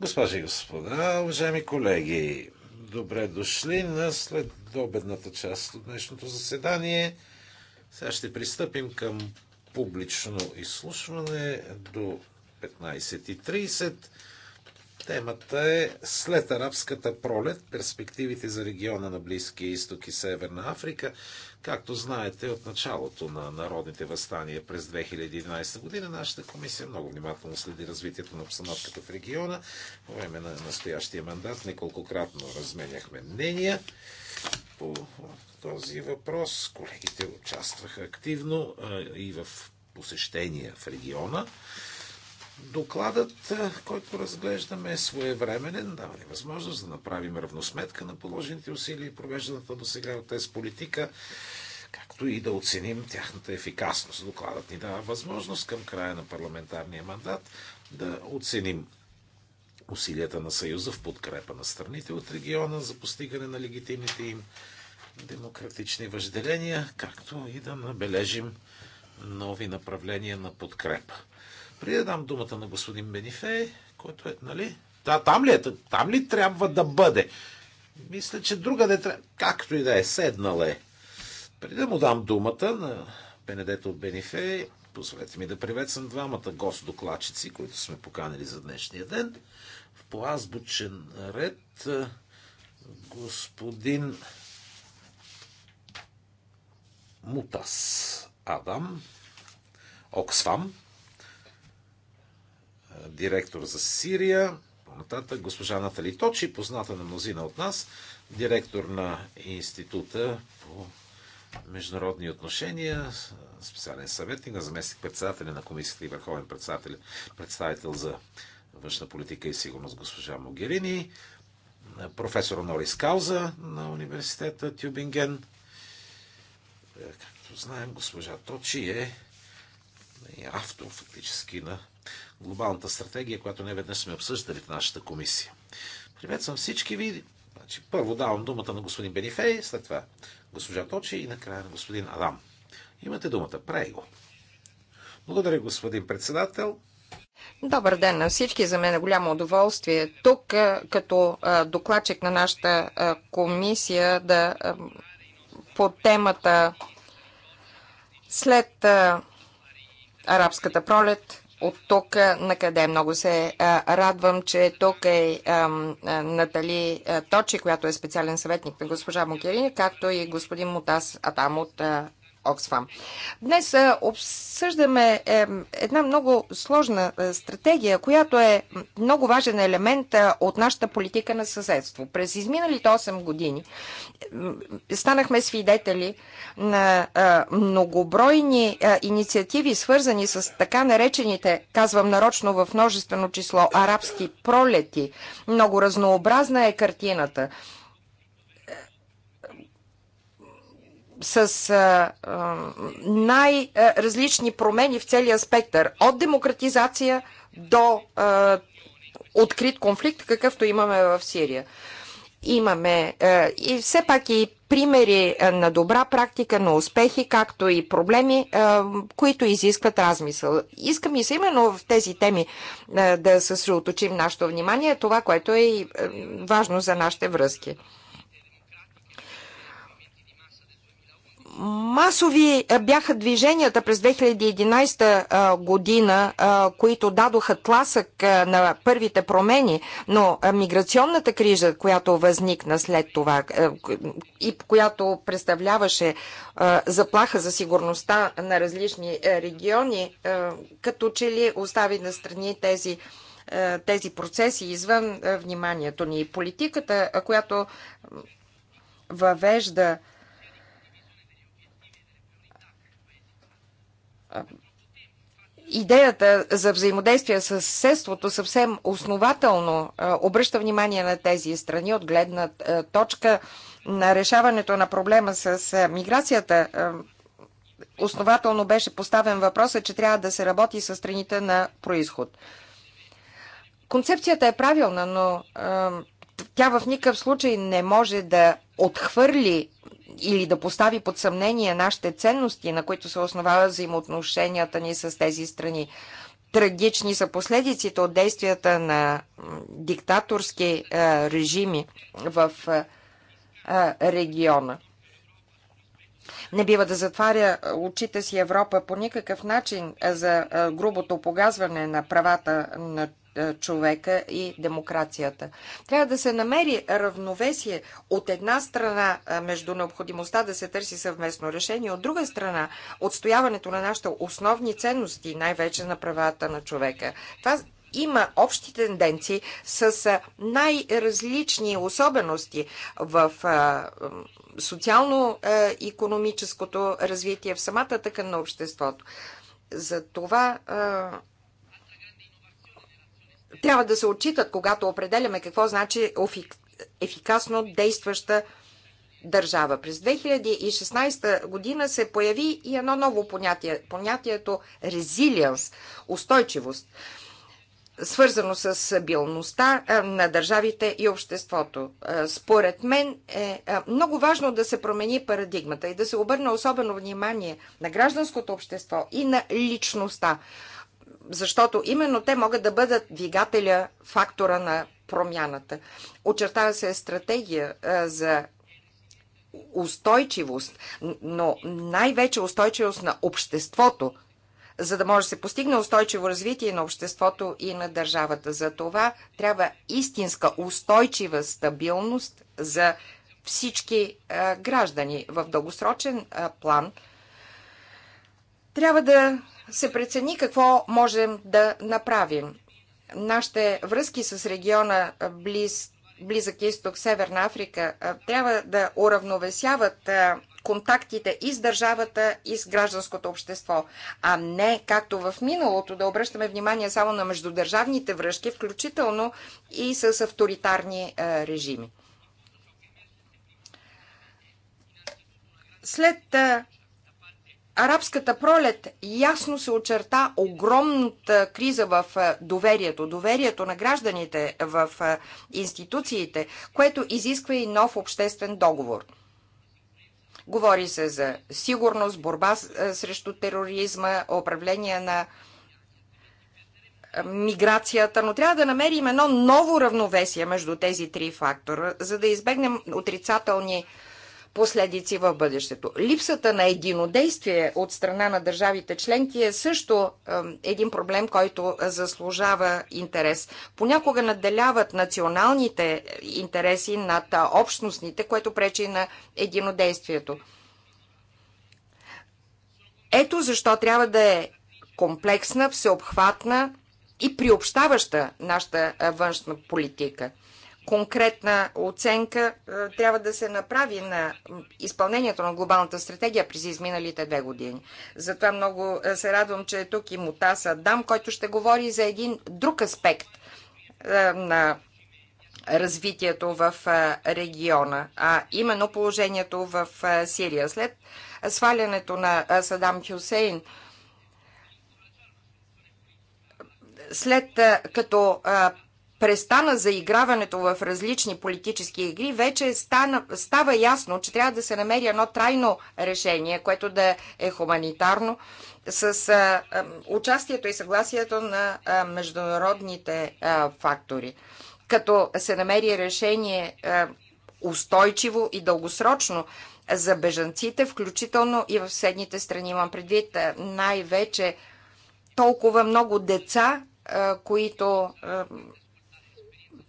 Госпожи и господа, уважаеми колеги, добре дошли на следобедната част от днешното заседание. Сега ще пристъпим към публично изслушване до 15.30 Темата е след арабската пролет, перспективите за региона на Близкия изток и Северна Африка. Както знаете, от началото на народните възстания през 2011 година нашата комисия много внимателно следи развитието на обстановката в региона. По време на настоящия мандат неколкократно разменяхме мнения по този въпрос. Колегите участваха активно и в посещения в региона. Докладът, е, който разглеждаме, е своевременен, дава ни възможност да направим равносметка на положените усилия и провежданата до сега от тези политика, както и да оценим тяхната ефикасност. Докладът ни дава възможност към края на парламентарния мандат да оценим усилията на Съюза в подкрепа на страните от региона за постигане на легитимните им демократични въжделения, както и да набележим нови направления на подкрепа. Преди да дам думата на господин Бенифей, който е, нали? Да, там ли е? Там ли трябва да бъде? Мисля, че друга не трябва. Както и да е, седнал е. Преди да му дам думата на Бенедето Бенифей, позволете ми да приветствам двамата гост-докладчици, които сме поканили за днешния ден. В поазбучен ред господин Мутас Адам Оксфам, директор за Сирия, по-нататък госпожа Натали Точи, позната на мнозина от нас, директор на Института по международни отношения, специален съветник на заместник председателя на комисията и върховен председател, представител за външна политика и сигурност госпожа Могерини, професор Норис Кауза на университета Тюбинген. Е, както знаем, госпожа Точи е автор фактически на глобалната стратегия, която не веднъж сме обсъждали в нашата комисия. Приветствам всички ви. Значи, първо давам думата на господин Бенифей, след това госпожа Точи и накрая на господин Адам. Имате думата. Прави го. Благодаря, господин председател. Добър ден на всички. За мен е голямо удоволствие тук, като докладчик на нашата комисия, да по темата след арабската пролет от тук на къде. Много се радвам, че тук е Натали Точи, която е специален съветник на госпожа Мокерини, както и господин Мутас Атам от Оксфам. Днес обсъждаме е, една много сложна стратегия, която е много важен елемент от нашата политика на съседство. През изминалите 8 години станахме свидетели на многобройни инициативи, свързани с така наречените, казвам нарочно в множествено число, арабски пролети. Много разнообразна е картината. с а, а, най-различни промени в целия спектър. От демократизация до а, открит конфликт, какъвто имаме в Сирия. Имаме а, и все пак и примери на добра практика, на успехи, както и проблеми, а, които изискват размисъл. Искам и се именно в тези теми а, да съсредоточим нашето внимание, това, което е и важно за нашите връзки. Масови бяха движенията през 2011 година, които дадоха тласък на първите промени, но миграционната криза, която възникна след това и която представляваше заплаха за сигурността на различни региони, като че ли остави на страни тези тези процеси извън вниманието ни. Политиката, която въвежда идеята за взаимодействие с съседството съвсем основателно обръща внимание на тези страни от гледна точка на решаването на проблема с миграцията. Основателно беше поставен въпросът, че трябва да се работи с страните на происход. Концепцията е правилна, но тя в никакъв случай не може да отхвърли или да постави под съмнение нашите ценности, на които се основава взаимоотношенията ни с тези страни. Трагични са последиците от действията на диктаторски е, режими в е, е, региона. Не бива да затваря очите си Европа по никакъв начин за грубото погазване на правата на е, човека и демокрацията. Трябва да се намери равновесие от една страна е, между необходимостта да се търси съвместно решение, от друга страна отстояването на нашите основни ценности, най-вече на правата на човека. Това има общи тенденции с е, най-различни особености в социално-економическото развитие в самата тъкан на обществото. За това трябва да се отчитат, когато определяме какво значи ефикасно действаща държава. През 2016 година се появи и едно ново понятие, понятието резилиенс, устойчивост, свързано с билността на държавите и обществото. Според мен е много важно да се промени парадигмата и да се обърне особено внимание на гражданското общество и на личността защото именно те могат да бъдат двигателя, фактора на промяната. Очертава се стратегия за устойчивост, но най-вече устойчивост на обществото, за да може да се постигне устойчиво развитие на обществото и на държавата. За това трябва истинска устойчива стабилност за всички граждани. В дългосрочен план – трябва да се прецени какво можем да направим. Нашите връзки с региона близ, Близък изток, Северна Африка трябва да уравновесяват контактите и с държавата, и с гражданското общество, а не както в миналото да обръщаме внимание само на междудържавните връзки, включително и с авторитарни режими. След арабската пролет ясно се очерта огромната криза в е, доверието, доверието на гражданите в е, институциите, което изисква и нов обществен договор. Говори се за сигурност, борба е, срещу тероризма, управление на миграцията, но трябва да намерим едно ново равновесие между тези три фактора, за да избегнем отрицателни последици в бъдещето. Липсата на единодействие от страна на държавите членки е също един проблем, който заслужава интерес. Понякога надделяват националните интереси над общностните, което пречи на единодействието. Ето защо трябва да е комплексна, всеобхватна и приобщаваща нашата външна политика – конкретна оценка е, трябва да се направи на изпълнението на глобалната стратегия през изминалите две години. Затова много е, се радвам, че е тук и Мутаса Дам, който ще говори за един друг аспект е, на развитието в региона, а именно положението в Сирия. След свалянето на Садам Хюсейн, след като престана заиграването в различни политически игри, вече стана, става ясно, че трябва да се намери едно трайно решение, което да е хуманитарно, с а, а, участието и съгласието на а, международните а, фактори. Като се намери решение а, устойчиво и дългосрочно за бежанците, включително и в съседните страни. Имам предвид най-вече толкова много деца, които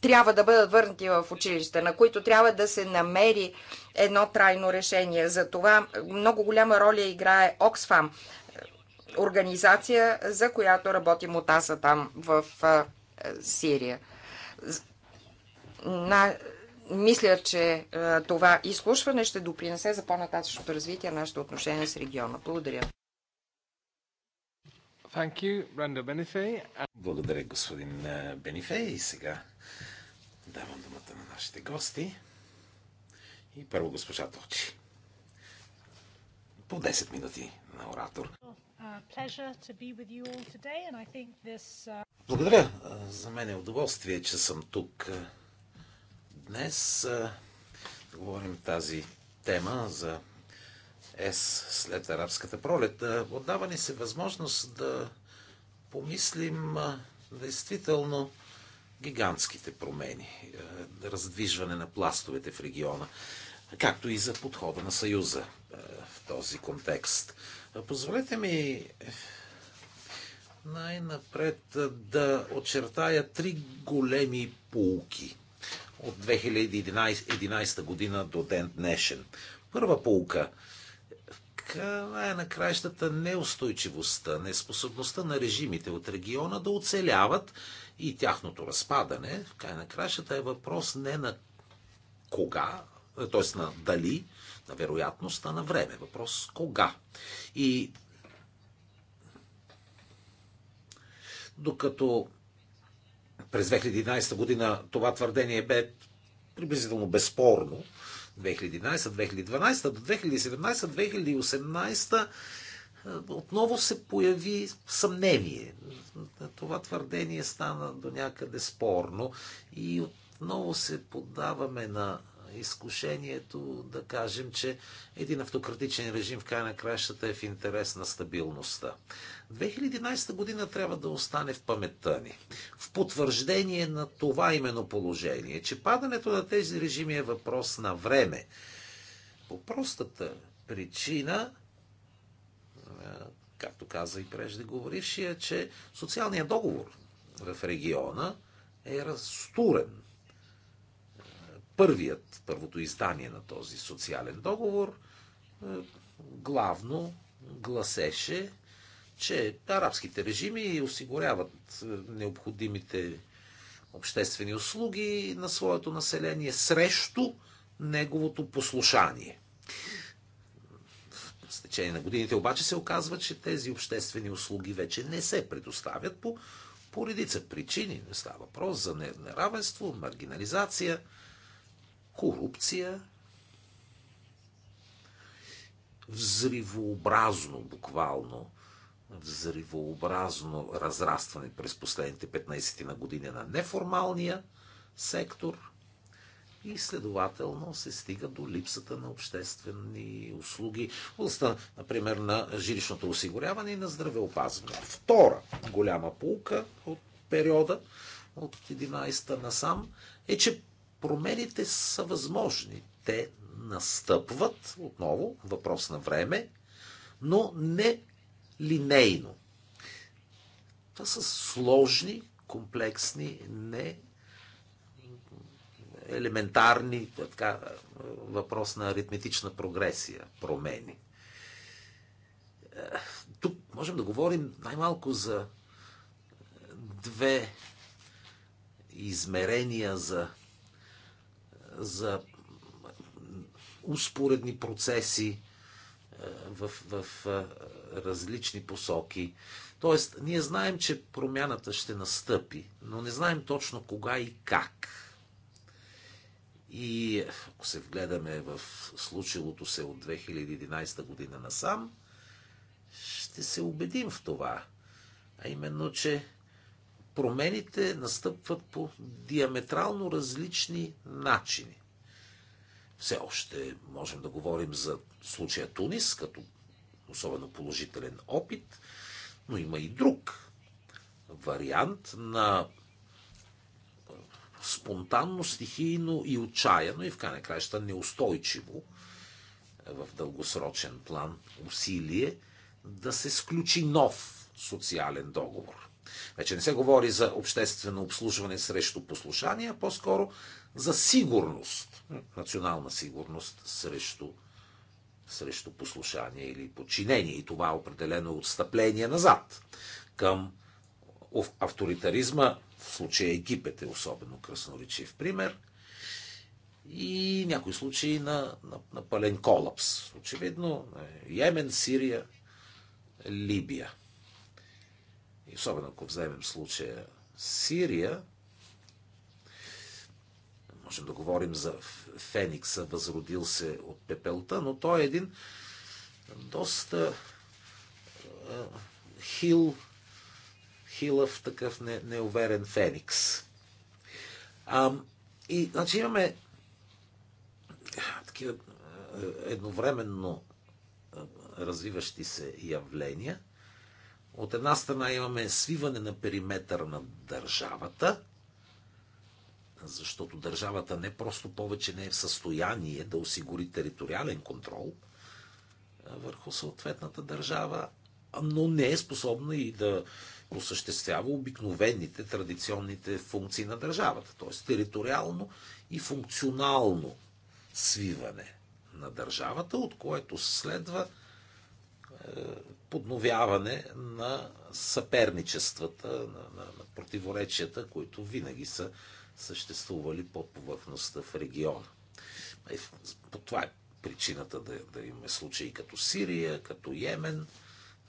трябва да бъдат върнати в училище, на които трябва да се намери едно трайно решение. За това много голяма роля играе Оксфам, организация, за която работим от там в Сирия. На... Мисля, че това изслушване ще допринесе за по-нататъчното развитие на нашето отношение с региона. Благодаря. Благодаря, господин Бенифей. И сега Давам думата на нашите гости. И първо госпожа Точи. По 10 минути на оратор. Uh, uh, Благодаря. За мен е удоволствие, че съм тук е, днес. Е, да говорим тази тема за ЕС след арабската пролет. Е, отдава ни се възможност да помислим действително гигантските промени, е, раздвижване на пластовете в региона, както и за подхода на Съюза е, в този контекст. Позволете ми е, най-напред да очертая три големи полуки от 2011 година до ден днешен. Първа полука – пак е, е, най на краищата неустойчивостта, неспособността на режимите от региона да оцеляват и тяхното разпадане, в край на краищата е въпрос не на кога, е, т.е. на дали, на вероятност, а на време. Въпрос кога. И докато през 2011 година това твърдение бе приблизително безспорно 2011, 2012 до 2017, 2018 отново се появи съмнение. Това твърдение стана до някъде спорно и отново се поддаваме на изкушението да кажем, че един автократичен режим в край на кращата е в интерес на стабилността. 2011 година трябва да остане в паметта ни. В потвърждение на това именно положение, че падането на тези режими е въпрос на време. По простата причина, както каза и преждеговорившия, че социалният договор в региона е разтурен първият, първото издание на този социален договор е, главно гласеше, че арабските режими осигуряват е, необходимите обществени услуги на своето население срещу неговото послушание. С течение на годините обаче се оказва, че тези обществени услуги вече не се предоставят по, по редица причини. Не става въпрос за неравенство, маргинализация – корупция, взривообразно, буквално, взривообразно разрастване през последните 15 ти на години на неформалния сектор и следователно се стига до липсата на обществени услуги, например, на жилищното осигуряване и на здравеопазване. Втора голяма полука от периода от 11-та насам е, че промените са възможни. Те настъпват, отново, въпрос на време, но не линейно. Това са сложни, комплексни, не елементарни, така, въпрос на аритметична прогресия, промени. Тук можем да говорим най-малко за две измерения за за успоредни процеси е, в, в е, различни посоки. Тоест, ние знаем, че промяната ще настъпи, но не знаем точно кога и как. И ако се вгледаме в случилото се от 2011 година насам, ще се убедим в това. А именно, че промените настъпват по диаметрално различни начини. Все още можем да говорим за случая Тунис, като особено положителен опит, но има и друг вариант на спонтанно, стихийно и отчаяно и в крайна краища неустойчиво е, в дългосрочен план усилие да се сключи нов социален договор. Вече не се говори за обществено обслужване срещу послушание, а по-скоро за сигурност. Национална сигурност срещу, срещу послушание или подчинение. И това е определено отстъпление назад към авторитаризма, в случая Египет е особено красноречив пример, и някои случаи на, на, на пълен колапс. Очевидно, е, Йемен, Сирия, Либия и особено ако вземем случая Сирия, можем да говорим за Феникса, възродил се от пепелта, но той е един доста хил, хилъв такъв не, неуверен Феникс. и, значи, имаме такива едновременно развиващи се явления – от една страна имаме свиване на периметър на държавата, защото държавата не просто повече не е в състояние да осигури териториален контрол върху съответната държава, но не е способна и да осъществява обикновените, традиционните функции на държавата, т.е. териториално и функционално свиване на държавата, от което следва е, подновяване на съперничествата, на, на, на противоречията, които винаги са съществували под повърхността в региона. Е, по Това е причината да, да имаме случаи като Сирия, като Йемен,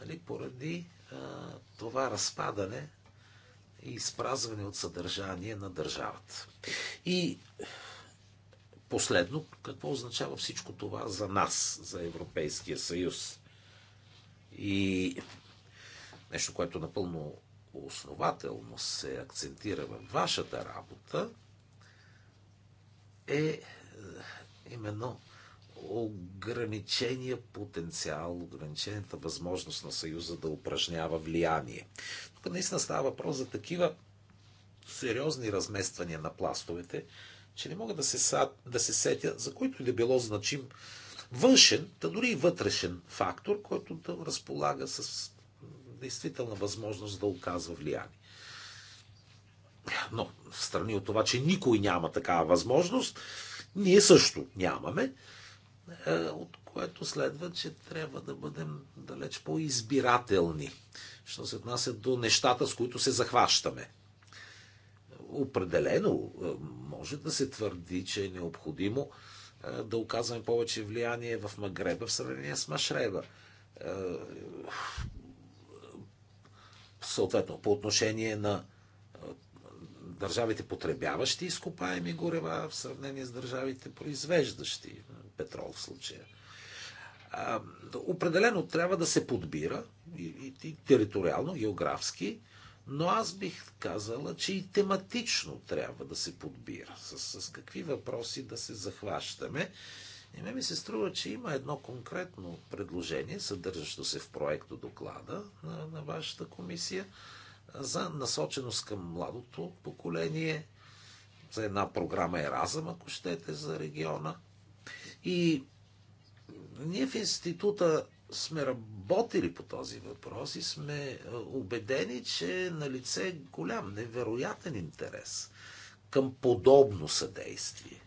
нали, поради а, това разпадане и изпразване от съдържание на държавата. И последно, какво означава всичко това за нас, за Европейския съюз? И нещо, което напълно основателно се акцентира във вашата работа, е, е именно ограничения потенциал, ограничената възможност на Съюза да упражнява влияние. Тук наистина става въпрос за такива сериозни размествания на пластовете, че не мога да се, да се сетя, за който и да било значим външен, да дори и вътрешен фактор, който да разполага с действителна възможност да оказва влияние. Но, в страни от това, че никой няма такава възможност, ние също нямаме, е, от което следва, че трябва да бъдем далеч по-избирателни, що се отнася до нещата, с които се захващаме. Определено е, може да се твърди, че е необходимо да оказваме повече влияние в Магреба в сравнение с Машреба. Съответно, по отношение на държавите потребяващи изкопаеми горева в сравнение с държавите произвеждащи петрол в случая. Определено трябва да се подбира и, териториално, географски, но аз бих казала, че и тематично трябва да се подбира с, с какви въпроси да се захващаме. И ме ми се струва, че има едно конкретно предложение, съдържащо се в проекто доклада на, на вашата комисия, за насоченост към младото поколение, за една програма Еразъм, ако щете, за региона. И ние в института сме работили по този въпрос и сме е, убедени, че е на лице голям, невероятен интерес към подобно съдействие.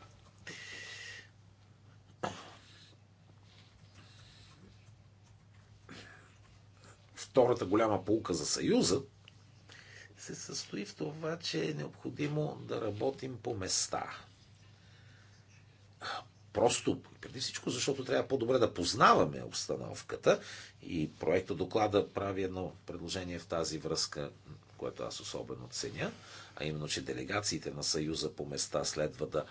Втората голяма полка за Съюза се състои в това, че е необходимо да работим по места Просто, преди всичко, защото трябва по-добре да познаваме обстановката и проекта доклада прави едно предложение в тази връзка, което аз особено ценя, а именно, че делегациите на Съюза по места следва да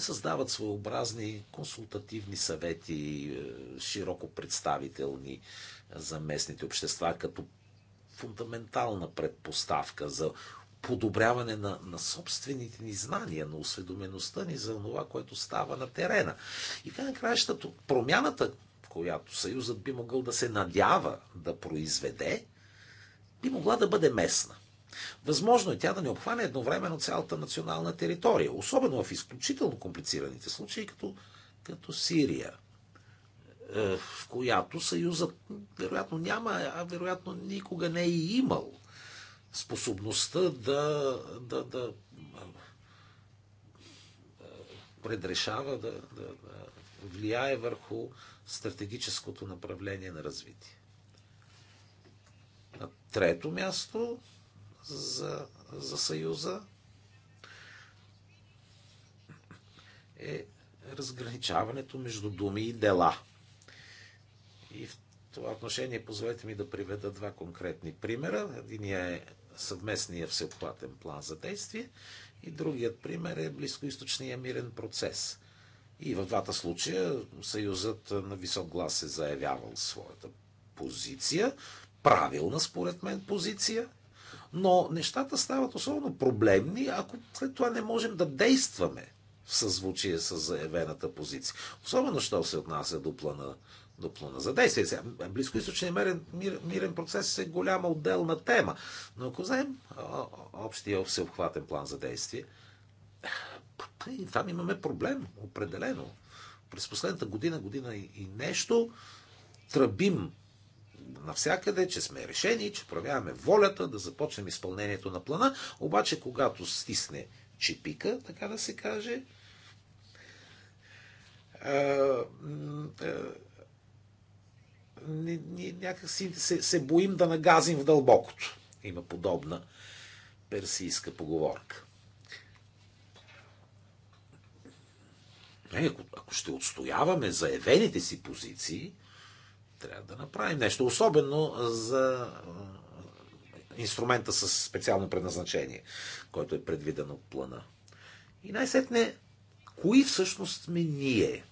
създават своеобразни консултативни съвети, е, широко представителни за местните общества, като фундаментална предпоставка за подобряване на, на собствените ни знания, на осведомеността ни за това, което става на терена. И в крайна краща промяната, която Съюзът би могъл да се надява да произведе, би могла да бъде местна. Възможно е тя да не обхване едновременно цялата национална територия, особено в изключително комплицираните случаи, като, като Сирия, е, в която Съюзът вероятно няма, а вероятно никога не е имал способността да, да, да предрешава, да, да, да влияе върху стратегическото направление на развитие. На трето място за, за Съюза е разграничаването между думи и дела. И в това отношение позволете ми да приведа два конкретни примера. Единия е съвместния всеобхватен план за действие. И другият пример е близкоисточния мирен процес. И в двата случая Съюзът на висок глас е заявявал своята позиция, правилна според мен позиция, но нещата стават особено проблемни, ако след това не можем да действаме в съзвучие с заявената позиция. Особено, що се отнася до плана до плана за действие. Сега, близкоисточният мирен, мирен процес е голяма отделна тема. Но ако вземем общия всеобхватен план за действие, е, и там имаме проблем, определено. През последната година, година и, и нещо, тръбим навсякъде, че сме решени, че проявяваме волята да започнем изпълнението на плана, обаче когато стисне чипика, така да се каже, е, е, ние някакси се, се боим да нагазим в дълбокото. Има подобна персийска поговорка. Не, ако, ако ще отстояваме заявените си позиции, трябва да направим нещо. Особено за инструмента с специално предназначение, който е предвиден от плана. И най-сетне, кои всъщност сме ние?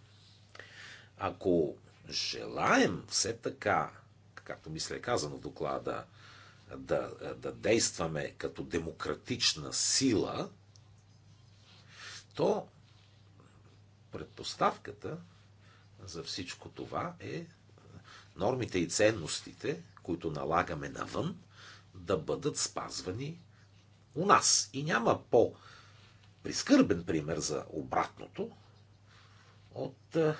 Ако желаем все така, както мисля е казано в доклада, да, да действаме като демократична сила, то предпоставката за всичко това е нормите и ценностите, които налагаме навън, да бъдат спазвани у нас. И няма по-прискърбен пример за обратното от е,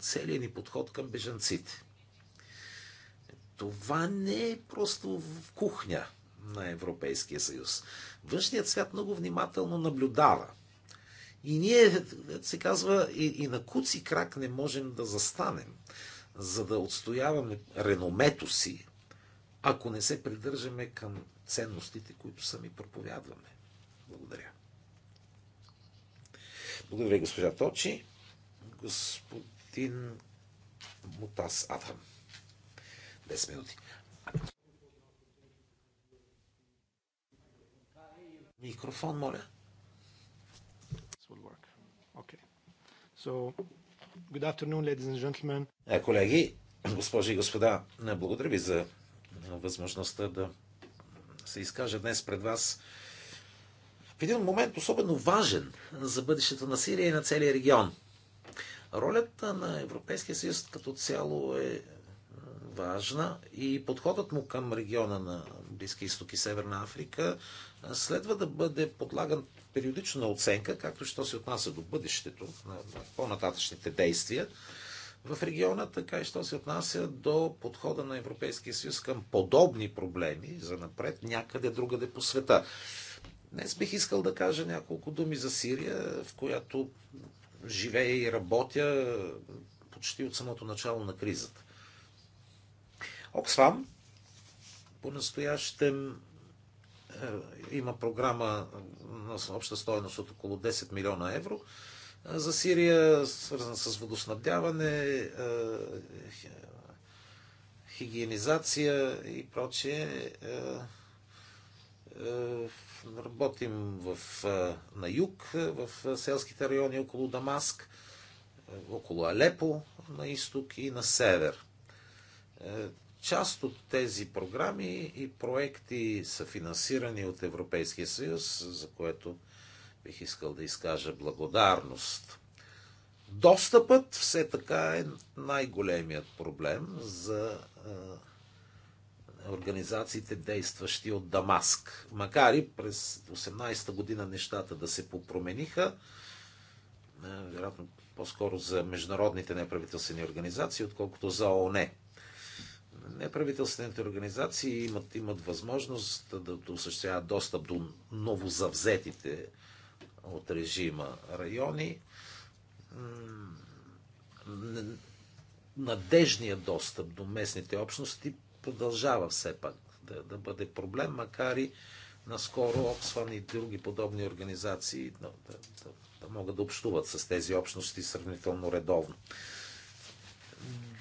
целия ни подход към бежанците. Това не е просто в кухня на Европейския съюз. Външният свят много внимателно наблюдава. И ние, се казва, и, и на куци крак не можем да застанем, за да отстояваме реномето си, ако не се придържаме към ценностите, които сами проповядваме. Благодаря. Благодаря, госпожа Точи господин Мутас Адхам. 10 минути. Микрофон, моля. Е, колеги, госпожи и господа, благодаря ви за възможността да се изкажа днес пред вас в един момент особено важен за бъдещето на Сирия и на целия регион – Ролята на Европейския съюз като цяло е, е важна и подходът му към региона на Близки изток и Северна Африка е, следва да бъде подлаган периодична оценка, както що се отнася до бъдещето, на по-нататъчните действия в региона, така и що се отнася до подхода на Европейския съюз към подобни проблеми за напред някъде другаде по света. Днес бих искал да кажа няколко думи за Сирия, в която живея и работя почти от самото начало на кризата. Оксфам по-настоящем е, има програма на обща стоеност от около 10 милиона евро е, за Сирия, свързана с водоснабдяване, е, хигиенизация и прочее Работим в, на юг, в селските райони около Дамаск, около Алепо на изток и на север. Е, част от тези програми и проекти са финансирани от Европейския съюз, за което бих искал да изкажа благодарност. Достъпът все така е най-големият проблем за е, организациите, действащи от Дамаск. Макар и през 18-та година нещата да се попромениха, е, вероятно по-скоро за международните неправителствени организации, отколкото за ООН. Неправителствените организации имат, имат възможност да, да осъществяват достъп до новозавзетите от режима райони. Надежният достъп до местните общности продължава все пак да, да бъде проблем, макар и наскоро Оксфан и други подобни организации да, да, да, да могат да общуват с тези общности сравнително редовно.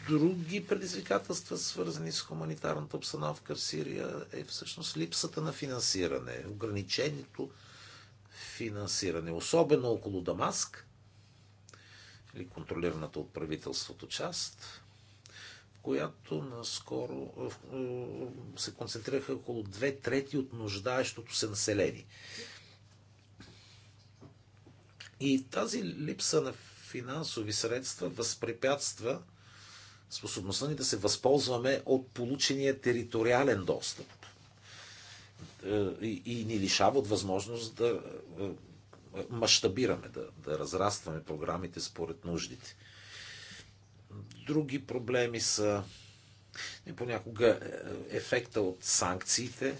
Други предизвикателства, свързани с хуманитарната обстановка в Сирия, е всъщност липсата на финансиране, ограничението финансиране, особено около Дамаск или контролираната от правителството част която наскоро е, е, се концентрираха около две трети от нуждаещото се население. И тази липса на финансови средства възпрепятства способността ни да се възползваме от получения териториален достъп е, и, и ни лишава от възможност да мащабираме, да, да разрастваме програмите според нуждите. Други проблеми са не понякога е, ефекта от санкциите,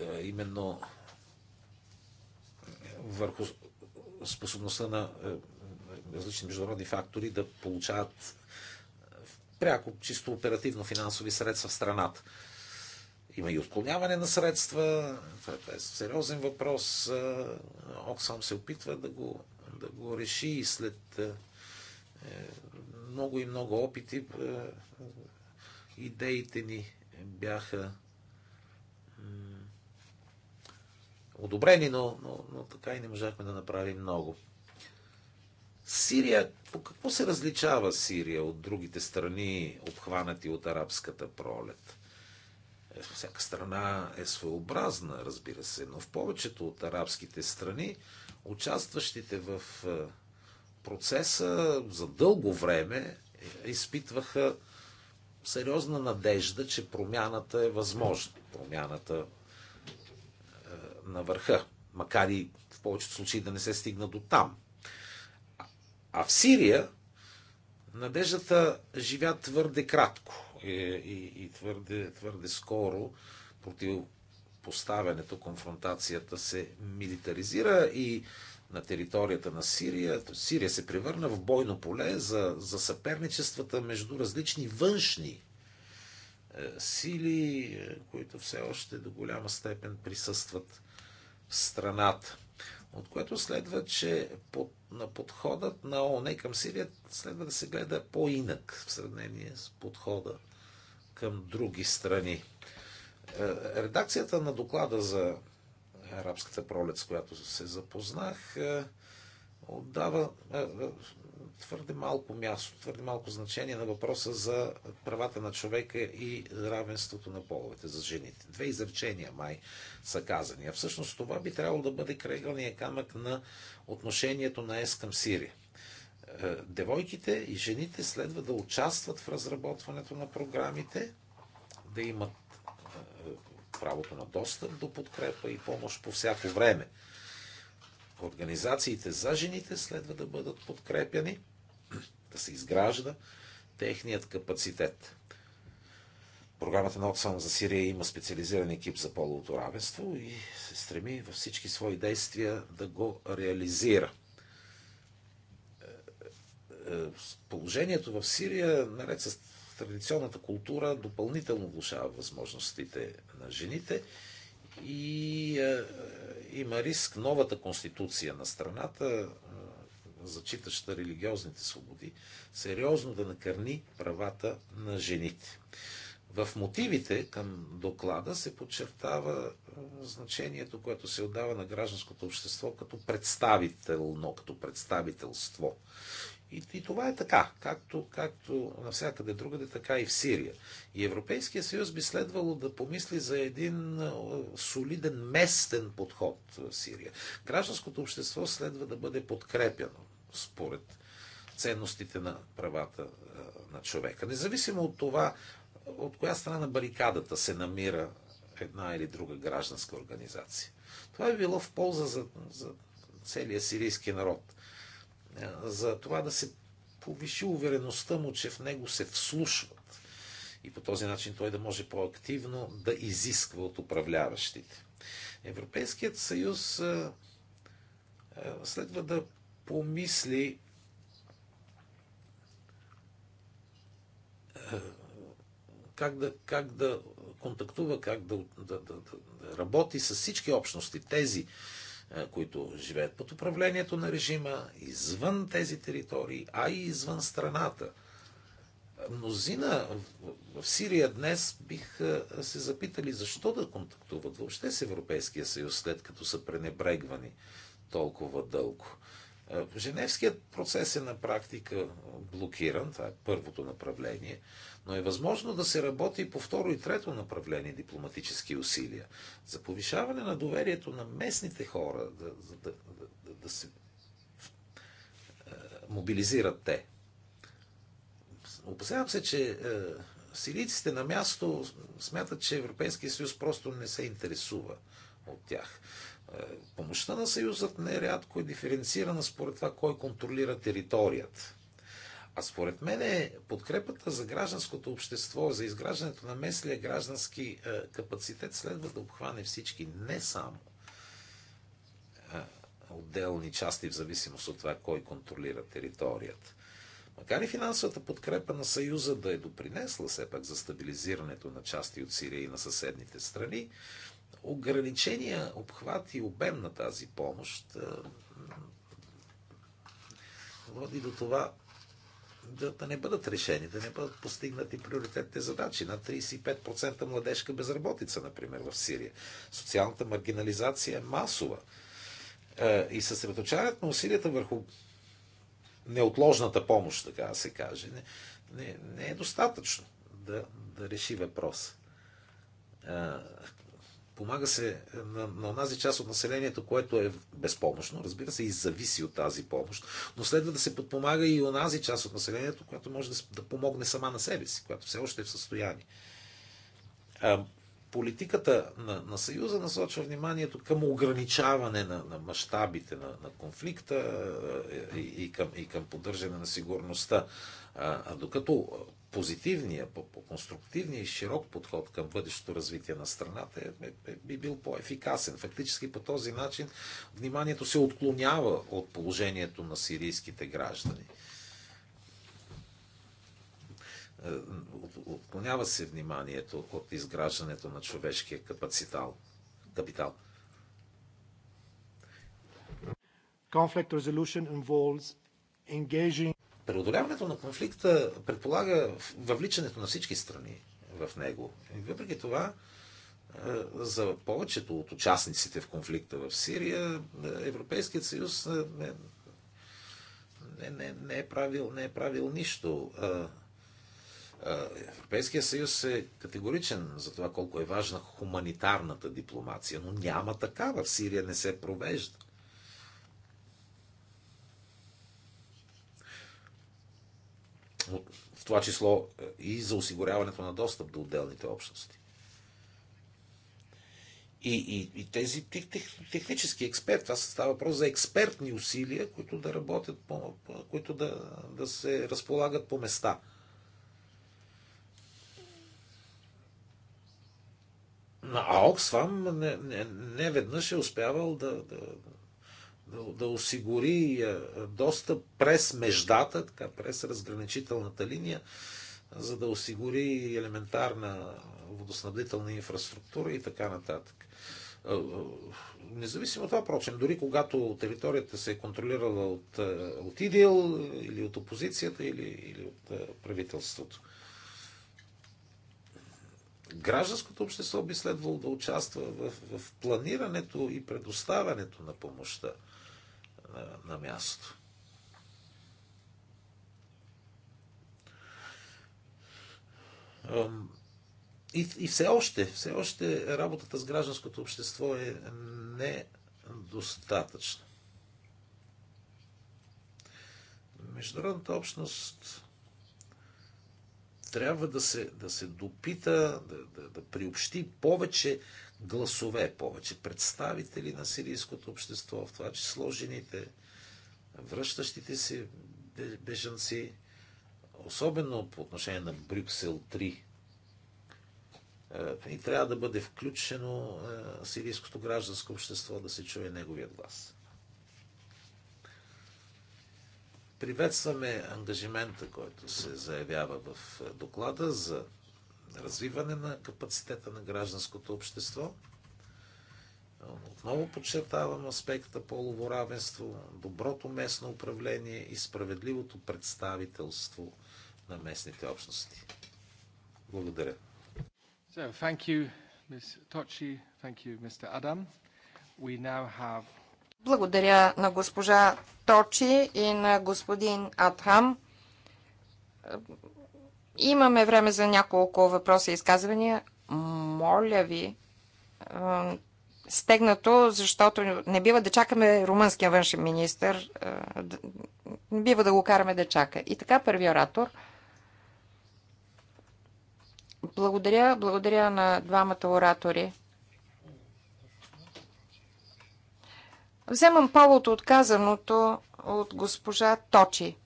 е, именно е, върху способността на различни международни фактори да получават пряко, чисто оперативно финансови средства в страната. Има и отклоняване на средства. Това е сериозен въпрос. Оксам се опитва да го, да го реши и след много и много опити. Е, идеите ни бяха одобрени, но, но, но така и не можахме да направим много. Сирия, по какво се различава Сирия от другите страни, обхванати от арабската пролет? Е, всяка страна е своеобразна, разбира се, но в повечето от арабските страни, участващите в е, процеса за дълго време изпитваха сериозна надежда, че промяната е възможна. Промяната е, на върха, макар и в повечето случаи да не се стигна до там. А в Сирия надеждата живя твърде кратко и, е, и, и твърде, твърде скоро противопоставянето, конфронтацията се милитаризира и на територията на Сирия. Сирия се превърна в бойно поле за, за съперничествата между различни външни е, сили, е, които все още до голяма степен присъстват в страната. От което следва, че под, на подходът на ОНЕ към Сирия следва да се гледа по-инак в сравнение с подхода към други страни. Е, редакцията на доклада за арабската пролет, с която се запознах, е, отдава е, е, твърде малко място, твърде малко значение на въпроса за правата на човека и равенството на половете за жените. Две изречения май са казани. А всъщност това би трябвало да бъде крайгълния камък на отношението на ЕС към Сирия. Девойките и жените следва да участват в разработването на програмите, да имат правото на достъп до подкрепа и помощ по всяко време. Организациите за жените следва да бъдат подкрепяни, да се изгражда техният капацитет. Програмата на Оксана за Сирия има специализиран екип за половото равенство и се стреми във всички свои действия да го реализира. Е, е, е, положението в Сирия, наред с традиционната култура допълнително влушава възможностите на жените и е, е има риск новата конституция на страната, е, зачитаща религиозните свободи, сериозно да накърни правата на жените. В мотивите към доклада се подчертава е, значението, което се отдава на гражданското общество като представително, като представителство. И, и това е така, както, както навсякъде другаде, така и в Сирия. И Европейския съюз би следвало да помисли за един солиден местен подход в Сирия. Гражданското общество следва да бъде подкрепяно според ценностите на правата на човека. Независимо от това, от коя страна на барикадата се намира една или друга гражданска организация. Това е било в полза за, за целия сирийски народ. Е, за това да се повиши увереността му, че в него се вслушват и по този начин той да може по-активно да изисква от управляващите. Европейският съюз е, е, следва да помисли как да, как да контактува, как да, да, да, да работи с всички общности, тези, които живеят под управлението на режима, извън тези територии, а и извън страната. Мнозина в Сирия днес бих се запитали защо да контактуват въобще с Европейския съюз, след като са пренебрегвани толкова дълго. Е, Женевският процес е на практика блокиран, това е първото направление, но е възможно да се работи и по второ и трето направление дипломатически усилия. За повишаване на доверието на местните хора, да, да, да, да се е, мобилизират те. Опасявам се, че е, силиците на място смятат, че Европейския съюз просто не се интересува от тях. Помощта на Съюзът нерядко е диференцирана според това кой контролира територията. А според мен е подкрепата за гражданското общество, за изграждането на местния граждански е, капацитет следва да обхване всички, не само е, отделни части в зависимост от това кой контролира територията. Макар и финансовата подкрепа на Съюза да е допринесла все пак за стабилизирането на части от Сирия и на съседните страни, ограничения обхват и обем на тази помощ е, води до това да, да не бъдат решени, да не бъдат постигнати приоритетните задачи. На 35% младежка безработица, например, в Сирия. Социалната маргинализация е масова. Е, и съсредоточаването на усилията върху неотложната помощ, така да се каже, не, не, не е достатъчно да, да реши въпрос. Е, Помага се на, на онази част от населението, което е безпомощно, разбира се, и зависи от тази помощ, но следва да се подпомага и онази част от населението, която може да, да помогне сама на себе си, която все още е в състояние. А, политиката на, на Съюза насочва вниманието към ограничаване на, на мащабите на, на конфликта и, и, към, и към поддържане на сигурността. А, а докато позитивния, по-конструктивния и широк подход към бъдещото развитие на страната е, е, е, би бил по-ефикасен. Фактически по този начин вниманието се отклонява от положението на сирийските граждани. Е, отклонява се вниманието от изграждането на човешкия капацитал, капитал. Conflict resolution involves engaging преодоляването на конфликта предполага въвличането на всички страни в него. И въпреки това, е, за повечето от участниците в конфликта в Сирия, е, Европейският съюз не, е, не, не, не, е, правил, не е правил нищо. Европейския съюз е категоричен за това колко е важна хуманитарната дипломация, но няма такава. В Сирия не се провежда. в това число е, и за осигуряването на достъп до отделните общности. И, и, и тези тех, тех, технически експерти, това става въпрос за експертни усилия, които да работят, по, които да, да се разполагат по места. А Оксфам не, не, не веднъж е успявал да, да, да, да осигури достъп през междата, така през разграничителната линия, за да осигури елементарна водоснабдителна инфраструктура и така нататък. Независимо от това, прочим, дори когато територията се е контролирала от, от ИДИЛ или от опозицията или, или от правителството гражданското общество би следвало да участва в, в планирането и предоставянето на помощта на място. И, и все още, все още работата с гражданското общество е недостатъчна. Международната общност трябва да се, да се допита, да, да, да приобщи повече гласове, повече представители на сирийското общество, в това число жените, връщащите се бежанци, особено по отношение на Брюксел 3. Е, и трябва да бъде включено е, сирийското гражданско общество да се чуе неговият глас. Приветстваме ангажимента, който се заявява в е, доклада за развиване на капацитета на гражданското общество. Отново подчертавам аспекта полово равенство, доброто местно управление и справедливото представителство на местните общности. Благодаря. So, thank you, Ms. Thank you, Mr. Adam. We now have... Благодаря на госпожа Точи и на господин Адхам. Имаме време за няколко въпроса и изказвания. Моля ви, стегнато, защото не бива да чакаме румънския външен министр. Не бива да го караме да чака. И така, първи оратор. Благодаря, благодаря на двамата оратори. Вземам повод от казаното от госпожа Точи.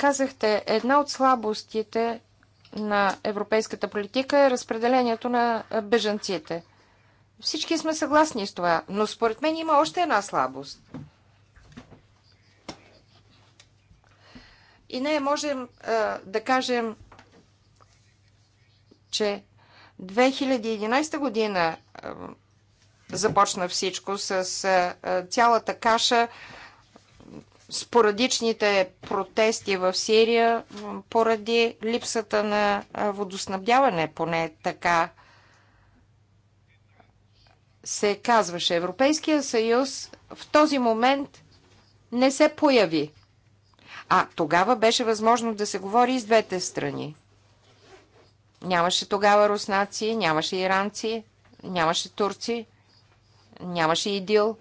Казахте, една от слабостите на европейската политика е разпределението на бежанците. Всички сме съгласни с това, но според мен има още една слабост. И не можем а, да кажем, че 2011 година а, започна всичко с а, цялата каша спорадичните протести в Сирия поради липсата на водоснабдяване, поне така се казваше. Европейския съюз в този момент не се появи. А тогава беше възможно да се говори и с двете страни. Нямаше тогава руснаци, нямаше иранци, нямаше турци, нямаше идил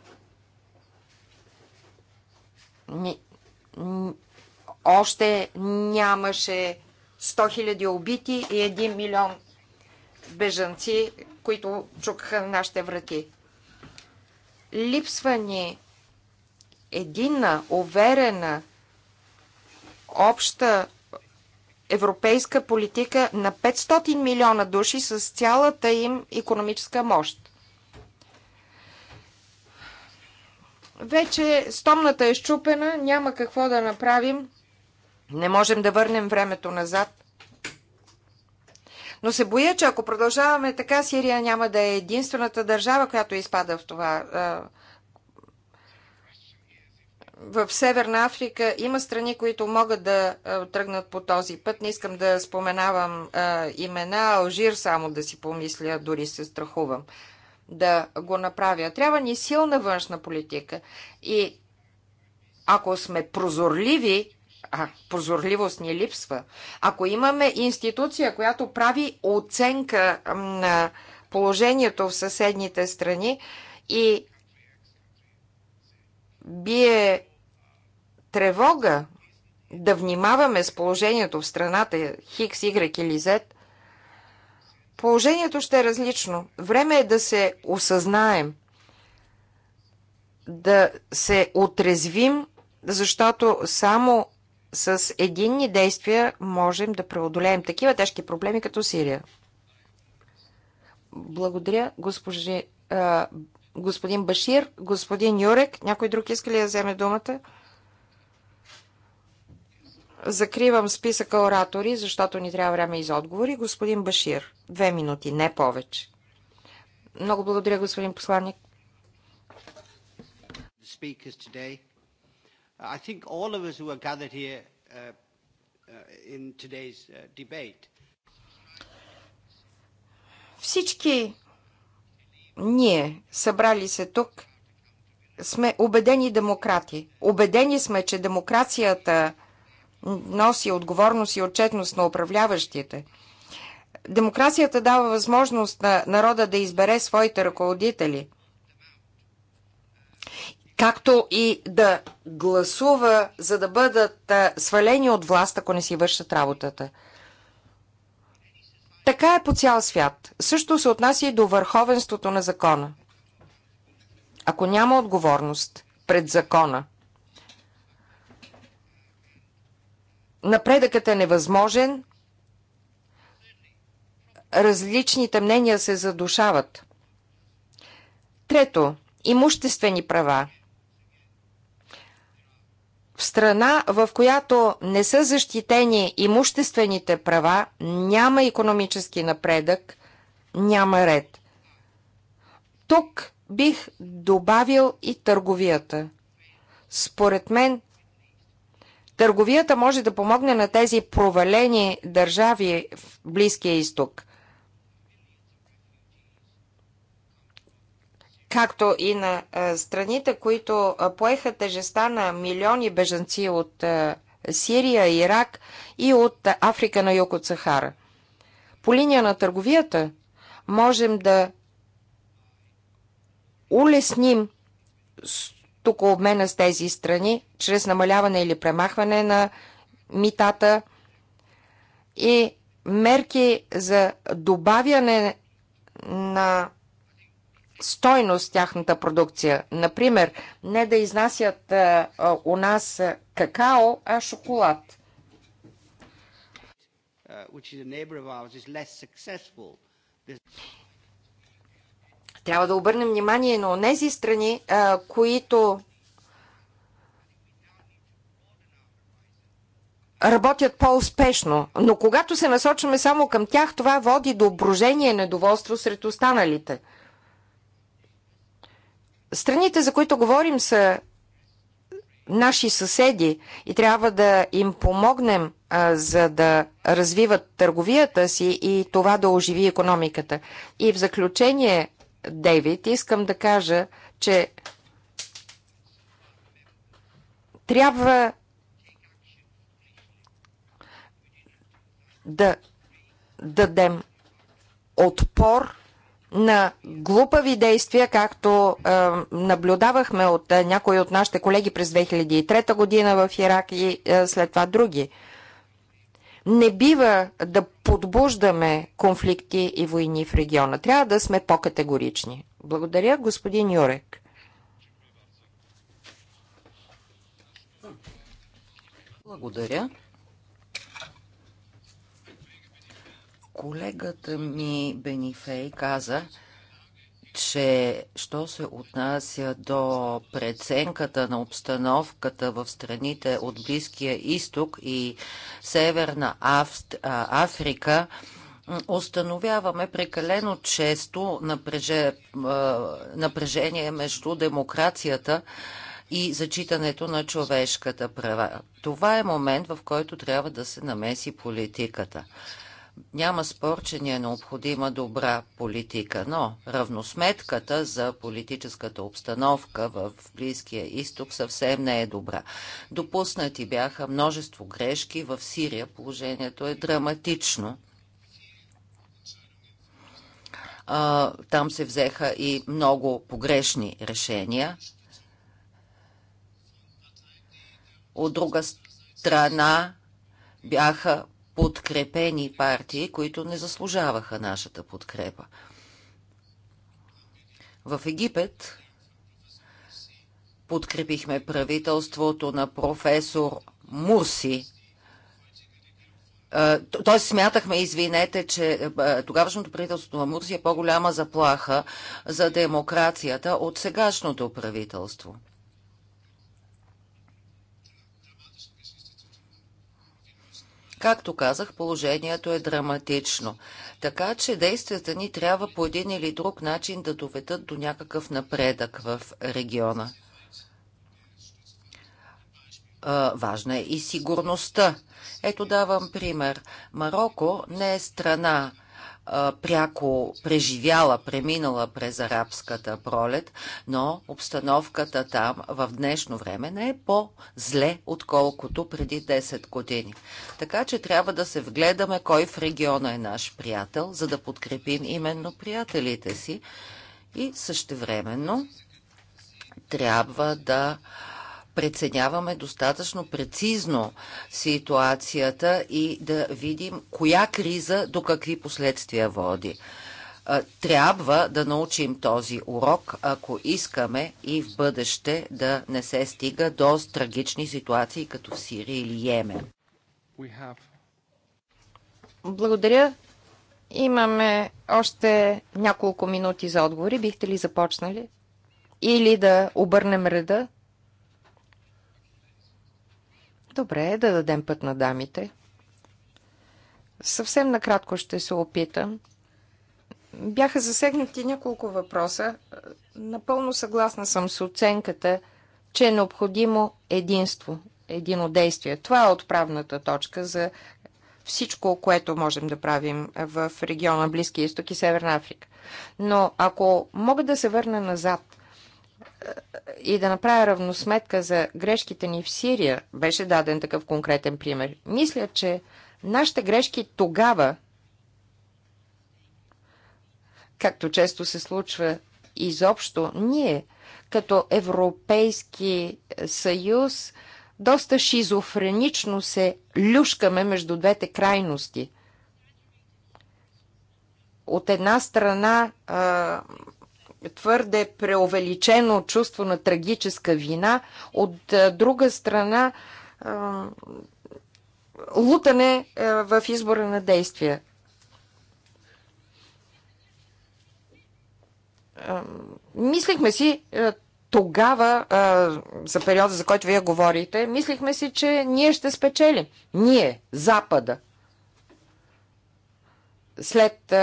още нямаше 100 000 убити и 1 милион бежанци, които чукаха на нашите врати. Липсва ни единна, уверена, обща европейска политика на 500 милиона души с цялата им економическа мощ. Вече стомната е щупена, няма какво да направим. Не можем да върнем времето назад. Но се боя, че ако продължаваме така, Сирия няма да е единствената държава, която изпада в това. В Северна Африка има страни, които могат да тръгнат по този път. Не искам да споменавам имена. Алжир само да си помисля, дори се страхувам да го направя. Трябва ни силна външна политика. И ако сме прозорливи, а прозорливост ни липсва, ако имаме институция, която прави оценка на положението в съседните страни и бие тревога да внимаваме с положението в страната Хикс, Y или Z – положението ще е различно. Време е да се осъзнаем, да се отрезвим, защото само с единни действия можем да преодолеем такива тежки проблеми като Сирия. Благодаря, госпожи, а, господин Башир, господин Юрек. Някой друг иска ли да вземе думата? Закривам списъка оратори, защото ни трябва време и за отговори. Господин Башир, две минути, не повече. Много благодаря, господин посланник. Uh, uh, uh, Всички ние, събрали се тук, сме убедени демократи. Убедени сме, че демокрацията – носи отговорност и отчетност на управляващите. Демокрацията дава възможност на народа да избере своите ръководители, както и да гласува, за да бъдат свалени от власт, ако не си вършат работата. Така е по цял свят. Също се отнася и до върховенството на закона. Ако няма отговорност пред закона – Напредъкът е невъзможен. Различните мнения се задушават. Трето, имуществени права. В страна, в която не са защитени имуществените права, няма економически напредък, няма ред. Тук бих добавил и търговията. Според мен Търговията може да помогне на тези провалени държави в Близкия изток, както и на страните, които поеха тежеста на милиони бежанци от Сирия, Ирак и от Африка на юг от Сахара. По линия на търговията можем да улесним тук обмена с тези страни чрез намаляване или премахване на митата и мерки за добавяне на стойност тяхната продукция. Например, не да изнасят а, у нас какао, а шоколад. Uh, трябва да обърнем внимание на тези страни, които работят по-успешно, но когато се насочваме само към тях, това води до брожение и недоволство сред останалите. Страните, за които говорим, са наши съседи и трябва да им помогнем, а, за да развиват търговията си и това да оживи економиката. И в заключение, Дейвид, искам да кажа, че трябва да дадем отпор на глупави действия, както е, наблюдавахме от е, някои от нашите колеги през 2003 година в Ирак и е, след това други. Не бива да подбуждаме конфликти и войни в региона. Трябва да сме по-категорични. Благодаря, господин Юрек. Благодаря. Колегата ми Бенифей каза, че що се отнася до преценката на обстановката в страните от Близкия изток и Северна Аф... Африка, установяваме прекалено често напреже... напрежение между демокрацията и зачитането на човешката права. Това е момент, в който трябва да се намеси политиката. Няма спор, че ни е необходима добра политика, но равносметката за политическата обстановка в Близкия изток съвсем не е добра. Допуснати бяха множество грешки. В Сирия положението е драматично. Там се взеха и много погрешни решения. От друга страна бяха подкрепени партии, които не заслужаваха нашата подкрепа. В Египет подкрепихме правителството на професор Мурси. Тоест смятахме, извинете, че тогавашното правителство на Мурси е по-голяма заплаха за демокрацията от сегашното правителство. Както казах, положението е драматично. Така че действията ни трябва по един или друг начин да доведат до някакъв напредък в региона. Важна е и сигурността. Ето давам пример. Марокко не е страна пряко преживяла, преминала през арабската пролет, но обстановката там в днешно време не е по-зле, отколкото преди 10 години. Така че трябва да се вгледаме кой в региона е наш приятел, за да подкрепим именно приятелите си и същевременно трябва да а, преценяваме достатъчно прецизно ситуацията и да видим коя криза до какви последствия води. Трябва да научим този урок, ако искаме и в бъдеще да не се стига до трагични ситуации, като в Сирия или Йемен. Благодаря. Имаме още няколко минути за отговори. Бихте ли започнали? Или да обърнем реда? Добре, да дадем път на дамите. Съвсем накратко ще се опитам. Бяха засегнати няколко въпроса. Напълно съгласна съм с оценката, че е необходимо единство, единодействие. Това е отправната точка за всичко, което можем да правим в региона Близки изток и Северна Африка. Но ако мога да се върна назад и да направя равносметка за грешките ни в Сирия, беше даден такъв конкретен пример. Мисля, че нашите грешки тогава, както често се случва изобщо, ние като Европейски съюз доста шизофренично се люшкаме между двете крайности. От една страна твърде преувеличено чувство на трагическа вина, от е, друга страна е, лутане е, в избора на действия. Мислихме си тогава, за периода, за който вие говорите, мислихме си, че ние ще спечелим. Ние, Запада. След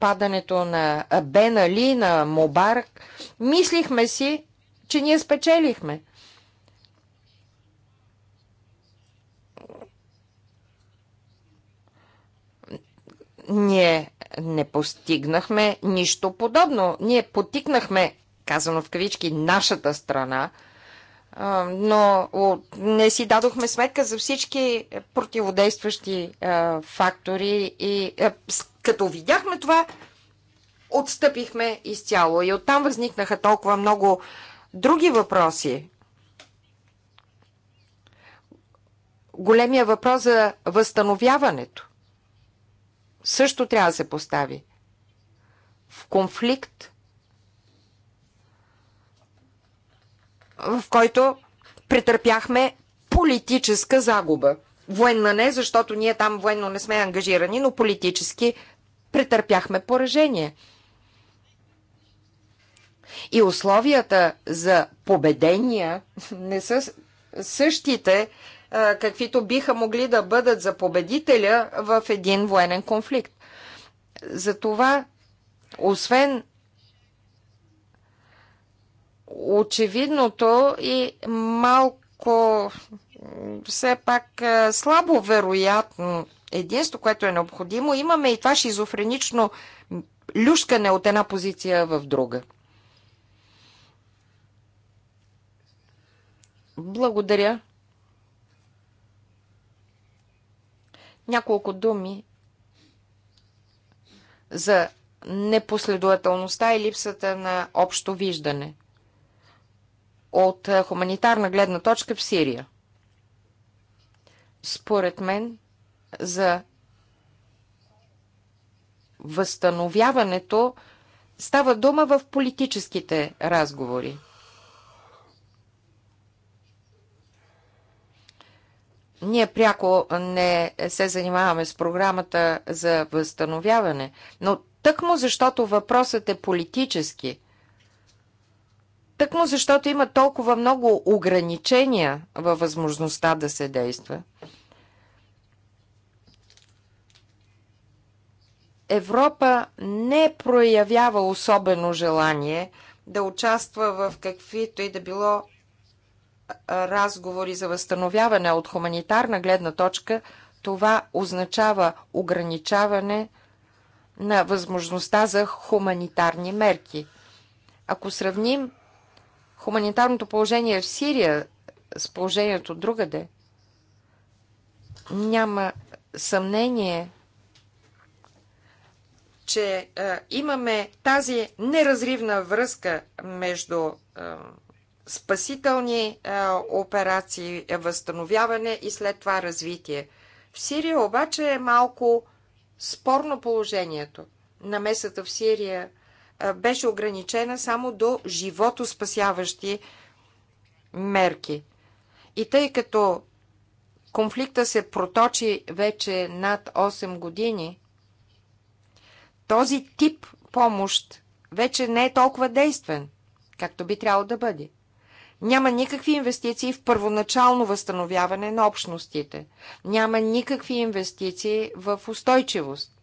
падането на Бен Али, на Мобарк, мислихме си, че ние спечелихме. Ние не постигнахме нищо подобно. Ние потикнахме, казано в кавички, нашата страна, но не си дадохме сметка за всички противодействащи фактори и като видяхме това, отстъпихме изцяло. И оттам възникнаха толкова много други въпроси. Големия въпрос за възстановяването също трябва да се постави. В конфликт, в който претърпяхме политическа загуба. Военна не, защото ние там военно не сме ангажирани, но политически претърпяхме поражение. И условията за победения не са същите, каквито биха могли да бъдат за победителя в един военен конфликт. Затова, освен очевидното и малко все пак е, слабо вероятно единство, което е необходимо. Имаме и това шизофренично люшкане от една позиция в друга. Благодаря. Няколко думи за непоследователността и липсата на общо виждане от е, хуманитарна гледна точка в Сирия според мен, за възстановяването става дума в политическите разговори. Ние пряко не се занимаваме с програмата за възстановяване, но тъкмо защото въпросът е политически – Тъкмо защото има толкова много ограничения във възможността да се действа. Европа не проявява особено желание да участва в каквито и да било разговори за възстановяване от хуманитарна гледна точка, това означава ограничаване на възможността за хуманитарни мерки. Ако сравним хуманитарното положение в Сирия с положението другаде, няма съмнение, че е, имаме тази неразривна връзка между е, спасителни е, операции, е, възстановяване и след това развитие. В Сирия обаче е малко спорно положението. Намесата в Сирия беше ограничена само до животоспасяващи мерки. И тъй като конфликта се проточи вече над 8 години, този тип помощ вече не е толкова действен, както би трябвало да бъде. Няма никакви инвестиции в първоначално възстановяване на общностите. Няма никакви инвестиции в устойчивост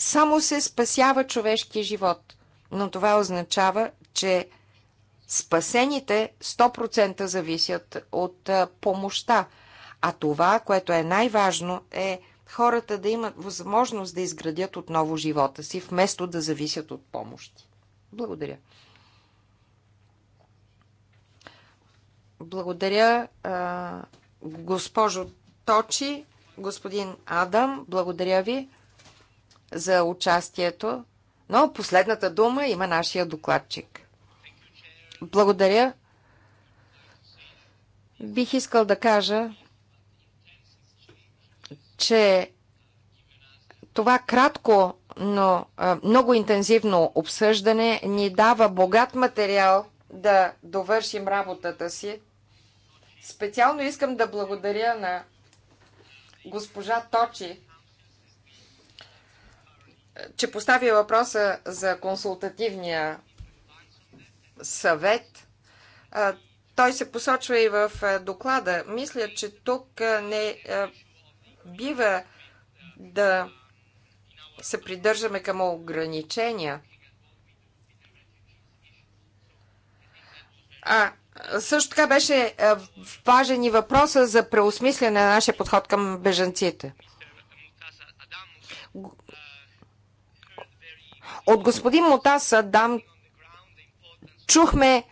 само се спасява човешки живот. Но това означава, че спасените 100% зависят от помощта. А това, което е най-важно, е хората да имат възможност да изградят отново живота си, вместо да зависят от помощи. Благодаря. Благодаря, госпожо Точи, господин Адам, благодаря ви за участието, но последната дума има нашия докладчик. Благодаря. Бих искал да кажа, че това кратко, но много интензивно обсъждане ни дава богат материал да довършим работата си. Специално искам да благодаря на госпожа Точи че поставя въпроса за консултативния съвет. Той се посочва и в доклада. Мисля, че тук не бива да се придържаме към ограничения. А, също така беше важен и въпроса за преосмисляне на нашия подход към бежанците. От господин Мотаса дам чухме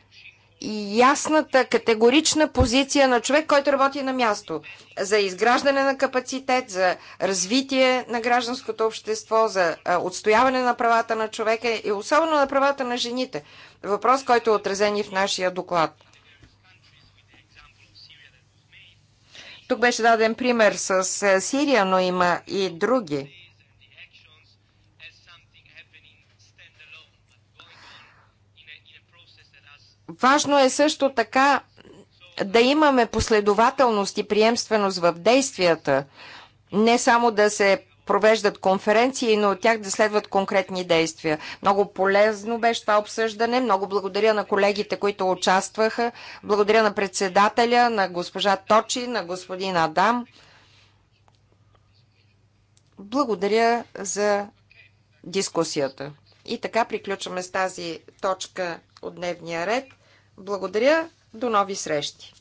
ясната, категорична позиция на човек, който работи на място за изграждане на капацитет, за развитие на гражданското общество, за отстояване на правата на човека и особено на правата на жените. Въпрос, който е отразен и в нашия доклад. Тук беше даден пример с Сирия, но има и други. Важно е също така да имаме последователност и приемственост в действията, не само да се провеждат конференции, но от тях да следват конкретни действия. Много полезно беше това обсъждане. Много благодаря на колегите, които участваха. Благодаря на председателя, на госпожа Точи, на господин Адам. Благодаря за дискусията. И така приключваме с тази точка от дневния ред. Благодаря. До нови срещи.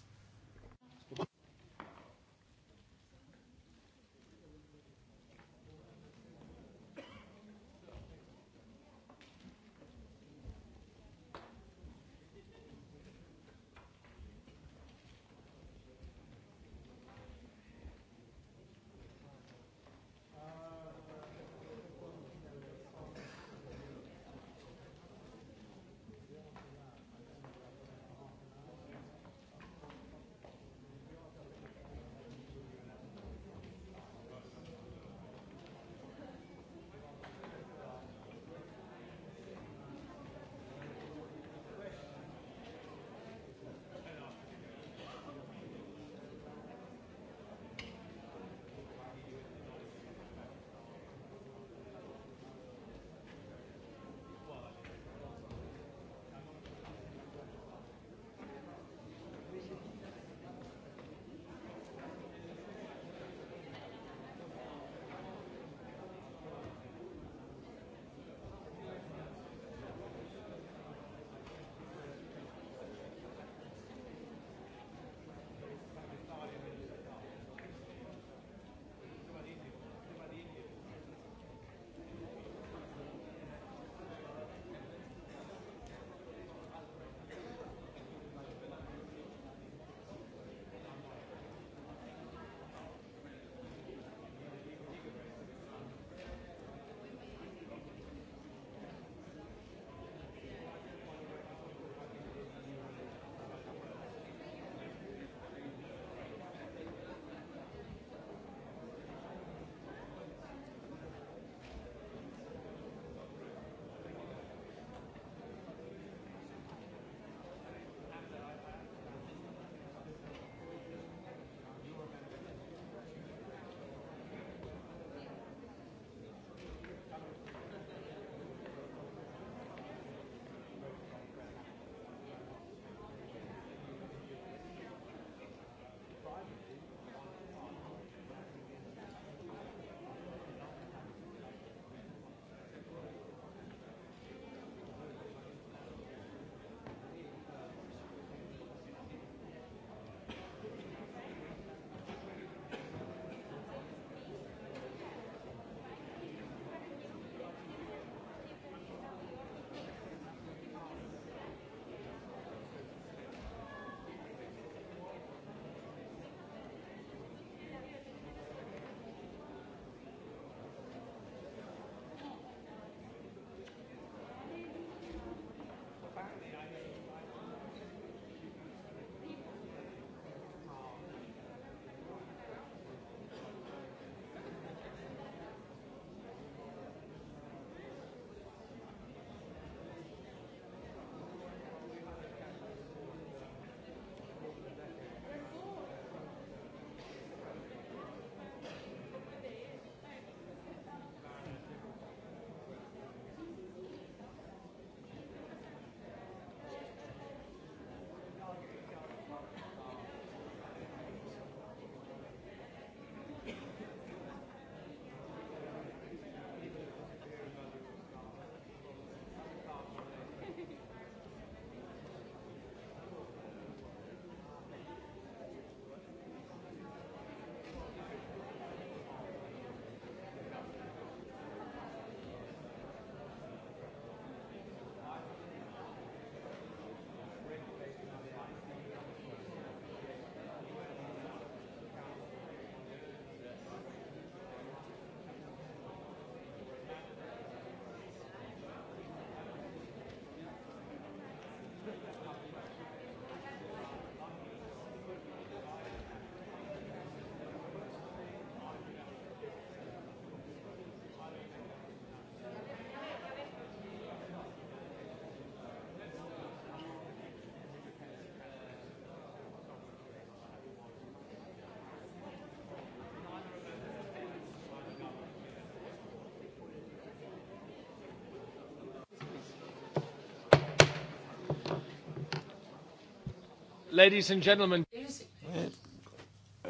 Ladies and gentlemen.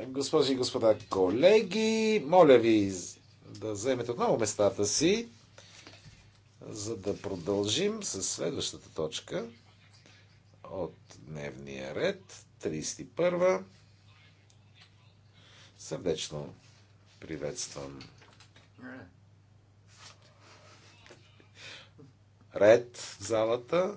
Госпожи и господа колеги, моля ви да вземете отново местата си, за да продължим с следващата точка от дневния ред, 31. Сърдечно приветствам. Ред в залата.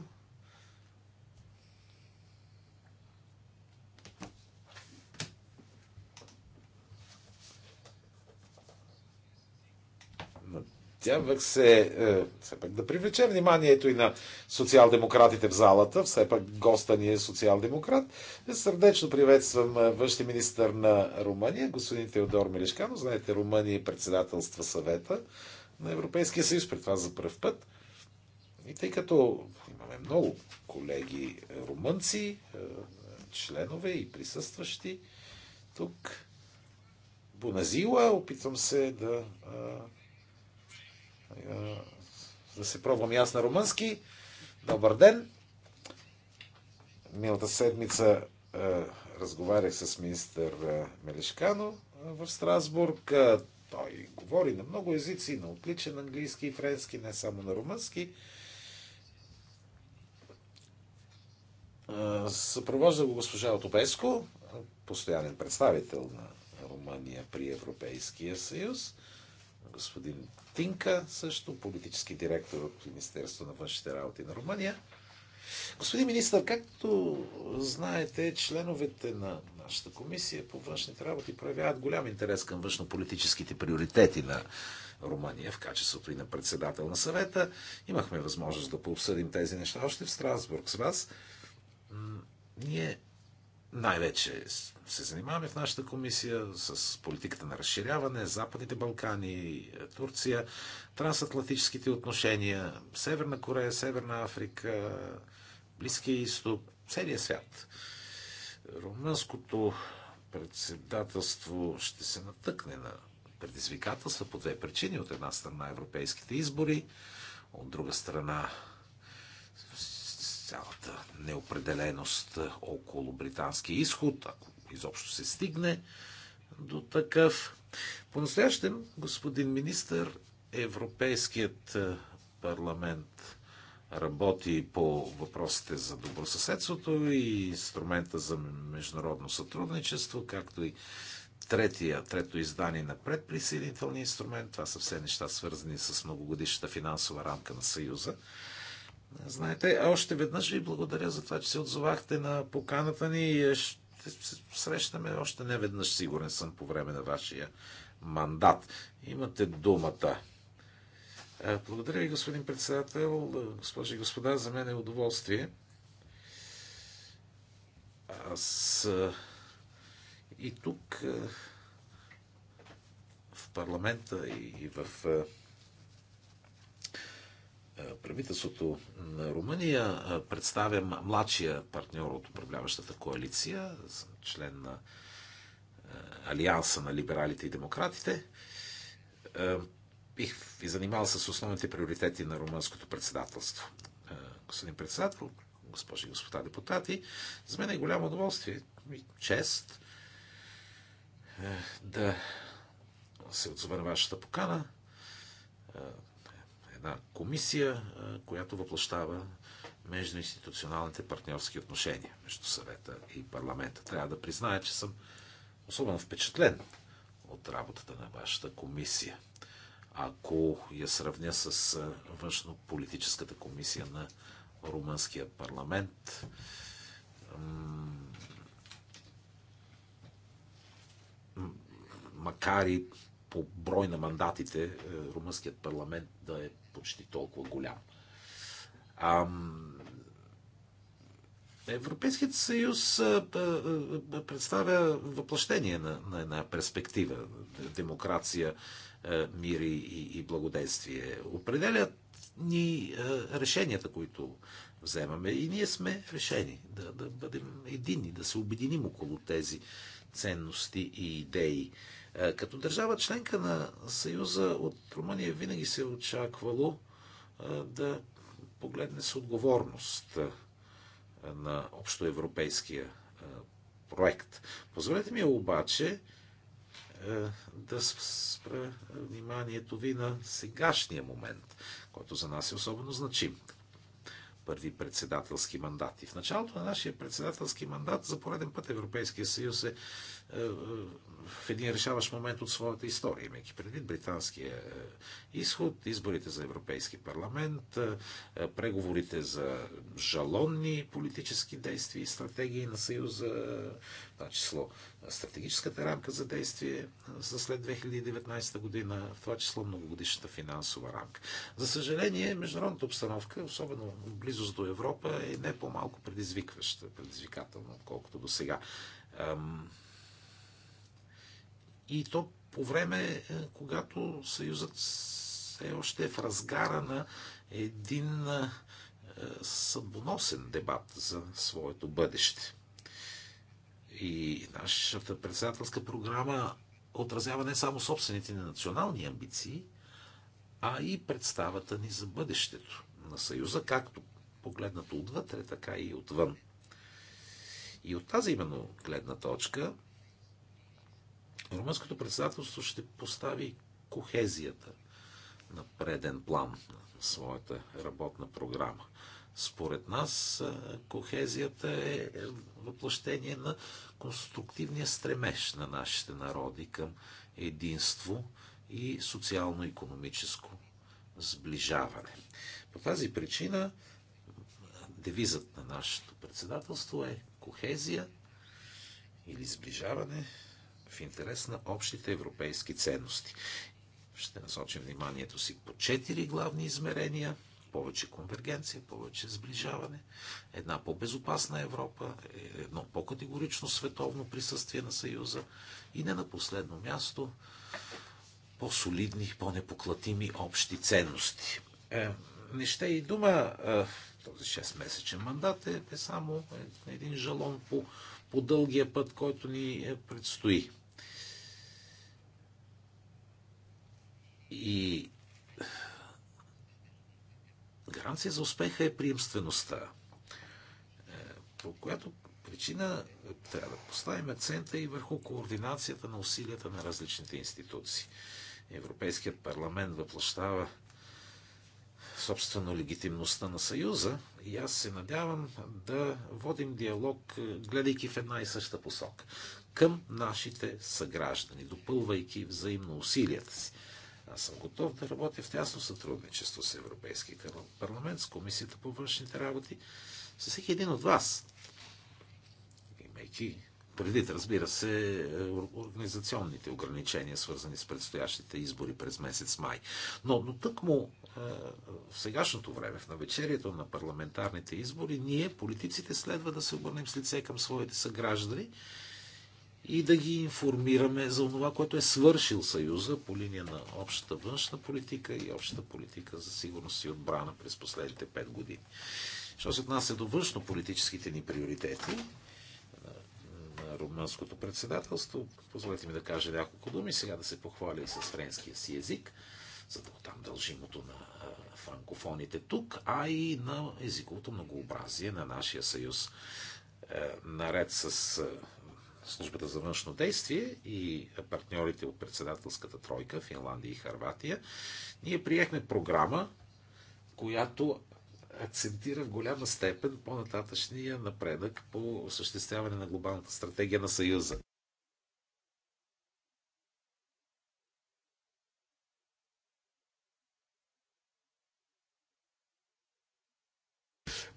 Надявах се все пак да привлече е, вниманието и на социал-демократите в залата. Все пак госта ни е социал-демократ. Сърдечно приветствам е, външния министр на Румъния, господин Теодор Мелешкано. Знаете, Румъния е председателства съвета на Европейския съюз, пред това за първ път. И тъй като имаме много колеги румънци, е, членове и присъстващи тук, Боназила, опитвам се да да се пробвам и аз на румънски. Добър ден! Миналата седмица е, разговарях с министър е, Мелешкано е, в Страсбург. Той говори на много езици, на отличен английски и френски, не само на румънски. Съпровожда го госпожа Отобеско, постоянен представител на Румъния при Европейския съюз господин Тинка, също политически директор от Министерството на външните работи на Румъния. Господин министър, както знаете, членовете на нашата комисия по външните работи проявяват голям интерес към външнополитическите приоритети на Румъния в качеството и на председател на съвета. Имахме възможност да пообсъдим тези неща още в Страсбург с вас. Ние най-вече се занимаваме в нашата комисия с политиката на разширяване, Западните Балкани, Турция, трансатлантическите отношения, Северна Корея, Северна Африка, Близкия изток, целия свят. Румънското председателство ще се натъкне на предизвикателства по две причини. От една страна европейските избори, от друга страна цялата неопределеност около британския изход, ако изобщо се стигне до такъв. По-настоящем, господин министр, Европейският е, парламент работи по въпросите за добросъседството и инструмента за международно сътрудничество, както и третия, трето издание на предприсъединителния инструмент. Това са все неща свързани с многогодишната финансова рамка на Съюза. Знаете, още веднъж ви благодаря за това, че се отзовахте на поканата ни и ще се срещаме още не веднъж, сигурен съм, по време на вашия мандат. Имате думата. Е, благодаря ви, господин председател. Госпожи и господа, за мен е удоволствие. Аз е, и тук е, в парламента, и в е, правителството на Румъния. Е, представям младшия партньор от управляващата коалиция, член на е, Алианса на либералите и демократите. Бих ви занимавал с основните приоритети на румънското председателство. Господин председател, госпожи и господа депутати, за мен е голямо удоволствие и чест да се отзове на вашата покана една комисия, която въплащава междуинституционалните партньорски отношения между съвета и парламента. Трябва да призная, че съм особено впечатлен от работата на вашата комисия. Ако я сравня с външно-политическата комисия на Румънския парламент, макар и по брой на мандатите е, румънският парламент да е почти толкова голям. Ам... Европейският съюз а, а, а, представя въплъщение на, на една перспектива демокрация, а, е, мир и, и благодействие. Определят ни а, е, решенията, които вземаме и ние сме решени да, да бъдем едини, да се обединим около тези ценности и идеи. Е, като държава членка на Съюза от Румъния винаги се е очаквало е, да погледне с отговорност е, на общоевропейския проект. Позволете ми обаче да спра вниманието ви на сегашния момент, който за нас е особено значим. Първи председателски мандат. И в началото на нашия председателски мандат за пореден път Европейския съюз е е, в един решаващ момент от своята история, имайки предвид британския е, изход, изборите за Европейски парламент, е, преговорите за жалонни политически действия и стратегии на Съюза, това число стратегическата рамка за действие за след 2019 година, в това число многогодишната финансова рамка. За съжаление, международната обстановка, особено близост до Европа, е не по-малко предизвикваща, предизвикателна, отколкото до сега. И то по време, е, когато Съюзът все още е в разгара на един е, съдбоносен дебат за своето бъдеще. И нашата председателска програма отразява не само собствените ни национални амбиции, а и представата ни за бъдещето на Съюза, както погледнато отвътре, така и отвън. И от тази именно гледна точка Румънското председателство ще постави кохезията на преден план на своята работна програма. Според нас кохезията е, е въплъщение на конструктивния стремеж на нашите народи към единство и социално-економическо сближаване. По тази причина девизът на нашето председателство е кохезия или сближаване в интерес на общите европейски ценности. Ще насочим вниманието си по четири главни измерения повече конвергенция, повече сближаване, една по-безопасна Европа, едно по-категорично световно присъствие на Съюза и не на последно място по-солидни, по-непоклатими общи ценности. Е, не ще и дума, е, този 6-месечен мандат е, е само е, един жалон по, по дългия път, който ни е предстои. И гаранция за успеха е приемствеността, е, по която причина трябва да поставим акцента и върху координацията на усилията на различните институции. Европейският парламент въплащава собствено легитимността на Съюза и аз се надявам да водим диалог, е, гледайки в една и съща посока към нашите съграждани, допълвайки взаимно усилията си. Аз съм готов да работя в тясно сътрудничество с Европейския парламент, с Комисията по външните работи, с всеки един от вас. Имайки предвид, разбира се, е, организационните ограничения, свързани с предстоящите избори през месец май. Но, но тък му е, в сегашното време, в навечерието на парламентарните избори, ние, политиците, следва да се обърнем с лице към своите съграждани и да ги информираме за това, което е свършил Съюза по линия на общата външна политика и общата политика за сигурност и отбрана през последните 5 години. Що се отнася до външно-политическите ни приоритети на, румънското председателство, позволете ми да кажа няколко думи, сега да се похваля и с френския си език, за да там дължимото на франкофоните тук, а и на езиковото многообразие на нашия съюз е, наред с службата за външно действие и партньорите от председателската тройка, Финландия и Харватия, ние приехме програма, която акцентира в голяма степен по-нататъчния напредък по осъществяване на глобалната стратегия на Съюза.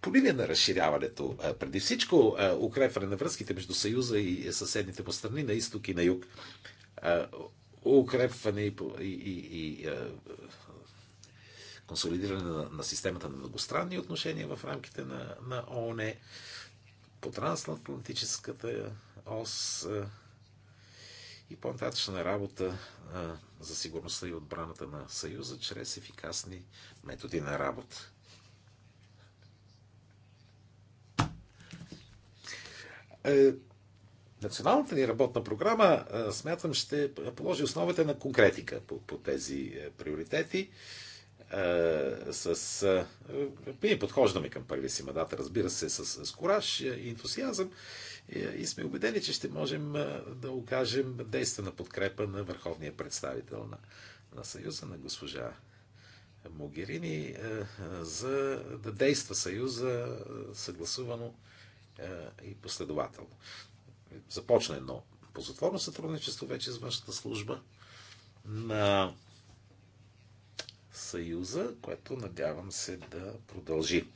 по линия на разширяването, преди всичко укрепване на връзките между Съюза и съседните му страни на изток и на юг, укрепване и, и, и, и консолидиране на, на системата на многостранни отношения в рамките на, на ООН, по трансатлантическата ос и по-нататъчна работа за сигурността и отбраната на Съюза чрез ефикасни методи на работа. Е, националната ни работна програма, е, смятам, ще положи основата на конкретика по, по тези е, приоритети. С, ние подхождаме към първия си мандат, разбира се, с, с кораж и ентусиазъм и сме убедени, че ще можем да окажем действена подкрепа на върховния представител на, на Съюза, на госпожа Могерини, за да действа Съюза съгласувано е, и последователно. Започна едно позатворно сътрудничество вече с външната служба на Съюза, което надявам се да продължи.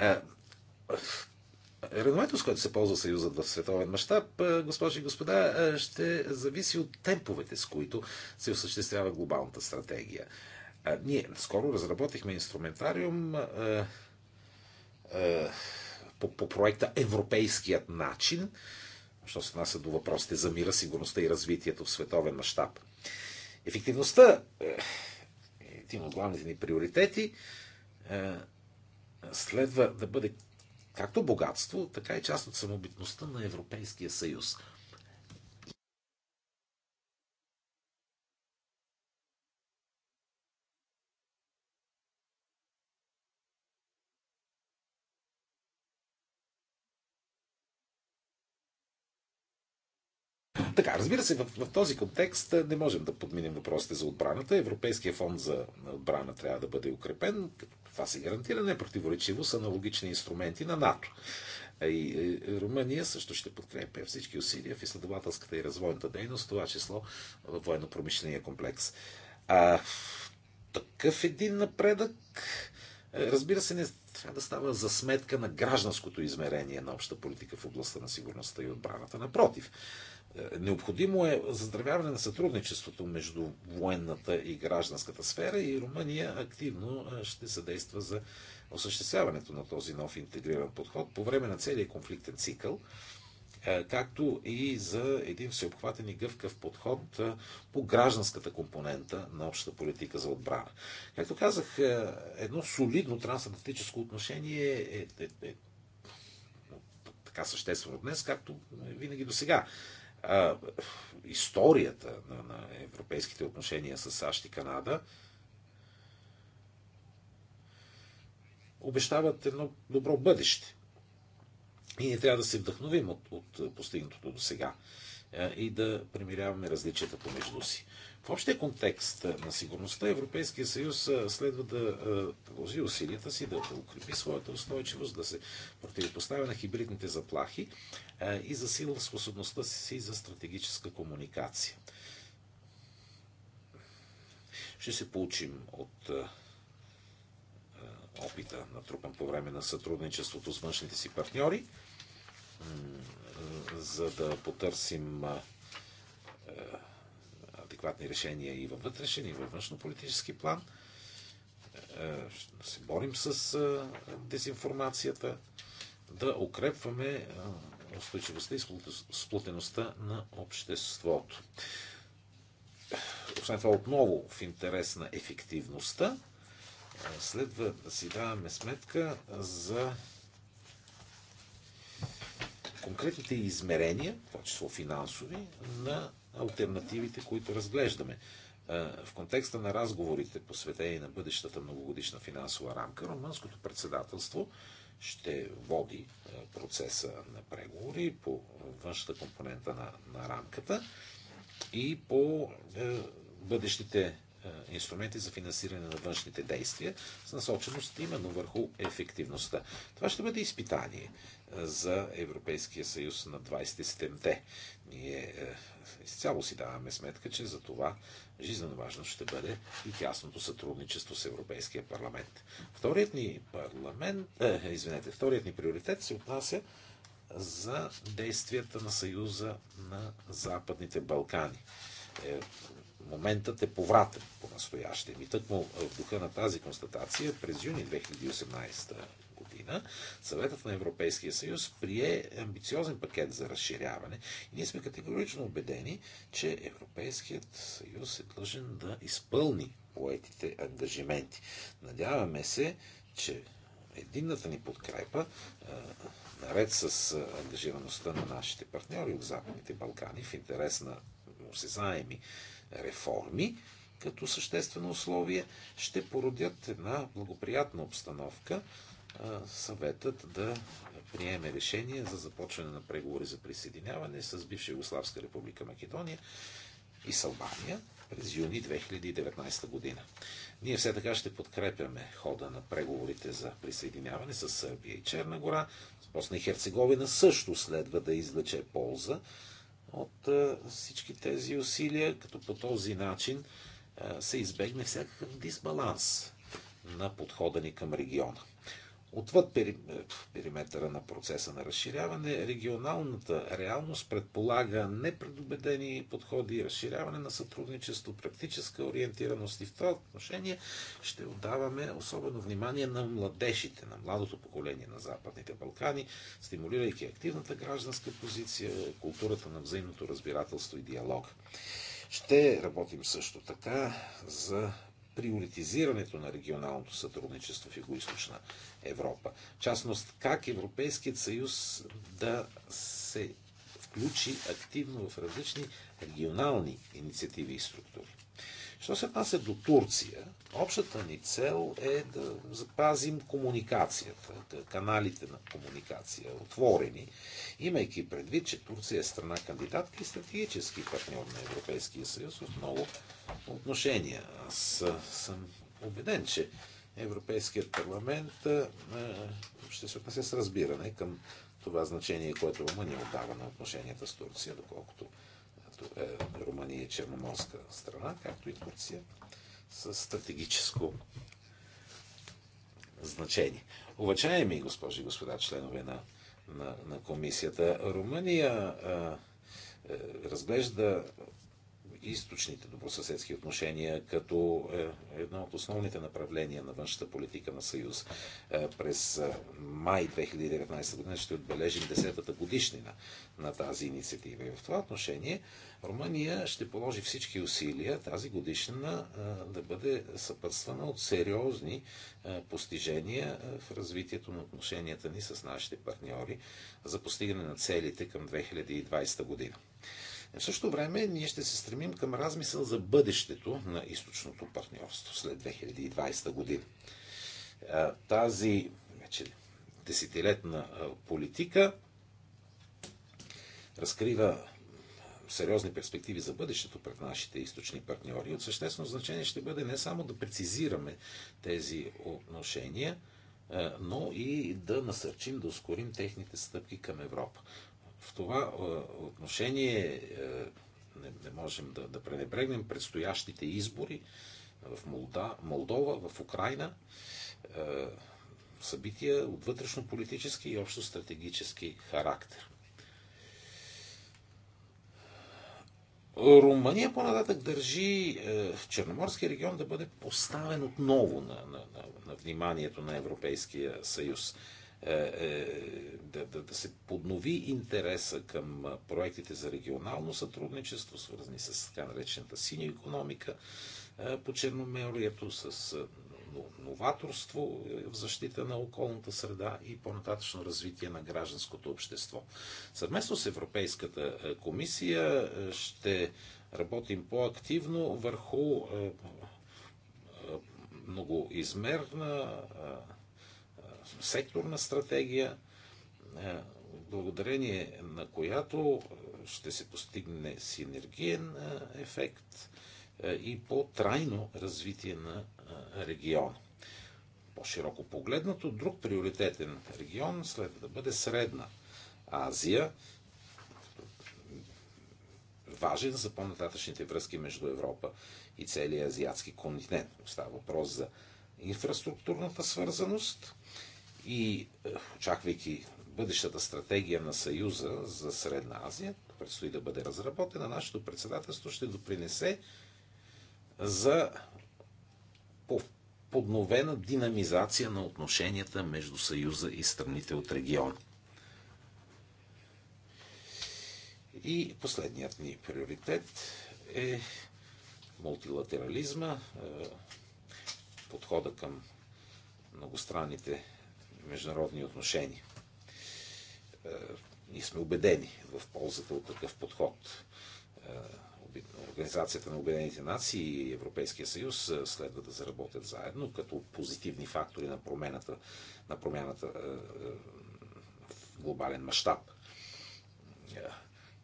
Е, Реномето, с което се ползва Съюзът в световен мащаб, е, госпожи и господа, ще зависи от темповете, с които се осъществява глобалната стратегия. Ние скоро разработихме инструментариум по, по проекта Европейският начин, що се нася до въпросите за мира, сигурността и развитието в световен мащаб. Ефективността е, е един от главните ни приоритети. Е, следва да бъде както богатство, така и част от самобитността на Европейския съюз – Така, разбира се, в, в този контекст не можем да подминем въпросите за отбраната. Европейския фонд за отбрана трябва да бъде укрепен. Това се гарантира непротиворечиво с аналогични инструменти на НАТО. И Румъния също ще подкрепя всички усилия в изследователската и развойната дейност, това число в военно-промишления комплекс. А, такъв един напредък, е, разбира се, не трябва да става за сметка на гражданското измерение на обща политика в областта на сигурността и отбраната. Напротив, Необходимо е заздравяване на сътрудничеството между военната и гражданската сфера и Румъния активно ще съдейства за осъществяването на този нов интегриран подход по време на целия конфликтен цикъл, както и за един всеобхватен и гъвкав подход по гражданската компонента на общата политика за отбрана. Както казах, едно солидно трансатлантическо отношение е, е, е, е така съществено днес, както винаги до сега а, историята на, на европейските отношения с САЩ и Канада, обещават едно добро бъдеще. И ние трябва да се вдъхновим от, от постигнатото до сега и да примиряваме различията помежду си. В общия контекст на сигурността Европейския съюз следва да положи усилията си, да, укрепи своята устойчивост, да се противопоставя на хибридните заплахи и засилва способността си за стратегическа комуникация. Ще се получим от опита, на трупан по време на сътрудничеството с външните си партньори, за да потърсим адекватни решения и във вътрешен, и във политически план. Ще е, се борим с е, дезинформацията, да укрепваме е, устойчивостта и сплутеността на обществото. Освен това, отново в интерес на ефективността, следва да си даваме сметка за конкретните измерения, това число финансови, на альтернативите, които разглеждаме. В контекста на разговорите, посветени на бъдещата многогодишна финансова рамка, румънското председателство ще води процеса на преговори по външната компонента на, на рамката и по е, бъдещите инструменти за финансиране на външните действия с насоченост именно върху ефективността. Това ще бъде изпитание за Европейския съюз на 27-те ние е, изцяло си даваме сметка, че за това жизненно важно ще бъде и тясното сътрудничество с Европейския парламент. Вторият ни парламент, е, извинете, вторият ни приоритет се отнася за действията на Съюза на Западните Балкани. Е, моментът е повратен по настояще. И тъкмо в духа на тази констатация през юни 2018 година съветът на Европейския съюз прие амбициозен пакет за разширяване и ние сме категорично убедени, че Европейският съюз е длъжен да изпълни поетите ангажименти. Надяваме се, че единната ни подкрепа, наред с ангажираността на нашите партньори от Западните Балкани в интерес на осезаеми реформи, като съществено условие, ще породят една благоприятна обстановка съветът да приеме решение за започване на преговори за присъединяване с бивша Югославска република Македония и Салбания през юни 2019 година. Ние все така ще подкрепяме хода на преговорите за присъединяване с Сърбия и Черна гора. Босна и Херцеговина също следва да извлече полза от всички тези усилия, като по този начин се избегне всякакъв дисбаланс на подхода ни към региона. Отвъд периметъра на процеса на разширяване, регионалната реалност предполага непредубедени подходи, разширяване на сътрудничество, практическа ориентираност и в това отношение ще отдаваме особено внимание на младежите, на младото поколение на Западните Балкани, стимулирайки активната гражданска позиция, културата на взаимното разбирателство и диалог. Ще работим също така за приоритизирането на регионалното сътрудничество в Юго-Источна Европа. В частност, как Европейският съюз да се включи активно в различни регионални инициативи и структури. Що се отнася до Турция, общата ни цел е да запазим комуникацията, каналите на комуникация отворени, имайки предвид, че Турция е страна кандидатка и стратегически партньор на Европейския съюз в много отношения. Аз съм убеден, че Европейският парламент е, ще се отнася с разбиране към това значение, което Румъния отдава на отношенията с Турция, доколкото е Румъния е черноморска страна, както и Турция, с стратегическо значение. Уважаеми госпожи и господа, членове на, на, на комисията, Румъния а, а, е, разглежда източните добросъседски отношения като е, едно от основните направления на външната политика на Съюз. Е, през е, май 2019 година ще отбележим 10-та годишнина на тази инициатива. И в това отношение Румъния ще положи всички усилия тази годишнина да бъде съпътствана от сериозни постижения в развитието на отношенията ни с нашите партньори за постигане на целите към 2020 година. В същото време ние ще се стремим към размисъл за бъдещето на източното партньорство след 2020 година. Тази вече десетилетна политика разкрива сериозни перспективи за бъдещето пред нашите източни партньори. От съществено значение ще бъде не само да прецизираме тези отношения, но и да насърчим, да ускорим техните стъпки към Европа. В това отношение е, не, не можем да, да пренебрегнем предстоящите избори в Молда, Молдова, в Украина, е, събития от вътрешно-политически и общо-стратегически характер. Румъния по-нататък държи в е, Черноморския регион да бъде поставен отново на, на, на, на вниманието на Европейския съюз. Е, е, да, да, да се поднови интереса към проектите за регионално сътрудничество, свързани с така наречената синя економика е, по Черноморието, с новаторство в защита на околната среда и по-нататъчно развитие на гражданското общество. Съвместно с Европейската комисия ще работим по-активно върху многоизмерна секторна стратегия, е, благодарение на която ще се постигне синергиен е, ефект е, и по-трайно развитие на региона. По-широко погледнато, друг приоритетен регион следва да бъде Средна Азия, важен за по-нататъчните връзки между Европа и целия азиатски континент. Става въпрос за инфраструктурната свързаност – и е, очаквайки бъдещата стратегия на Съюза за Средна Азия, предстои да бъде разработена, нашето председателство ще допринесе за подновена динамизация на отношенията между Съюза и страните от региона. И последният ни приоритет е мултилатерализма, е, подхода към многостранните международни отношения. Е, ние сме убедени в ползата от такъв подход. Е, Организацията на Обединените нации и Европейския съюз е, следва да заработят заедно като позитивни фактори на промената, на промяната в глобален мащаб.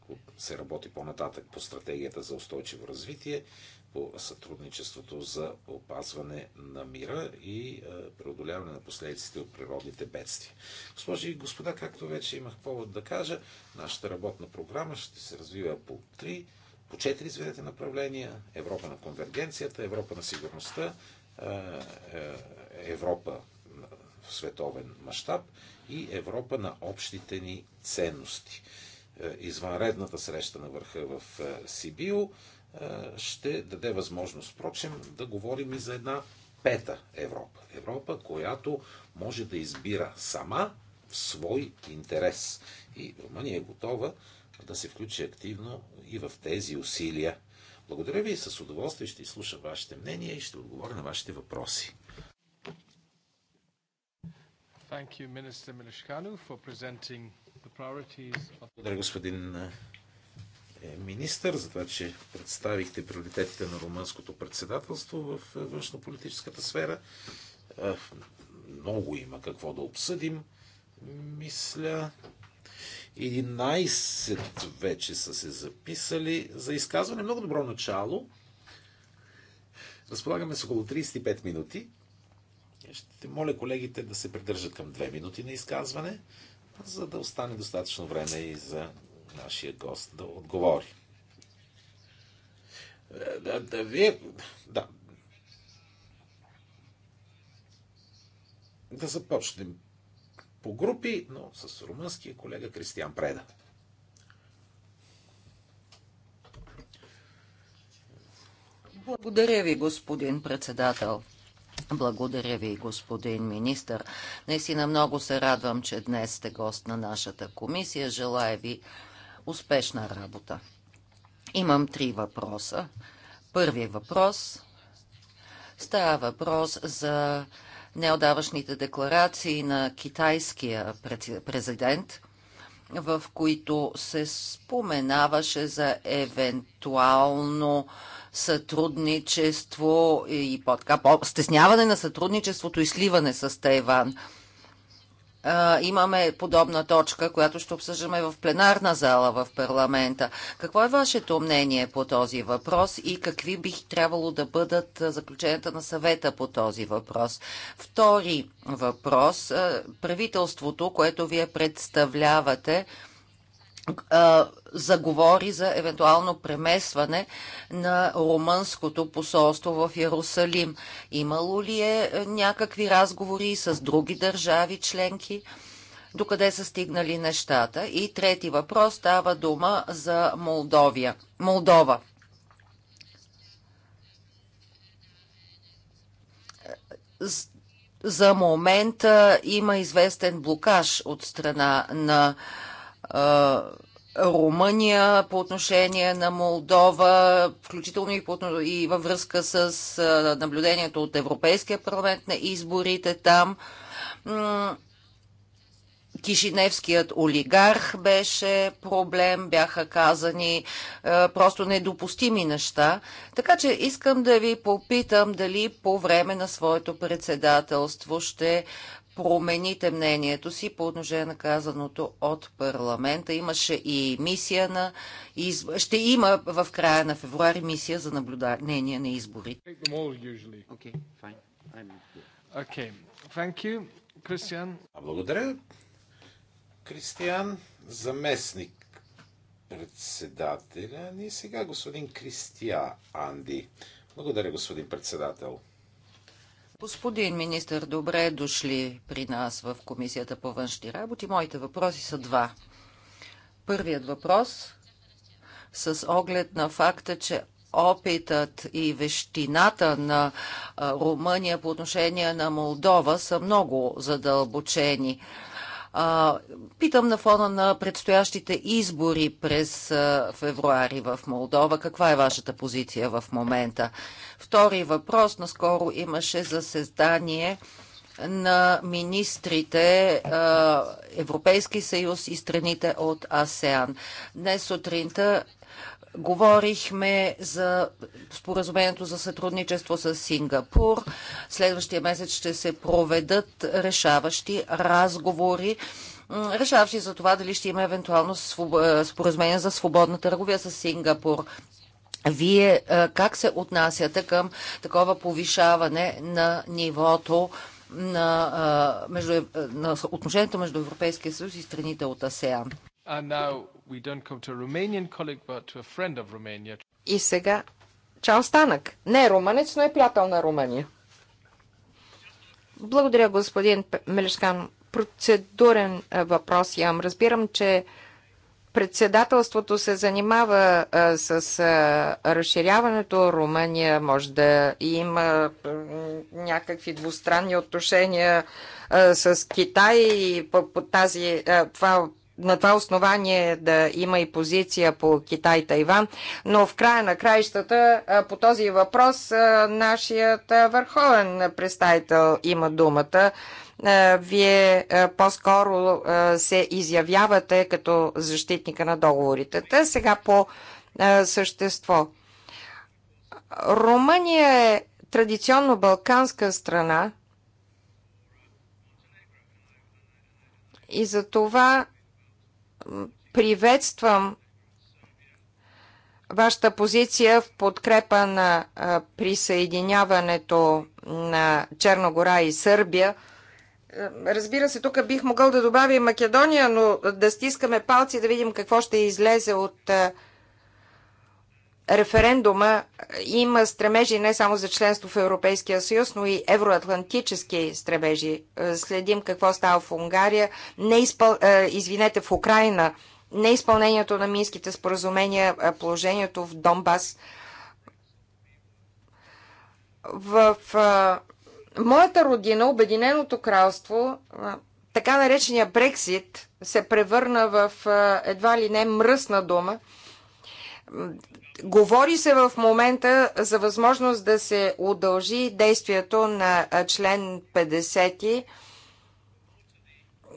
Ако се работи по-нататък по стратегията за устойчиво развитие, по сътрудничеството за опазване на мира и е, преодоляване на последиците от природните бедствия. Госпожи и господа, както вече имах повод да кажа, нашата работна програма ще се развива по три, по четири извинете направления. Европа на конвергенцията, Европа на сигурността, е, е, Европа в световен мащаб и Европа на общите ни ценности. Извънредната среща на върха в Сибио е, ще даде възможност, впрочем, да говорим и за една пета Европа. Европа, която може да избира сама в свой интерес. И Румъния е готова да се включи активно и в тези усилия. Благодаря ви и с удоволствие ще изслушам вашите мнения и ще отговоря на вашите въпроси. Thank you, Minister Milishkanu, for presenting the priorities of... Благодаря, господин е министър, за това, че представихте приоритетите на румънското председателство в е, външнополитическата сфера. Е, много има какво да обсъдим, мисля. 11 вече са се записали за изказване. Много добро начало. Разполагаме с около 35 минути. Ще моля колегите да се придържат към 2 минути на изказване, за да остане достатъчно време и за нашия гост да отговори. Да, да, ви. да. Да започнем по групи, но с румънския колега Кристиан Преда. Благодаря ви, господин председател. Благодаря ви, господин министр. Наистина много се радвам, че днес сте гост на нашата комисия. Желая ви успешна работа. Имам три въпроса. Първият въпрос става въпрос за неодавашните декларации на китайския президент, в които се споменаваше за евентуално сътрудничество и по, така, по стесняване на сътрудничеството и сливане с Тайван имаме подобна точка, която ще обсъждаме в пленарна зала в парламента. Какво е вашето мнение по този въпрос и какви бих трябвало да бъдат заключенията на съвета по този въпрос? Втори въпрос. Правителството, което вие представлявате, заговори за евентуално преместване на румънското посолство в Ярусалим. Имало ли е, е някакви разговори с други държави членки? Докъде са стигнали нещата? И трети въпрос става дума за Молдовия. Молдова. За момента има известен блокаж от страна на Румъния по отношение на Молдова, включително и, по, и във връзка с наблюдението от Европейския парламент на изборите там. Кишиневският олигарх беше проблем, бяха казани просто недопустими неща. Така че искам да ви попитам дали по време на своето председателство ще промените мнението си по отношение на казаното от парламента. Имаше и мисия на... Ще има в края на февруари мисия за наблюдение на изборите. Благодаря. Кристиан, заместник председателя ни сега господин Кристия Анди. Благодаря, господин председател. Господин министр, добре дошли при нас в Комисията по външни работи. Моите въпроси са два. Първият въпрос с оглед на факта, че опитът и вещината на Румъния по отношение на Молдова са много задълбочени. А, питам на фона на предстоящите избори през а, февруари в Молдова. Каква е вашата позиция в момента? Втори въпрос. Наскоро имаше заседание на министрите Европейски съюз и страните от АСЕАН. Днес сутринта Говорихме за споразумението за сътрудничество с Сингапур. Следващия месец ще се проведат решаващи разговори решаващи за това дали ще има евентуално е, споразумение за свободна търговия с Сингапур. Вие е, как се отнасяте към такова повишаване на нивото на, е, между, на отношението между Европейския съюз и страните от АСЕАН? И сега Чао Станък. Не е румънец, но е приятел на Румъния. Благодаря, господин Мелешкан. Процедурен въпрос имам. Разбирам, че председателството се занимава а, с а, разширяването. Румъния може да има а, някакви двустранни отношения а, с Китай и по, по тази, а, това на това основание да има и позиция по Китай-Тайван, но в края на краищата по този въпрос нашият върховен представител има думата. Вие по-скоро се изявявате като защитника на договорите. Та сега по същество. Румъния е традиционно балканска страна и за това приветствам вашата позиция в подкрепа на присъединяването на Черногора и Сърбия. Разбира се, тук бих могъл да добавя и Македония, но да стискаме палци да видим какво ще излезе от а, референдума има стремежи не само за членство в Европейския съюз, но и евроатлантически стремежи. Е, следим какво става в Унгария, изпъл... Е, извинете, в Украина, неизпълнението на минските споразумения, е, положението в Донбас. В моята родина, Обединеното кралство, така наречения Брексит се превърна в едва ли не мръсна дума Говори се в момента за възможност да се удължи действието на член 50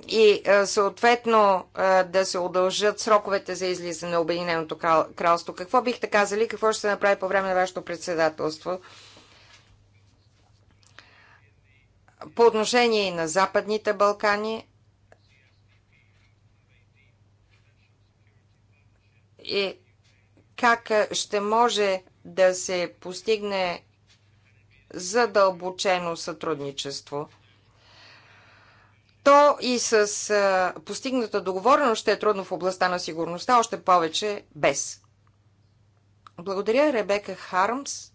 и съответно да се удължат сроковете за излизане на Обединеното кралство. Какво бихте казали? Какво ще се направи по време на вашето председателство? По отношение и на Западните Балкани и как ще може да се постигне задълбочено сътрудничество, то и с постигната договореност ще е трудно в областта на сигурността, още повече без. Благодаря, Ребека Хармс.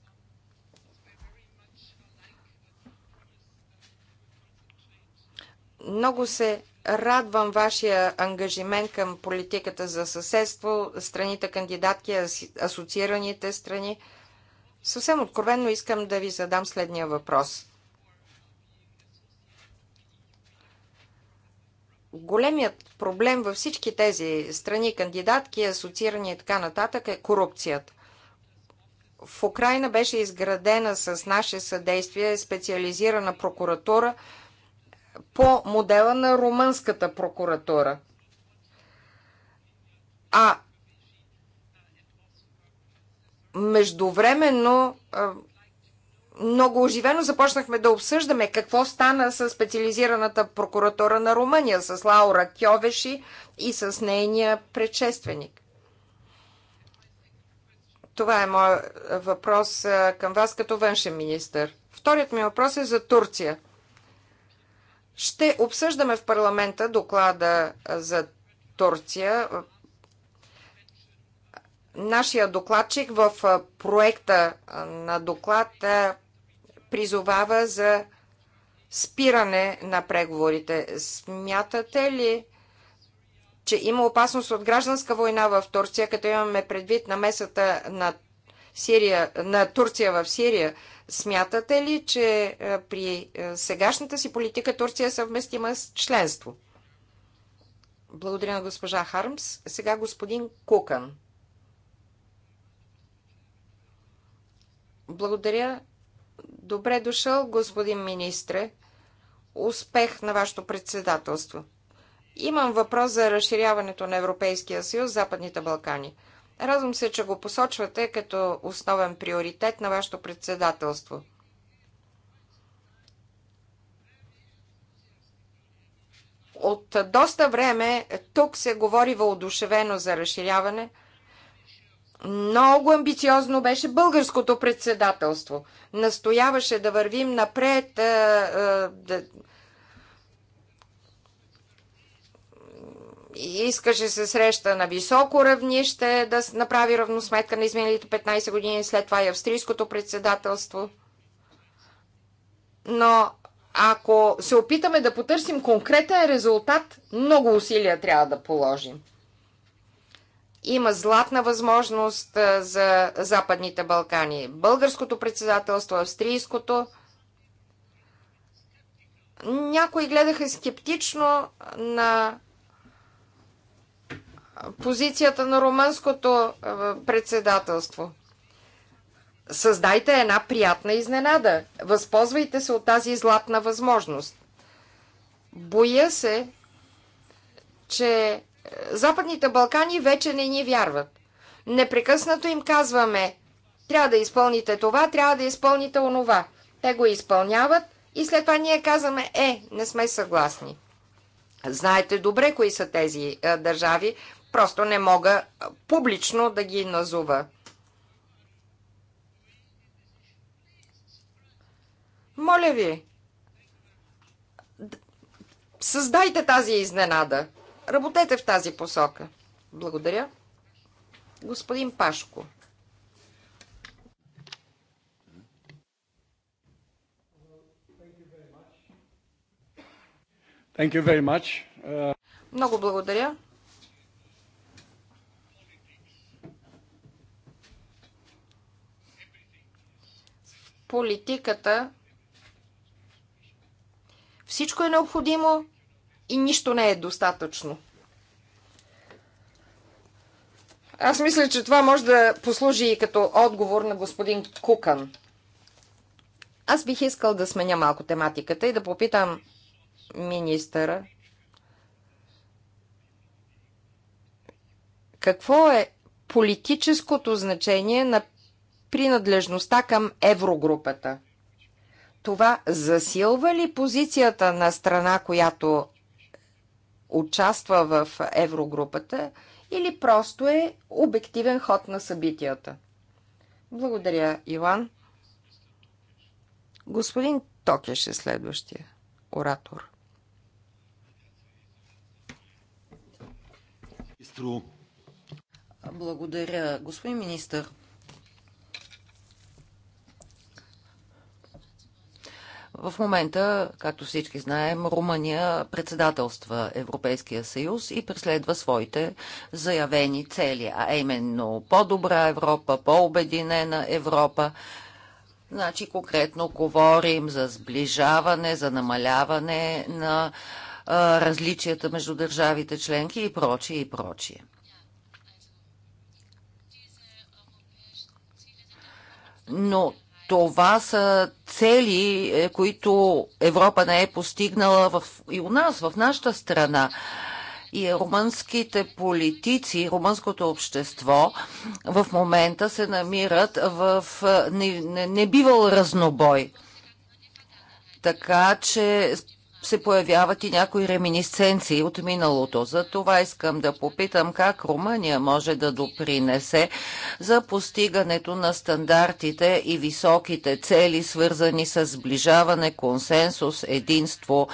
Много се радвам вашия ангажимент към политиката за съседство, страните кандидатки, асоциираните страни. Съвсем откровенно искам да ви задам следния въпрос. Големият проблем във всички тези страни, кандидатки, асоциирани и така нататък е корупцията. В Украина беше изградена с наше съдействие специализирана прокуратура – по модела на румънската прокуратура. А междувременно много оживено започнахме да обсъждаме какво стана с специализираната прокуратура на Румъния, с Лаура Кьовеши и с нейния предшественик. Това е моят въпрос към вас като външен министр. Вторият ми въпрос е за Турция – ще обсъждаме в парламента доклада за Турция. Нашия докладчик в проекта на доклад призовава за спиране на преговорите. Смятате ли, че има опасност от гражданска война в Турция, като имаме предвид на месата на, Сирия, на Турция в Сирия? Смятате ли, че е, при е, сегашната си политика Турция е съвместима с членство? Благодаря на госпожа Хармс. Сега господин Кукан. Благодаря. Добре дошъл, господин министре. Успех на вашето председателство. Имам въпрос за разширяването на Европейския съюз, Западните Балкани – Радвам се, че го посочвате като основен приоритет на вашето председателство. От доста време тук се говори въодушевено за разширяване. Много амбициозно беше българското председателство. Настояваше да вървим напред, да искаше се среща на високо равнище да направи равносметка на изминалите 15 години, след това и австрийското председателство. Но ако се опитаме да потърсим конкретен резултат, много усилия трябва да положим. Има златна възможност за Западните Балкани. Българското председателство, австрийското. Някои гледаха скептично на позицията на румънското е, председателство. Създайте една приятна изненада. Възползвайте се от тази златна възможност. Боя се, че е, Западните Балкани вече не ни вярват. Непрекъснато им казваме, трябва да изпълните това, трябва да изпълните онова. Те го изпълняват и след това ние казваме, е, не сме съгласни. Знаете добре кои са тези а, е, държави. Просто не мога публично да ги назова. Моля ви, създайте тази изненада. Работете в тази посока. Благодаря. Господин Пашко. Thank you very much. Uh... Много благодаря. политиката всичко е необходимо и нищо не е достатъчно. Аз мисля, че това може да послужи и като отговор на господин Кукан. Аз бих искал да сменя малко тематиката и да попитам министъра какво е политическото значение на принадлежността към еврогрупата. Това засилва ли позицията на страна, която участва в еврогрупата или просто е обективен ход на събитията? Благодаря, Иван. Господин Токеш е следващия оратор. Благодаря, господин министър. В момента, както всички знаем, Румъния председателства Европейския съюз и преследва своите заявени цели, а именно по-добра Европа, по-обединена Европа. Значи конкретно говорим за сближаване, за намаляване на а, различията между държавите членки и прочие и прочие. Но това са цели, е, които Европа не е постигнала в, и у нас, в нашата страна. И румънските политици, румънското общество в момента се намират в е, небивал разнобой. Така че се появяват и някои реминисценции от миналото. За това искам да попитам как Румъния може да допринесе за постигането на стандартите и високите цели, свързани с сближаване, консенсус, единство,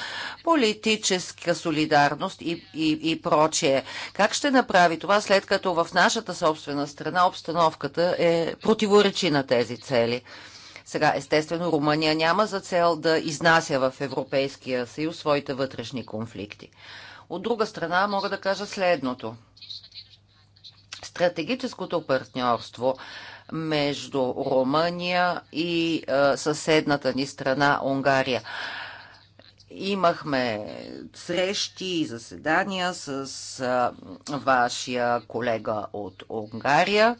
политическа солидарност и, и, и прочие. Как ще направи това, след като в нашата собствена страна обстановката е противоречи на тези цели? Сега, естествено, Румъния няма за цел да изнася в Европейския съюз своите вътрешни конфликти. От друга страна, мога да кажа следното. Стратегическото партньорство между Румъния и е, съседната ни страна Унгария. Имахме срещи и заседания с е, вашия колега от Унгария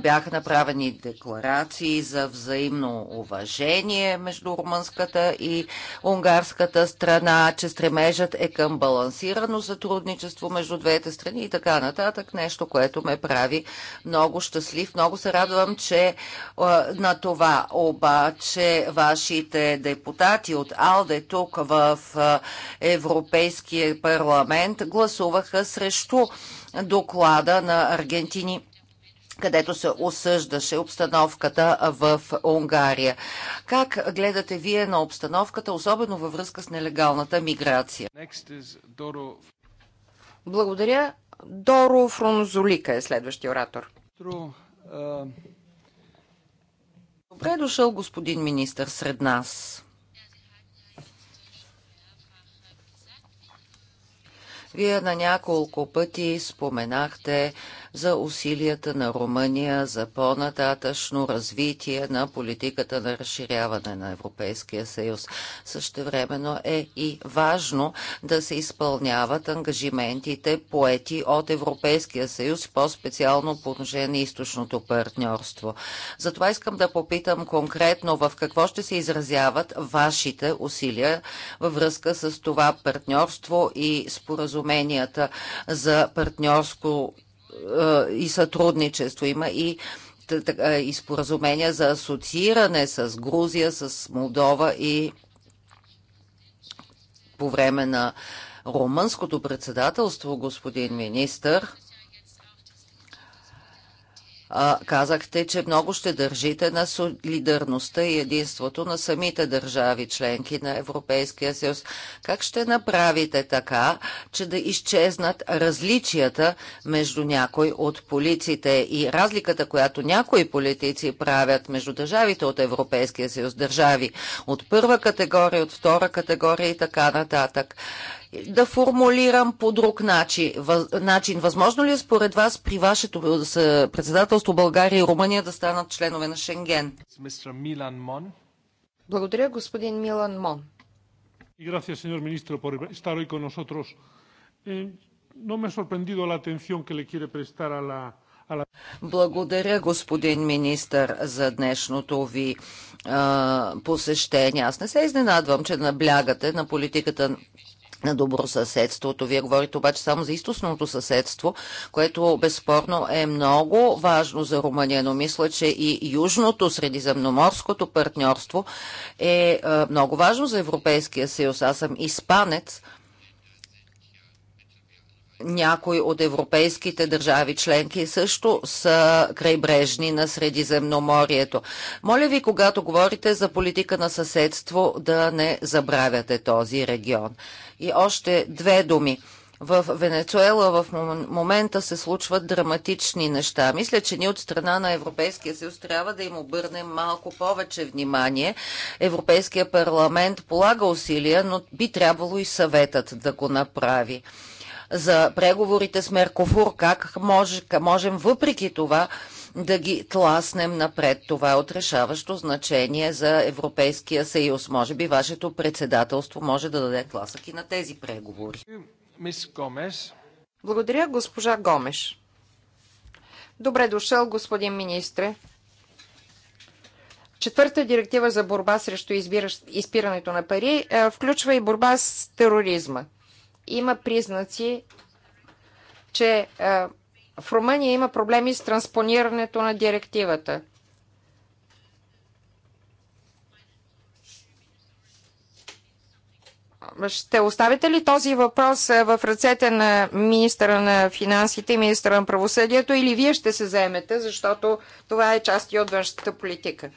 бяха направени декларации за взаимно уважение между румънската и унгарската страна, че стремежът е към балансирано сътрудничество между двете страни и така нататък. Нещо, което ме прави много щастлив. Много се радвам, че на това обаче вашите депутати от АЛДЕ тук в Европейския парламент гласуваха срещу доклада на Аргентини където се осъждаше обстановката в Унгария. Как гледате вие на обстановката, особено във връзка с нелегалната миграция? Благодаря. Доро Фронзолика е следващия оратор. Добре е дошъл, господин министр, сред нас. Вие на няколко пъти споменахте за усилията на Румъния за по-нататъчно развитие на политиката на разширяване на Европейския съюз. Същевременно е и важно да се изпълняват ангажиментите поети от Европейския съюз, по-специално по отношение на източното партньорство. Затова искам да попитам конкретно в какво ще се изразяват вашите усилия във връзка с това партньорство и споразуменията за партньорско е, и сътрудничество. Има и е, и споразумения за асоцииране с Грузия, с Молдова и по време на румънското председателство, господин министър, а, казахте, че много ще държите на солидарността и единството на самите държави, членки на Европейския съюз. Как ще направите така, че да изчезнат различията между някой от полиците и разликата, която някои политици правят между държавите от Европейския съюз, държави от първа категория, от втора категория и така нататък? да формулирам по друг начин. Въз, начин. Възможно ли е според вас при вашето председателство България и Румъния да станат членове на Шенген? Благодаря, господин Милан Мон. И gracias, señor ministro, por estar hoy con nosotros. Eh, no me ha sorprendido la atención que le quiere prestar a la, благодаря, господин министр, за днешното ви а, посещение. Аз не се изненадвам, че наблягате на политиката на добро съседството. Вие говорите обаче само за източното съседство, което безспорно е много важно за Румъния, но мисля, че и южното средиземноморското партньорство е, е много важно за Европейския съюз. Аз съм испанец някои от европейските държави членки също са крайбрежни на Средиземноморието. Моля ви, когато говорите за политика на съседство, да не забравяте този регион. И още две думи. В Венецуела в момента се случват драматични неща. Мисля, че ние от страна на Европейския съюз трябва да им обърнем малко повече внимание. Европейския парламент полага усилия, но би трябвало и съветът да го направи за преговорите с Меркофур, как може, можем въпреки това да ги тласнем напред. Това е отрешаващо значение за Европейския съюз. Може би вашето председателство може да даде тласък и на тези преговори. Благодаря, госпожа Гомеш. Добре дошъл, господин министре. Четвърта директива за борба срещу избиращ, изпирането на пари е, включва и борба с тероризма има признаци, че е, в Румъния има проблеми с транспонирането на директивата. Ще оставите ли този въпрос е, в ръцете на министра на финансите и министра на правосъдието или вие ще се заемете, защото това е част и от външната политика?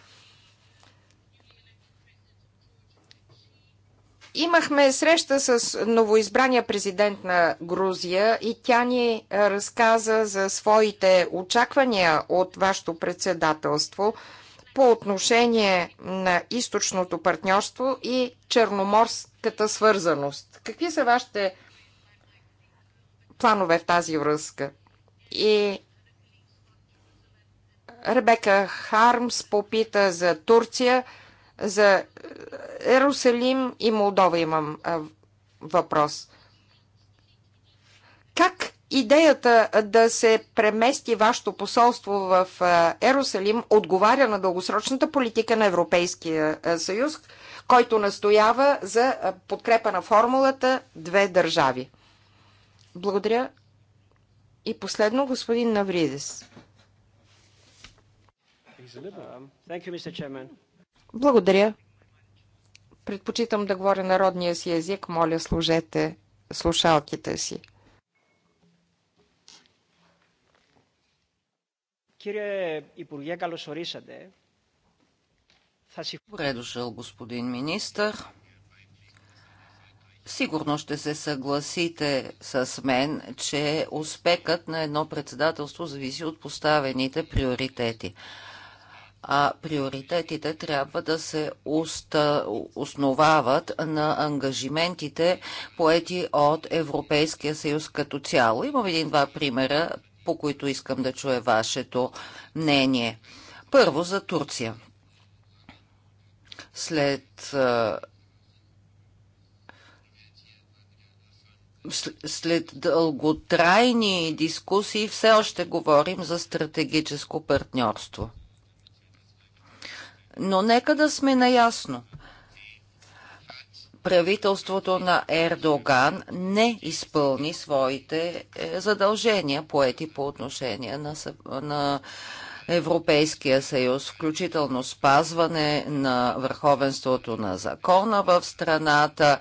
Имахме среща с новоизбрания президент на Грузия и тя ни е, разказа за своите очаквания от вашето председателство по отношение на източното партньорство и черноморската свързаност. Какви са вашите планове в тази връзка? И Ребека Хармс попита за Турция – за Ерусалим и Молдова имам въпрос. Как идеята да се премести вашето посолство в Ерусалим отговаря на дългосрочната политика на Европейския съюз, който настоява за подкрепа на формулата две държави. Благодаря. И последно, господин Навридес. Thank you, Mr. Chairman. Благодаря. Предпочитам да говоря народния си език. Моля, служете слушалките си. Κύριε Υπουργέ, καλώς ορίσατε. Добре дошъл, господин министър. Сигурно ще се съгласите с мен, че успехът на едно председателство зависи от поставените приоритети а приоритетите трябва да се основават на ангажиментите, поети от Европейския съюз като цяло. Имам един-два примера, по които искам да чуя вашето мнение. Първо за Турция. След след дълготрайни дискусии все още говорим за стратегическо партньорство. Но нека да сме наясно. Правителството на Ердоган не изпълни своите е, задължения, поети по отношение на, на Европейския съюз, включително спазване на върховенството на закона в страната,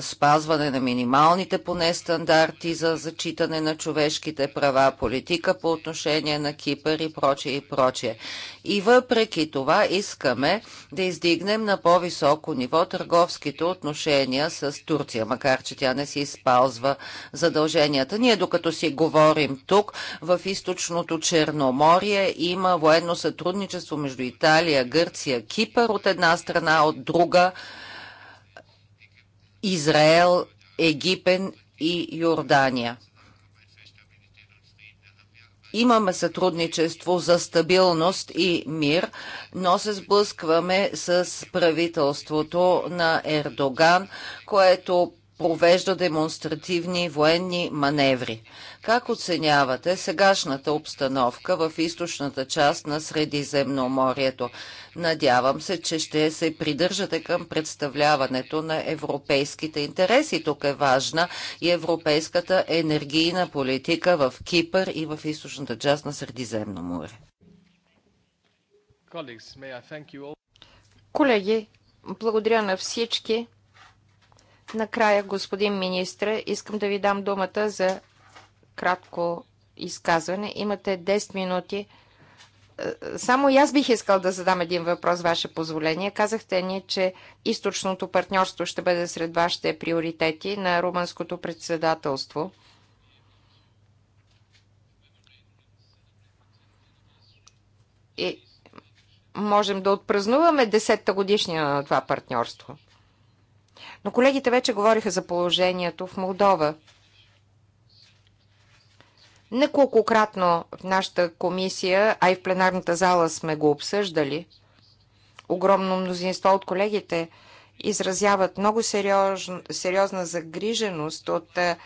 спазване на минималните поне стандарти за зачитане на човешките права, политика по отношение на Кипър и прочее и прочее. И въпреки това искаме да издигнем на по-високо ниво търговските отношения с Турция, макар че тя не си спазва задълженията. Ние докато си говорим тук, в източното Черноморие, Италия има военно сътрудничество между Италия, Гърция, Кипър от една страна, от друга Израел, Египен и Йордания. Имаме сътрудничество за стабилност и мир, но се сблъскваме с правителството на Ердоган, което провежда демонстративни военни маневри. Как оценявате сегашната обстановка в източната част на Средиземноморието? Надявам се, че ще се придържате към представляването на европейските интереси. Тук е важна и европейската енергийна политика в Кипър и в източната част на Средиземно море. Колеги, благодаря на всички. Накрая, господин министре, искам да ви дам думата за кратко изказване. Имате 10 минути. Е, само и аз бих искал да задам един въпрос, ваше позволение. Казахте ни, че източното партньорство ще бъде сред вашите приоритети на румънското председателство. И можем да отпразнуваме 10-та годишния на това партньорство. Но колегите вече говориха за положението в Молдова. Неколкократно в нашата комисия, а и в пленарната зала сме го обсъждали. Огромно мнозинство от колегите изразяват много сериоз, сериозна загриженост от е,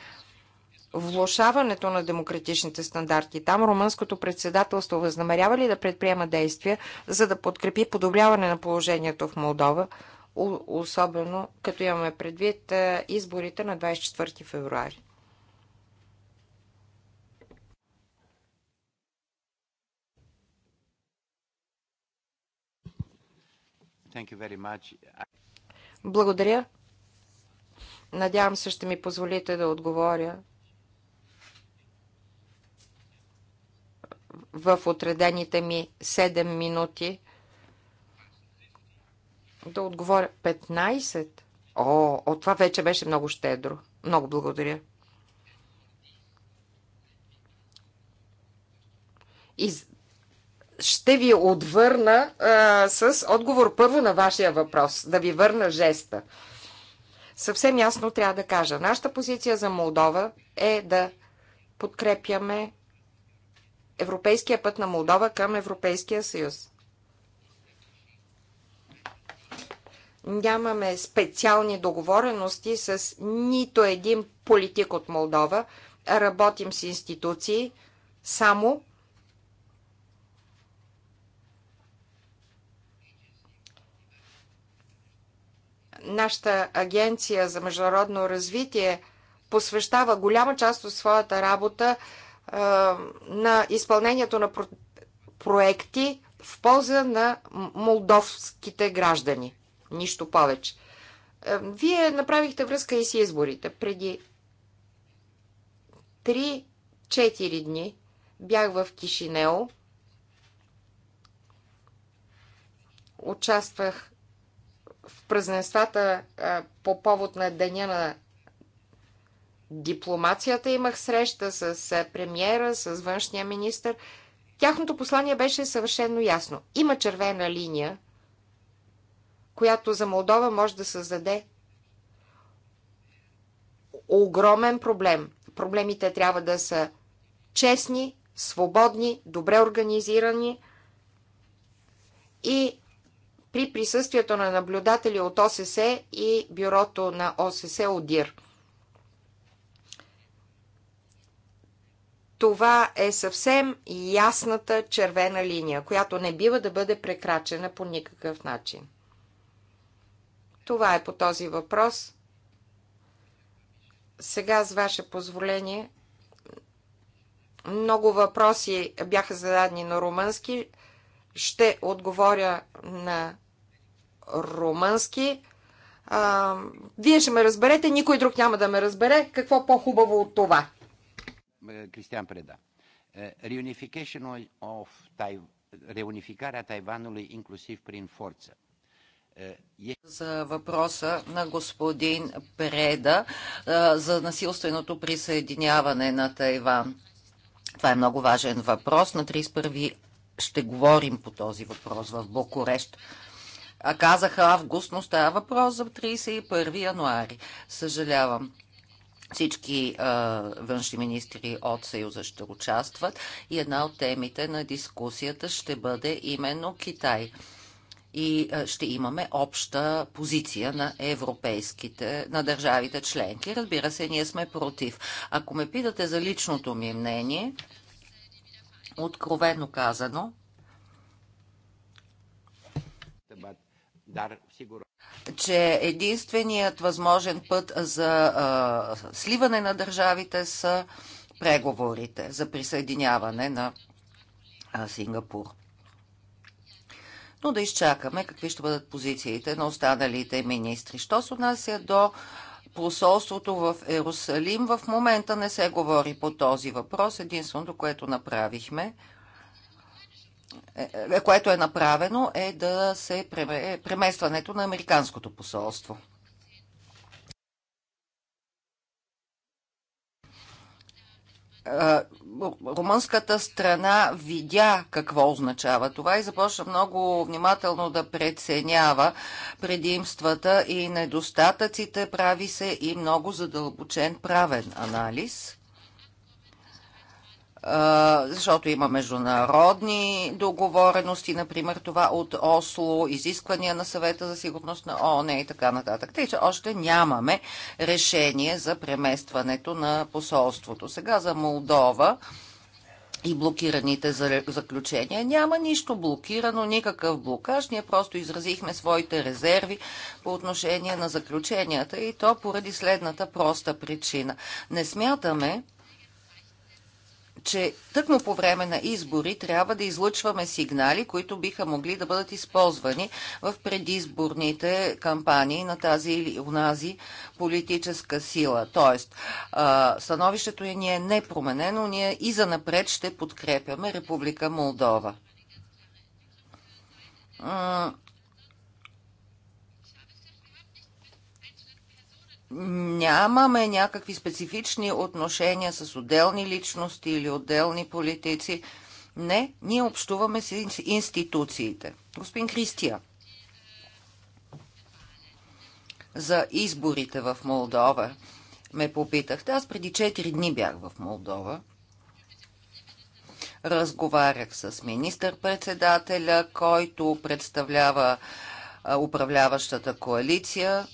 влушаването на демократичните стандарти. Там румънското председателство възнамерява ли да предприема действия, за да подкрепи подобряване на положението в Молдова – особено като имаме предвид изборите на 24 февруари. Благодаря. Надявам се, ще ми позволите да отговоря в отредените ми 7 минути да отговоря 15. О, от това вече беше много щедро. Много благодаря. И ще ви отвърна а, с отговор първо на вашия въпрос. Да ви върна жеста. Съвсем ясно трябва да кажа. Нашата позиция за Молдова е да подкрепяме европейския път на Молдова към Европейския съюз. Нямаме специални договорености с нито един политик от Молдова. Работим с институции само нашата агенция за международно развитие посвещава голяма част от своята работа е, на изпълнението на про проекти в полза на молдовските граждани. Нищо повече. Е, вие направихте връзка и с изборите. Преди 3-4 дни бях в Кишинео. Участвах в празненствата е, по повод на Деня на дипломацията. Имах среща с е, премиера, с външния министр. Тяхното послание беше съвършено ясно. Има червена линия, която за Молдова може да създаде огромен проблем. Проблемите трябва да са честни, свободни, добре организирани и при присъствието на наблюдатели от ОССЕ и бюрото на ОССЕ ОДИР. Това е съвсем ясната червена линия, която не бива да бъде прекрачена по никакъв начин. Това е по този въпрос. Сега, с ваше позволение, много въпроси бяха зададени на румънски. Ще отговоря на румънски. А, вие ще ме разберете, никой друг няма да ме разбере. Какво по-хубаво от това? Кристиан Преда. Реунификация на Реунификarea Тайванului inclusiv prin е, е. за въпроса на господин Преда е, за насилственото присъединяване на Тайван. Това е много важен въпрос. На 31 ще говорим по този въпрос в Бокурещ. А казаха август, но става въпрос за 31 януари. Съжалявам. Всички а, външни министри от Съюза ще участват и една от темите на дискусията ще бъде именно Китай и ще имаме обща позиция на европейските, на държавите членки. Разбира се, ние сме против. Ако ме питате за личното ми мнение, откровено казано, че единственият възможен път за а, сливане на държавите са преговорите за присъединяване на а, Сингапур но да изчакаме какви ще бъдат позициите на останалите министри. Що се отнася до посолството в Ерусалим, в момента не се говори по този въпрос. Единственото, което направихме, е, е, което е направено, е да се преместването на Американското посолство. Е, румънската страна видя какво означава това и започна много внимателно да преценява предимствата и недостатъците. Прави се и много задълбочен правен анализ защото има международни договорености, например това от Осло, изисквания на съвета за сигурност на ООН и така нататък. Тъй, че още нямаме решение за преместването на посолството. Сега за Молдова и блокираните заключения. Няма нищо блокирано, никакъв блокаж. Ние просто изразихме своите резерви по отношение на заключенията и то поради следната проста причина. Не смятаме, че тъкмо по време на избори трябва да излъчваме сигнали, които биха могли да бъдат използвани в предизборните кампании на тази или унази политическа сила. Тоест, становището ни е непроменено, ние и за напред ще подкрепяме Република Молдова нямаме някакви специфични отношения с отделни личности или отделни политици. Не, ние общуваме с институциите. Господин Кристия, за изборите в Молдова ме попитахте. Аз преди 4 дни бях в Молдова. Разговарях с министър-председателя, който представлява управляващата коалиция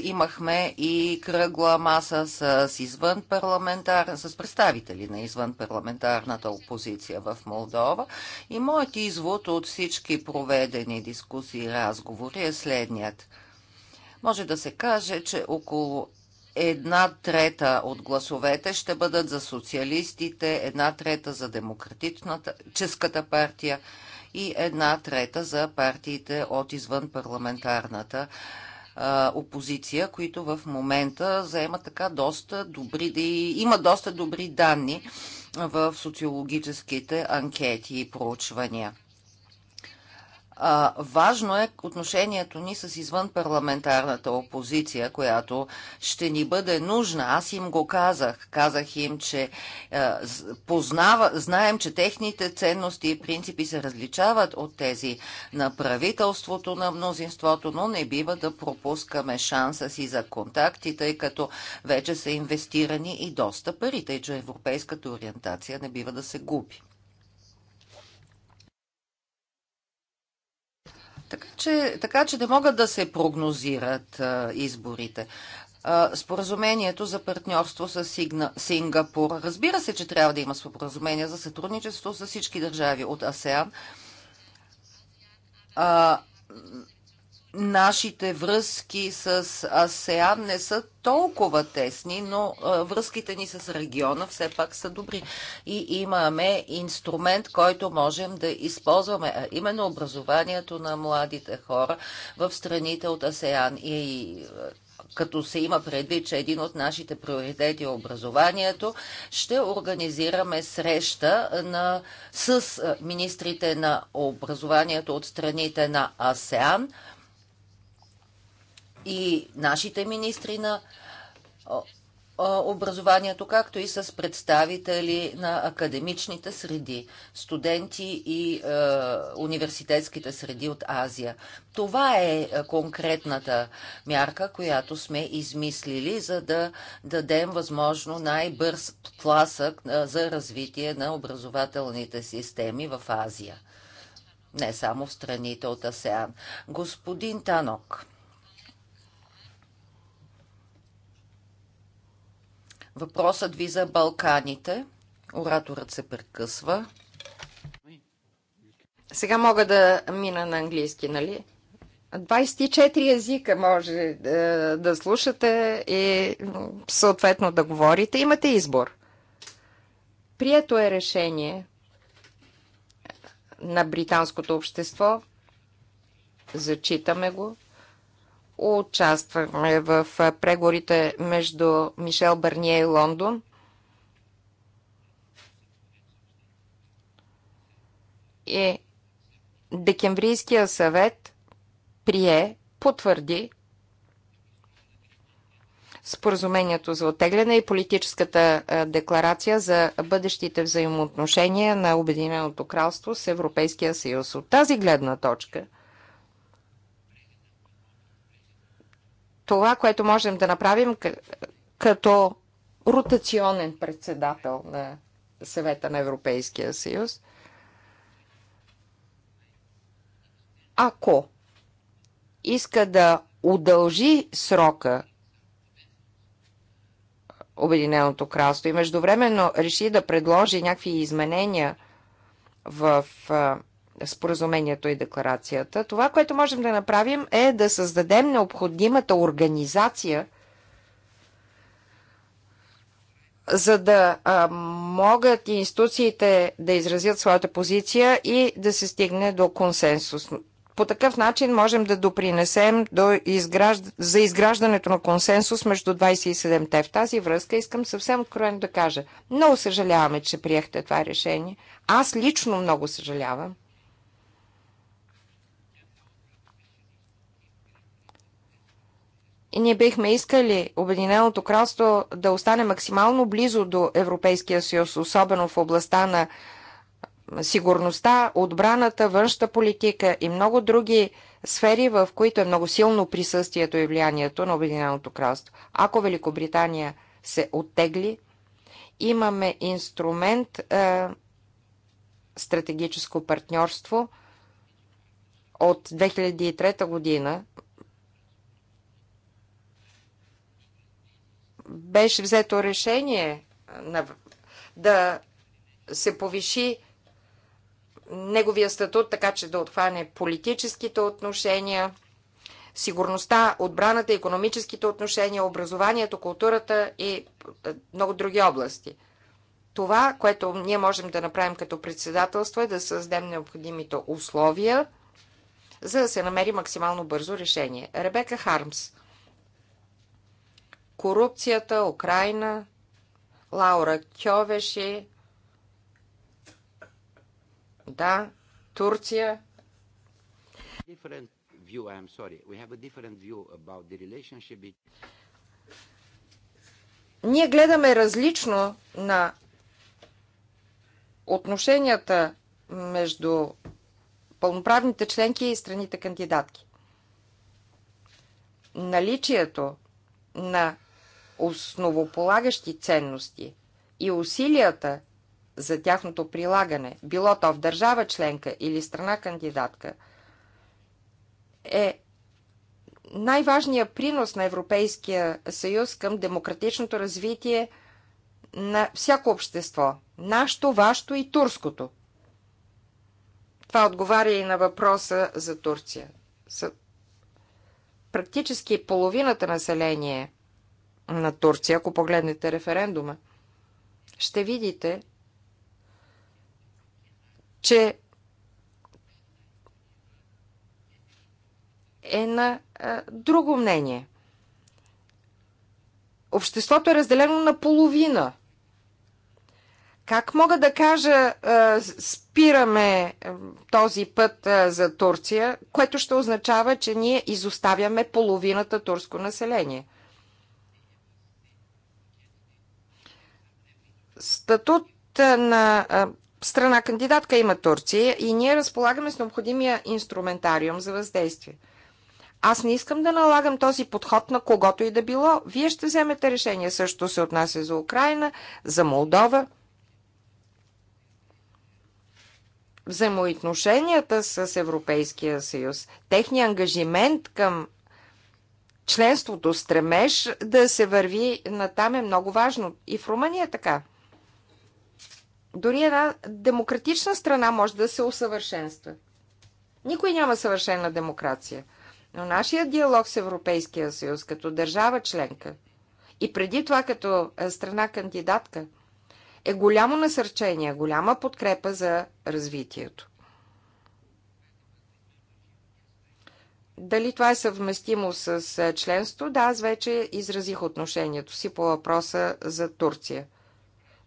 имахме и кръгла маса с, с, извън парламентар, с представители на извън парламентарната опозиция в Молдова. И моят извод от всички проведени дискусии и разговори е следният. Може да се каже, че около една трета от гласовете ще бъдат за социалистите, една трета за демократичната Ческата партия и една трета за партиите от извън парламентарната партия а, опозиция, които в момента заемат така доста добри, да, има доста добри данни в социологическите анкети и проучвания. А, важно е отношението ни с извън парламентарната опозиция, която ще ни бъде нужна. Аз им го казах. Казах им, че познава, знаем, че техните ценности и принципи се различават от тези на правителството, на мнозинството, но не бива да пропускаме шанса си за контакти, тъй като вече са инвестирани и доста пари, тъй че европейската ориентация не бива да се губи. Така че, така че да могат да се прогнозират а, изборите. А, споразумението за партньорство с Сигна, Сингапур. Разбира се, че трябва да има споразумение за сътрудничество с всички държави от АСЕАН. А, нашите връзки с АСЕАН не са толкова тесни, но връзките ни с региона все пак са добри. И имаме инструмент, който можем да използваме, а именно образованието на младите хора в страните от АСЕАН. И като се има предвид, че един от нашите приоритети е образованието, ще организираме среща на, с министрите на образованието от страните на АСЕАН – и нашите министри на образованието, както и с представители на академичните среди, студенти и е, университетските среди от Азия. Това е конкретната мярка, която сме измислили, за да дадем възможно най-бърз тласък за развитие на образователните системи в Азия. Не само в страните от АСЕАН. Господин Танок. Въпросът ви за Балканите. Ораторът се прекъсва. Сега мога да мина на английски, нали? 24 езика може да, е, да слушате и съответно да говорите. Имате избор. Прието е решение на британското общество. Зачитаме го участваме в преговорите между Мишел Барние и Лондон. И Декемврийския съвет прие, потвърди споразумението за отегляне и политическата декларация за бъдещите взаимоотношения на Обединеното кралство с Европейския съюз. От тази гледна точка това, което можем да направим като ротационен председател на съвета на Европейския съюз, ако иска да удължи срока Обединеното кралство и междувременно реши да предложи някакви изменения в споразумението и декларацията. Това, което можем да направим е да създадем необходимата организация, за да а, могат институциите да изразят своята позиция и да се стигне до консенсус. По такъв начин можем да допринесем до изгражд... за изграждането на консенсус между 27-те. В тази връзка искам съвсем откровено да кажа. Много съжаляваме, че приехте това решение. Аз лично много съжалявам. И ние бихме искали Обединеното кралство да остане максимално близо до Европейския съюз, особено в областта на сигурността, отбраната, външната политика и много други сфери, в които е много силно присъствието и влиянието на Обединеното кралство. Ако Великобритания се оттегли, имаме инструмент е, стратегическо партньорство от 2003 година, беше взето решение на, да се повиши неговия статут, така че да отхване политическите отношения, сигурността, отбраната, економическите отношения, образованието, културата и много други области. Това, което ние можем да направим като председателство е да създадем необходимите условия, за да се намери максимално бързо решение. Ребека Хармс – корупцията, Украина, Лаура Кьовеши, да, Турция. Different view, I'm sorry. We have a different view about the relationship Ние гледаме различно на отношенията между пълноправните членки и страните кандидатки. Наличието на основополагащи ценности и усилията за тяхното прилагане, било то в държава членка или страна кандидатка, е най-важният принос на Европейския съюз към демократичното развитие на всяко общество нашето, вашето и турското. Това отговаря и на въпроса за Турция. Практически половината население на Турция, ако погледнете референдума, ще видите, че е на а, друго мнение. Обществото е разделено на половина. Как мога да кажа а, спираме а, този път а, за Турция, което ще означава, че ние изоставяме половината турско население – Статут на страна кандидатка има Турция и ние разполагаме с необходимия инструментариум за въздействие. Аз не искам да налагам този подход на когото и да било. Вие ще вземете решение. Също се отнася за Украина, за Молдова. Взаимоотношенията с Европейския съюз, техния ангажимент към членството, стремеж да се върви натам е много важно. И в Румъния е така. Дори една демократична страна може да се усъвършенства. Никой няма съвършена демокрация. Но нашия диалог с Европейския съюз като държава членка и преди това като е, страна кандидатка е голямо насърчение, голяма подкрепа за развитието. Дали това е съвместимо с е, членство? Да, аз вече изразих отношението си по въпроса за Турция.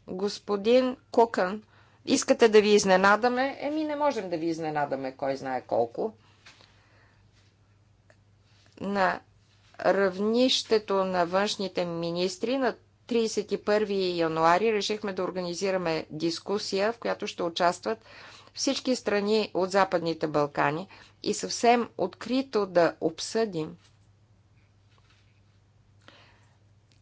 Господин Кукън, искате да ви изненадаме? Еми, не можем да ви изненадаме, кой знае колко. На равнището на външните министри на 31 януари решихме да организираме дискусия, в която ще участват всички страни от Западните Балкани и съвсем открито да обсъдим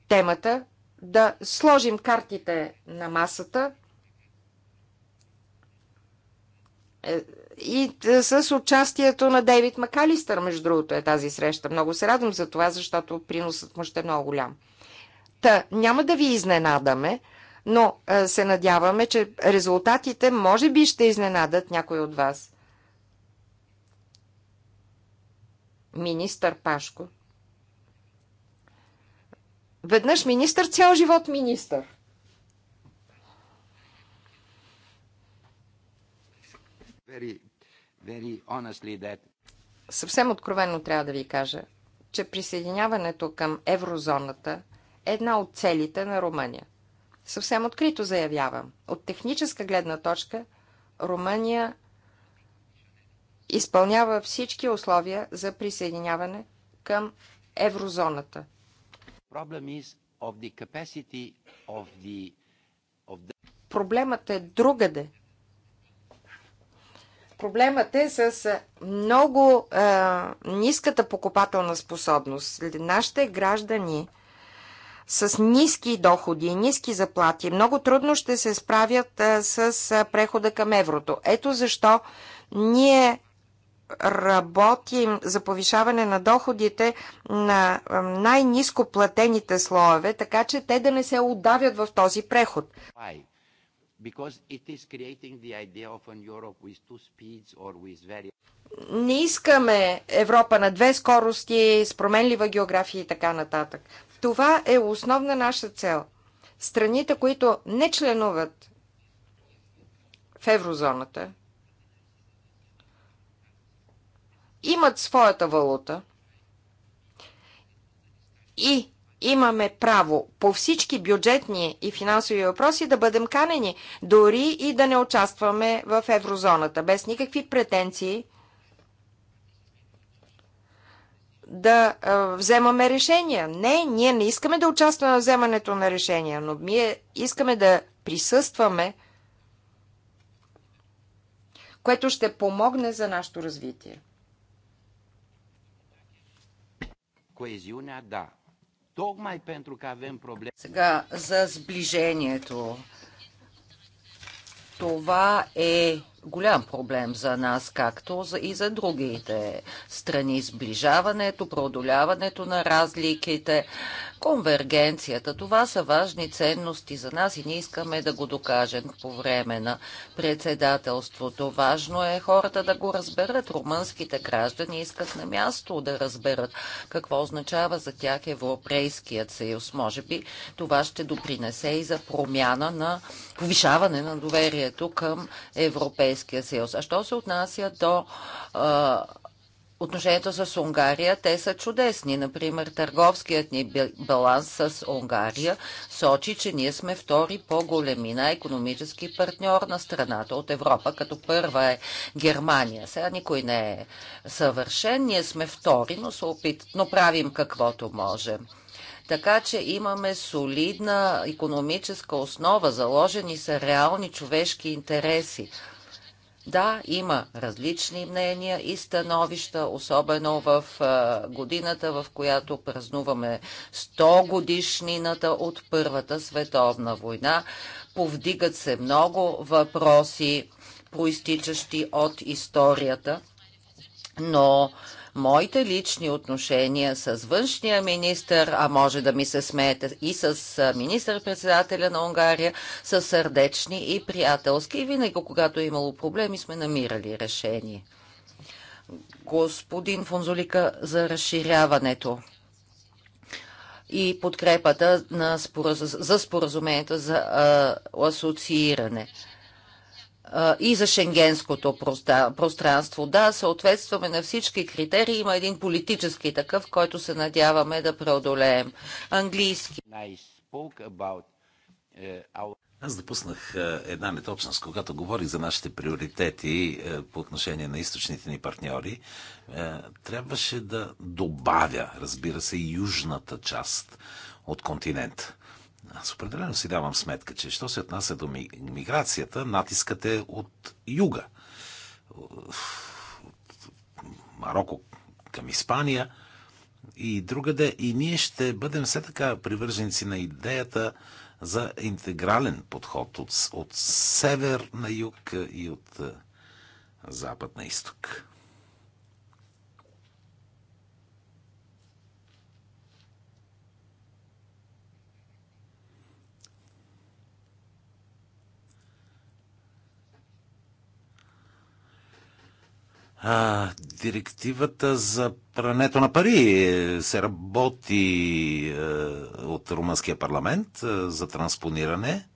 темата да сложим картите на масата е, и е, с участието на Дейвид Макалистър, между другото, е тази среща. Много се радвам за това, защото приносът му ще е много голям. Та, няма да ви изненадаме, но е, се надяваме, че резултатите може би ще изненадат някой от вас. Министър Пашко. Веднъж министър, цял живот министър. Very, very honestly that... Съвсем откровенно трябва да ви кажа, че присъединяването към еврозоната е една от целите на Румъния. Съвсем открито заявявам. От техническа гледна точка, Румъния изпълнява всички условия за присъединяване към еврозоната – Problem is of the capacity of the, of the... Проблемът е другаде. Проблемът е с много е, ниската покупателна способност. Нашите граждани с ниски доходи ниски заплати много трудно ще се справят е, с прехода към еврото. Ето защо ние работим за повишаване на доходите на най-низко платените слоеве, така че те да не се удавят в този преход. Не искаме Европа на две скорости, с променлива география и така нататък. Това е основна наша цел. Страните, които не членуват в еврозоната, имат своята валута и имаме право по всички бюджетни и финансови въпроси да бъдем канени, дори и да не участваме в еврозоната, без никакви претенции да вземаме решения. Не, ние не искаме да участваме в вземането на решения, но ние искаме да присъстваме, което ще помогне за нашето развитие. Coeziunea, да. Tocmai pentru că avem probleme. Сега за сближението. Това е голям проблем за нас, както и за другите страни. Сближаването, продоляването на разликите конвергенцията. Това са важни ценности за нас и ние искаме да го докажем по време на председателството. Важно е хората да го разберат. Румънските граждани искат на място да разберат какво означава за тях Европейският съюз. Може би това ще допринесе и за промяна на повишаване на доверието към Европейския съюз. А що се отнася до а, отношенията с Унгария, те са чудесни. Например, търговският ни баланс с Унгария сочи, че ние сме втори по големина економически партньор на страната от Европа, като първа е Германия. Сега никой не е съвършен, ние сме втори, но, се опит... но правим каквото можем. Така че имаме солидна економическа основа, заложени са реални човешки интереси. Да, има различни мнения и становища, особено в годината, в която празнуваме 100 годишнината от Първата световна война. Повдигат се много въпроси, проистичащи от историята, но моите лични отношения с външния министр, а може да ми се смеете и с министър-председателя на Унгария, са сърдечни и приятелски. И винаги, когато е имало проблеми, сме намирали решение. Господин Фонзолика, за разширяването и подкрепата на спораз... за споразумението за а, асоцииране и за шенгенското пространство. Да, съответстваме на всички критерии. Има един политически такъв, който се надяваме да преодолеем. Английски. Аз допуснах една неточност, когато говорих за нашите приоритети по отношение на източните ни партньори. Трябваше да добавя, разбира се, южната част от континента. Аз определено си давам сметка, че що се отнася до миграцията, натискът е от юга. От Марокко към Испания и другаде. И ние ще бъдем все така привърженици на идеята за интегрален подход от, от север на юг и от е, запад на изток. А, директивата за прането на пари се работи е, от Румънския парламент е, за транспониране.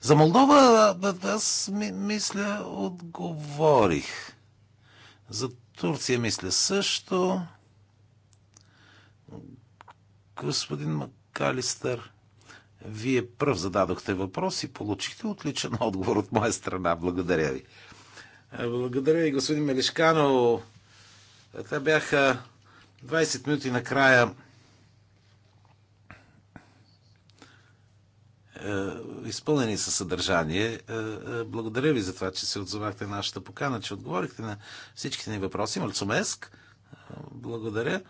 За Молдова е, е, аз ми, мисля отговорих. За Турция мисля също. Господин Макалистър. Вие пръв зададохте въпрос и получихте отличен отговор от моя страна. Благодаря ви. Е, благодаря ви, господин Мелишкано. Това бяха 20 минути накрая. Е, изпълнени със съдържание. Е, благодаря ви за това, че се отзовахте на нашата покана, че отговорихте на всичките ни въпроси. Мълцумеск, благодаря.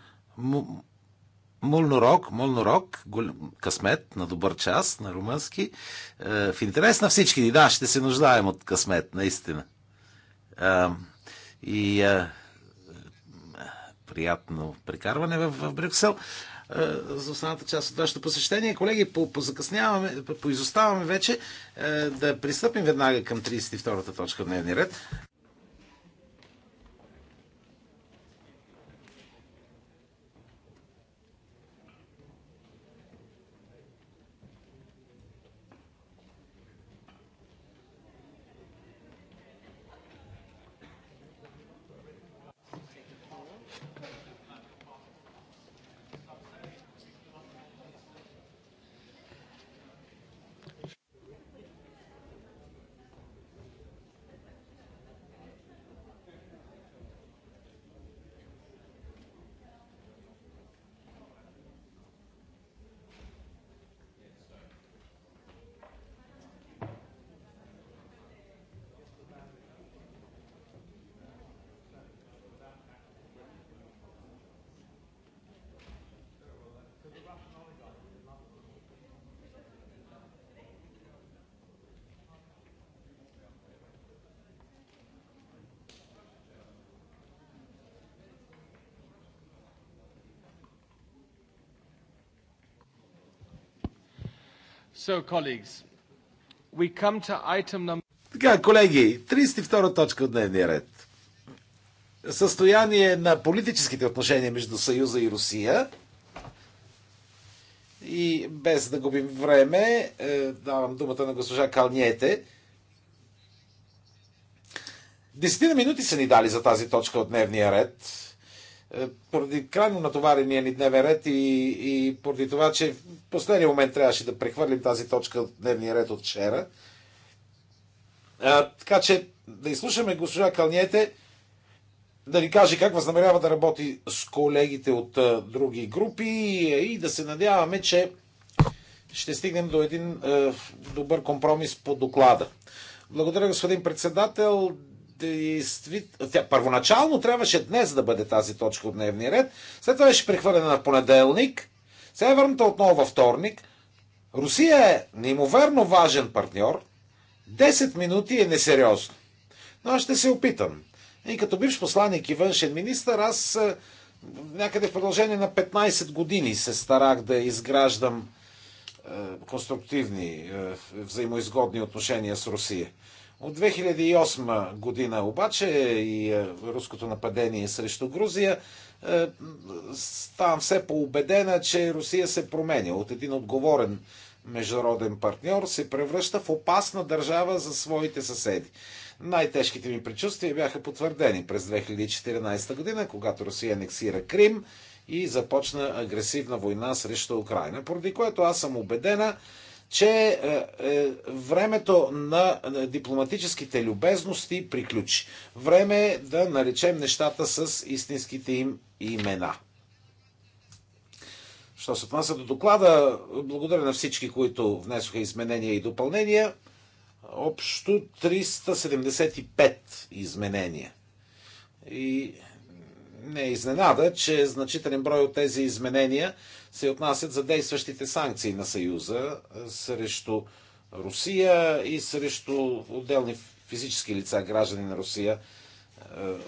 Молнорок, Молнорок, късмет на добър час, на румънски. Е, в интерес на всички, да, ще се нуждаем от късмет, наистина. Е, и е, приятно прекарване в, в Брюксел. За останата част от вашето посещение. Колеги, по, позакъсняваме, поизоставаме вече да пристъпим веднага към 32-та точка в дневния ред. Така, колеги, 32 точка от дневния ред. Състояние на политическите отношения между Съюза и Русия. И без да губим време, е, давам думата на госпожа Калниете. Десетина минути са ни дали за тази точка от дневния ред. Е, поради крайно натоварения ни дневен ред и, и поради това, че в последния момент трябваше да прехвърлим тази точка от дневния ред от вчера. А, така че да изслушаме госпожа Калниете да ни каже как възнамерява да работи с колегите от а, други групи и, и да се надяваме, че ще стигнем до един а, добър компромис по доклада. Благодаря, господин председател действително... първоначално трябваше днес да бъде тази точка от дневния ред, след това беше прехвърлена на понеделник, сега е върната отново във вторник. Русия е неимоверно важен партньор. 10 минути е несериозно. Но аз ще се опитам. И като бивш посланник и външен министр, аз е, някъде в продължение на 15 години се старах да изграждам е, конструктивни, е, взаимоизгодни отношения с Русия. От 2008 година обаче и е, руското нападение срещу Грузия е, ставам все по-убедена, че Русия се променя от един отговорен международен партньор, се превръща в опасна държава за своите съседи. Най-тежките ми предчувствия бяха потвърдени през 2014 година, когато Русия анексира Крим и започна агресивна война срещу Украина, поради което аз съм убедена, че е, е, времето на дипломатическите любезности приключи. Време е да наречем нещата с истинските им имена. Що се отнася до доклада, благодаря на всички, които внесоха изменения и допълнения. Общо 375 изменения. И не е изненада, че значителен брой от тези изменения се отнасят за действащите санкции на Съюза срещу Русия и срещу отделни физически лица, граждани на Русия,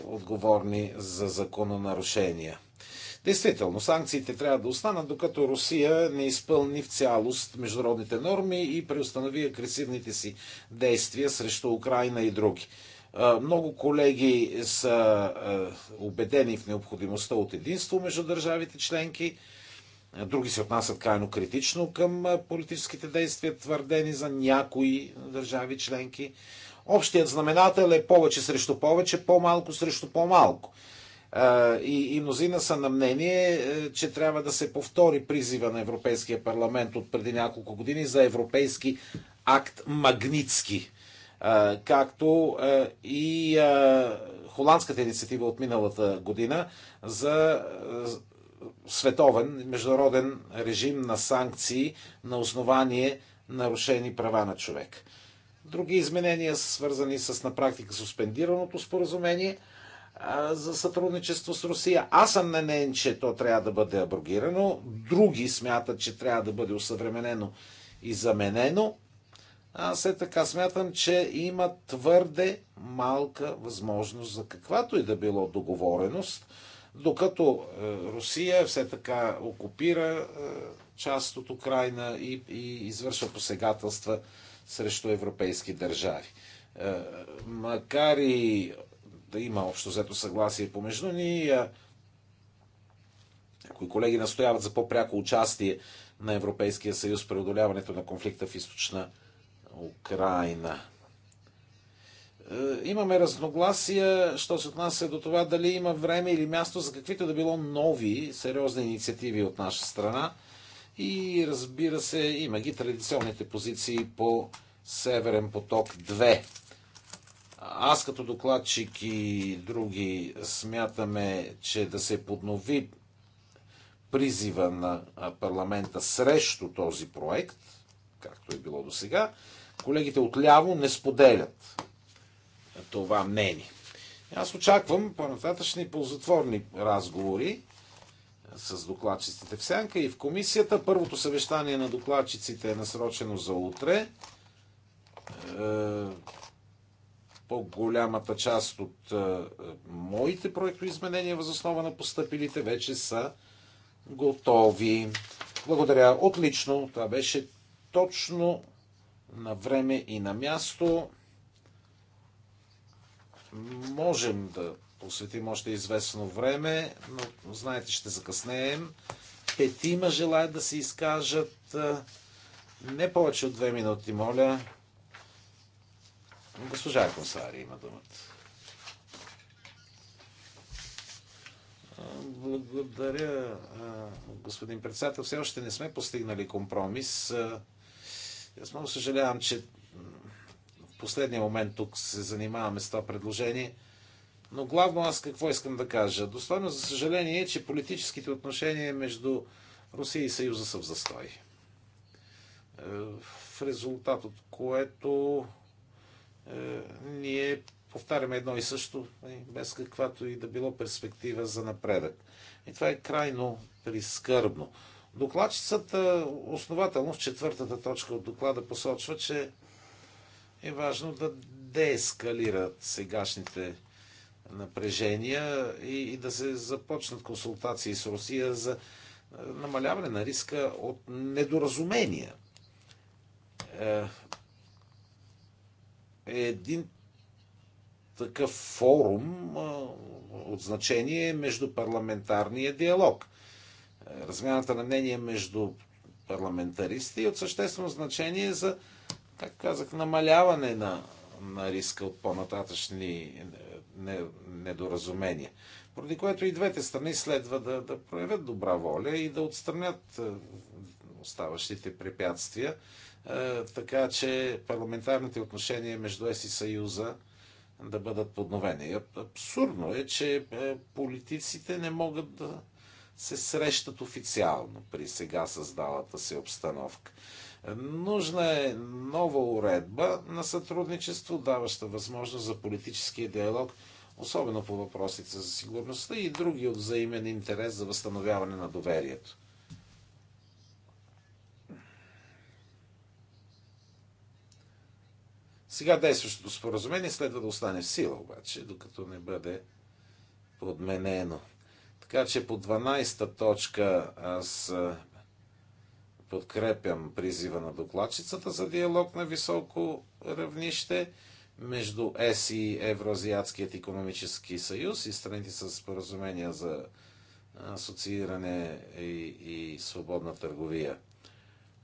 отговорни за закононарушения. Действително, санкциите трябва да останат, докато Русия не изпълни в цялост международните норми и преустанови агресивните си действия срещу Украина и други. Много колеги са убедени в необходимостта от единство между държавите членки – Други се отнасят крайно критично към политическите действия, твърдени за някои държави членки. Общият знаменател е повече срещу повече, по-малко срещу по-малко. И, и мнозина са на мнение, е, че трябва да се повтори призива на Европейския парламент от преди няколко години за европейски акт магнитски. както и холандската инициатива от миналата година за световен международен режим на санкции на основание нарушени права на човек. Други изменения са свързани с на практика суспендираното споразумение за сътрудничество с Русия. Аз съм на нен, че то трябва да бъде аброгирано. Други смятат, че трябва да бъде усъвременено и заменено. Аз е така смятам, че има твърде малка възможност за каквато и да било договореност докато е, Русия все така окупира е, част от Украина и, и извършва посегателства срещу европейски държави. Е, макар и да има общо взето съгласие помежду ни, някои колеги настояват за по-пряко участие на Европейския съюз в преодоляването на конфликта в източна Украина. Е, имаме разногласия, що се отнася до това дали има време или място за каквито да било нови сериозни инициативи от наша страна. И разбира се, има ги традиционните позиции по Северен поток 2. Аз като докладчик и други смятаме, че да се поднови призива на парламента срещу този проект, както е било до сега, колегите отляво не споделят това мнение. Аз очаквам по-нататъчни ползотворни разговори е, с докладчиците в Сянка и в комисията. Първото съвещание на докладчиците е насрочено за утре. Е, по-голямата част от е, моите проектоизменения възоснова на постъпилите вече са готови. Благодаря. Отлично. Това беше точно на време и на място можем да посветим още известно време, но знаете, ще закъснеем. Петима желаят да се изкажат. Не повече от две минути, моля. Госпожа Консари има думата. Благодаря, господин председател. Все още не сме постигнали компромис. Аз много съжалявам, че последния момент тук се занимаваме с това предложение. Но главно аз какво искам да кажа? Достойно за съжаление е, че политическите отношения между Русия и Съюза са в застой. Е, в резултат от което е, ние повтаряме едно и също, е, без каквато и да било перспектива за напредък. И това е крайно прискърбно. Докладчицата основателно в четвъртата точка от доклада посочва, че е важно да деескалират сегашните напрежения и, и да се започнат консултации с Русия за е, намаляване на риска от недоразумения. Е, един такъв форум е, от значение е междупарламентарния диалог. Размяната на мнение между парламентаристи е от съществено значение за как казах, намаляване на, на риска от по-нататъчни е, недоразумения. Поради което и двете страни следва да, да проявят добра воля и да отстранят е, оставащите препятствия, е, така че парламентарните отношения между ЕС и Съюза да бъдат подновени. Абсурдно е, че политиците не могат да се срещат официално при сега създалата се обстановка. Нужна е нова уредба на сътрудничество, даваща възможност за политическия диалог, особено по въпросите за сигурността и други от взаимен интерес за възстановяване на доверието. Сега действащото споразумение следва да остане в сила, обаче, докато не бъде подменено. Така че по 12-та точка аз Подкрепям призива на докладчицата за диалог на високо равнище между ЕС и Евроазиатският економически съюз и страните с споразумения за асоцииране и, и свободна търговия.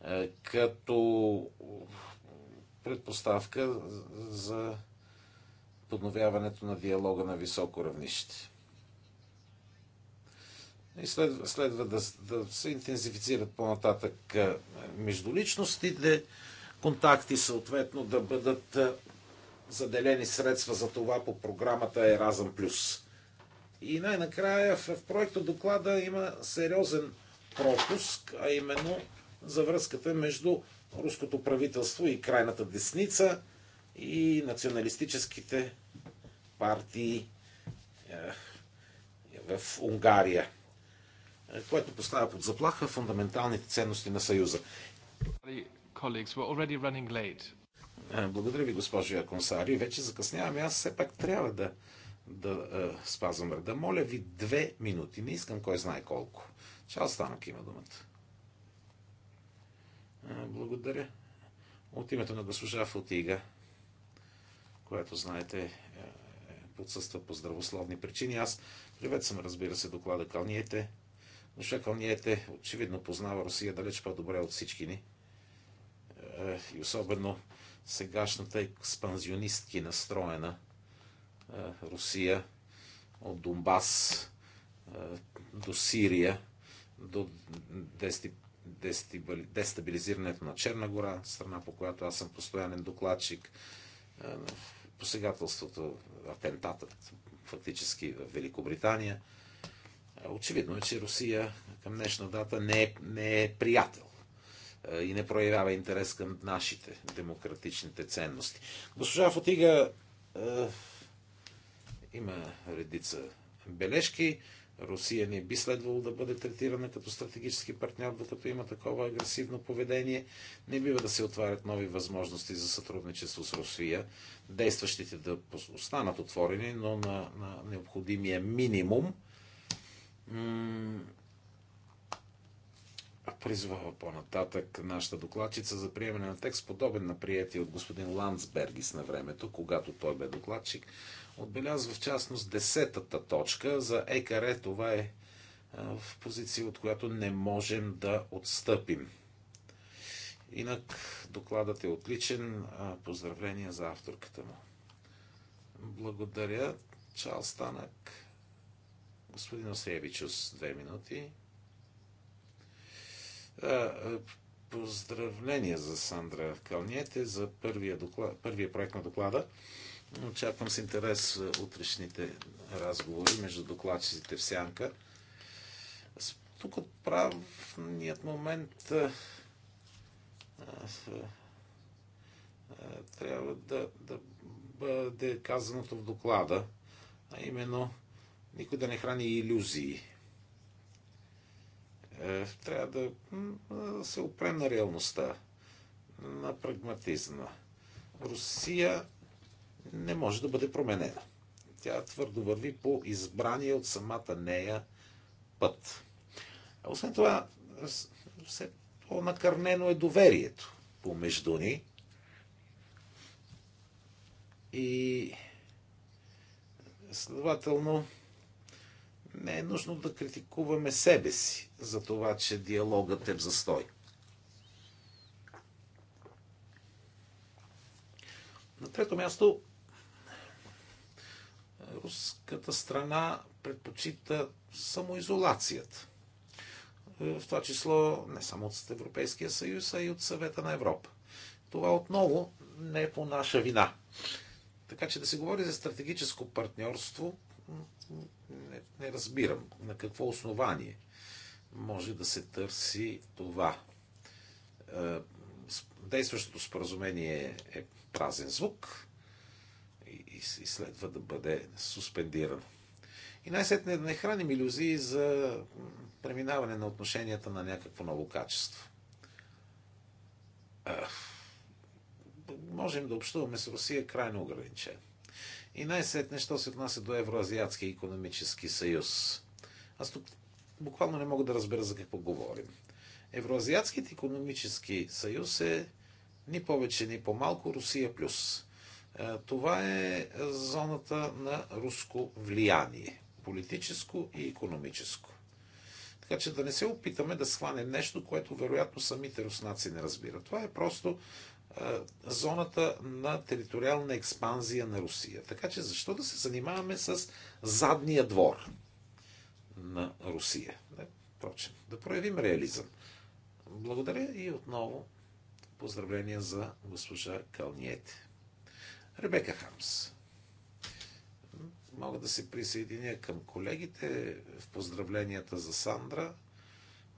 Е, като предпоставка за подновяването на диалога на високо равнище. И следва, следва да, да се интензифицират по-нататък междуличностите, контакти съответно да бъдат заделени средства за това по програмата Еразъм Плюс. И най-накрая в, в проекто доклада има сериозен пропуск, а именно за връзката между руското правителство и крайната десница и националистическите партии е, в Унгария. Е, което поставя под заплаха фундаменталните ценности на Съюза. Е, благодаря ви, госпожо Яконсари. Вече закъснявам. Аз все пак трябва да, да е, спазвам реда. Моля ви две минути. Не искам кой знае колко. Чао Станок има думата. Е, благодаря. От името на госпожа Фотига, която, знаете, подсъства по здравословни причини. Аз приветствам, разбира се, доклада Калниете но Ниете ами, очевидно познава Русия далеч по-добре от всички ни. Е, и особено сегашната експанзионистки настроена е, Русия от Донбас е, до Сирия, до дестабилизирането на Черна гора, страна по която аз съм постоянен докладчик, посегателството, атентатът фактически в Великобритания – Очевидно е, че Русия към днешна дата не е, не е приятел и не проявява интерес към нашите демократичните ценности. Госпожа Фотига е, има редица бележки. Русия не би следвало да бъде третирана като стратегически партньор, докато има такова агресивно поведение. Не бива да се отварят нови възможности за сътрудничество с Русия. Действащите да останат отворени, но на, на необходимия минимум призвава по-нататък нашата докладчица за приемане на текст, подобен на приятие от господин Ландсбергис на времето, когато той бе докладчик. Отбелязва в частност десетата точка за ЕКР. Това е в позиция, от която не можем да отстъпим. Инак докладът е отличен. Поздравления за авторката му. Благодаря, Чарлз Танък. Господин с две минути. Поздравления за Сандра Калниете за първия, доклад, първия проект на доклада. Очаквам с интерес утрешните разговори между докладчиците в Сянка. Тук от правният момент а, а, трябва да, да бъде казаното в доклада, а именно никой да не храни иллюзии. Е, трябва да се опрем на реалността, на прагматизма. Русия не може да бъде променена. Тя твърдо върви по избрание от самата нея път. А освен това, все по-накърнено е доверието помежду ни. И следователно, не е нужно да критикуваме себе си за това, че диалогът е в застой. На трето място, руската страна предпочита самоизолацията. В това число не само от Европейския съюз, а и от съвета на Европа. Това отново не е по наша вина. Така че да се говори за стратегическо партньорство не, не разбирам на какво основание може да се търси това. Е, действащото споразумение е празен звук и, следва да бъде суспендирано. И най-сетне да не храним иллюзии за преминаване на отношенията на някакво ново качество. Е, можем да общуваме с Русия крайно ограничено и най-сетне, що се отнася до Евроазиатския економически съюз. Аз тук буквално не мога да разбера за какво говорим. Евроазиатският економически съюз е ни повече, ни по-малко Русия плюс. Е, това е зоната на руско влияние. Политическо и економическо. Така че да не се опитаме да схванем нещо, което вероятно самите руснаци не разбират. Това е просто е, зоната на териториална експанзия на Русия. Така че защо да се занимаваме с задния двор на Русия? Не, впрочем, да проявим реализъм. Благодаря и отново поздравления за госпожа Калниете. Ребека Хамс. Мога да се присъединя към колегите в поздравленията за Сандра,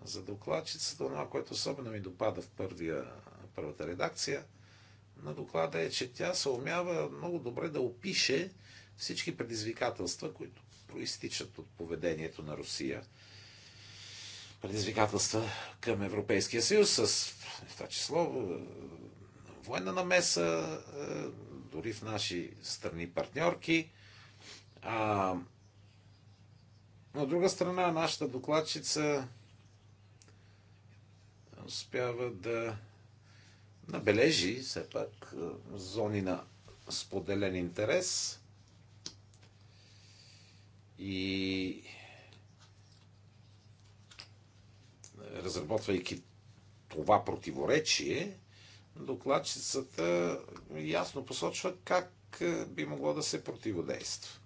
за докладчицата, това, което особено ми допада в първия първата редакция на доклада е, че тя се умява много добре да опише всички предизвикателства, които проистичат от поведението на Русия. Предизвикателства към Европейския съюз, с в това число е, военна намеса, е, дори в наши страни партньорки. А, от друга страна, нашата докладчица успява да набележи все пак е, зони на споделен интерес и разработвайки това противоречие, докладчицата ясно посочва как е, би могло да се противодейства.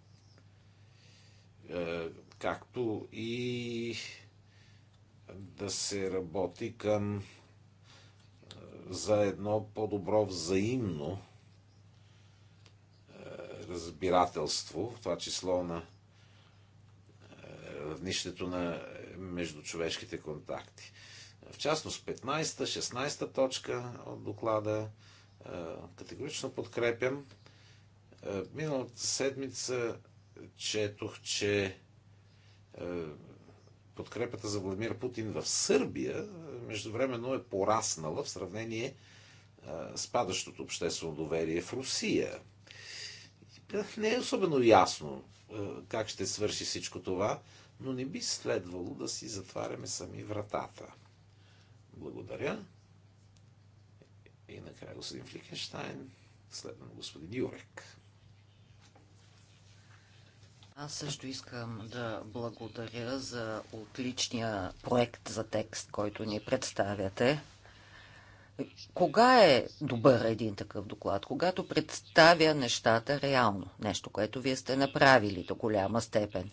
Е, както и да се работи към за едно по-добро взаимно е, разбирателство, в това число на е, равнището на е, междучовешките контакти. В частност 15 16-та точка от доклада категорично подкрепям. Миналата седмица четох, че подкрепата за Владимир Путин в Сърбия междувременно е пораснала в сравнение с падащото обществено доверие в Русия. Не е особено ясно как ще свърши всичко това, но не би следвало да си затваряме сами вратата. Благодаря. И накрая господин Фликенштайн, следвам господин Юрек. Аз също искам да благодаря за отличния проект за текст, който ни представяте. Кога е добър един такъв доклад? Когато представя нещата реално. Нещо, което вие сте направили до голяма степен.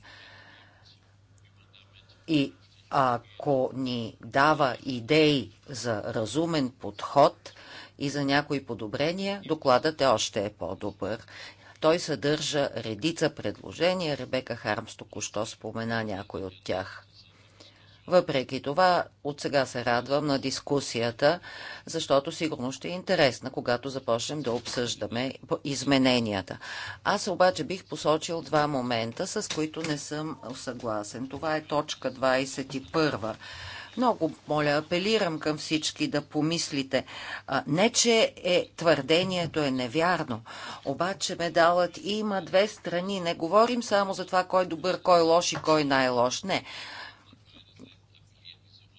И ако ни дава идеи за разумен подход и за някои подобрения, докладът е още е по-добър. Той съдържа редица предложения. Ребека Хармс току-що спомена някой от тях. Въпреки това, от сега се радвам на дискусията, защото сигурно ще е интересна, когато започнем да обсъждаме измененията. Аз обаче бих посочил два момента, с които не съм съгласен. Това е точка 21 много, моля, апелирам към всички да помислите. Не, че е, твърдението е невярно, обаче медалът има две страни. Не говорим само за това кой добър, кой лош и кой най-лош. Не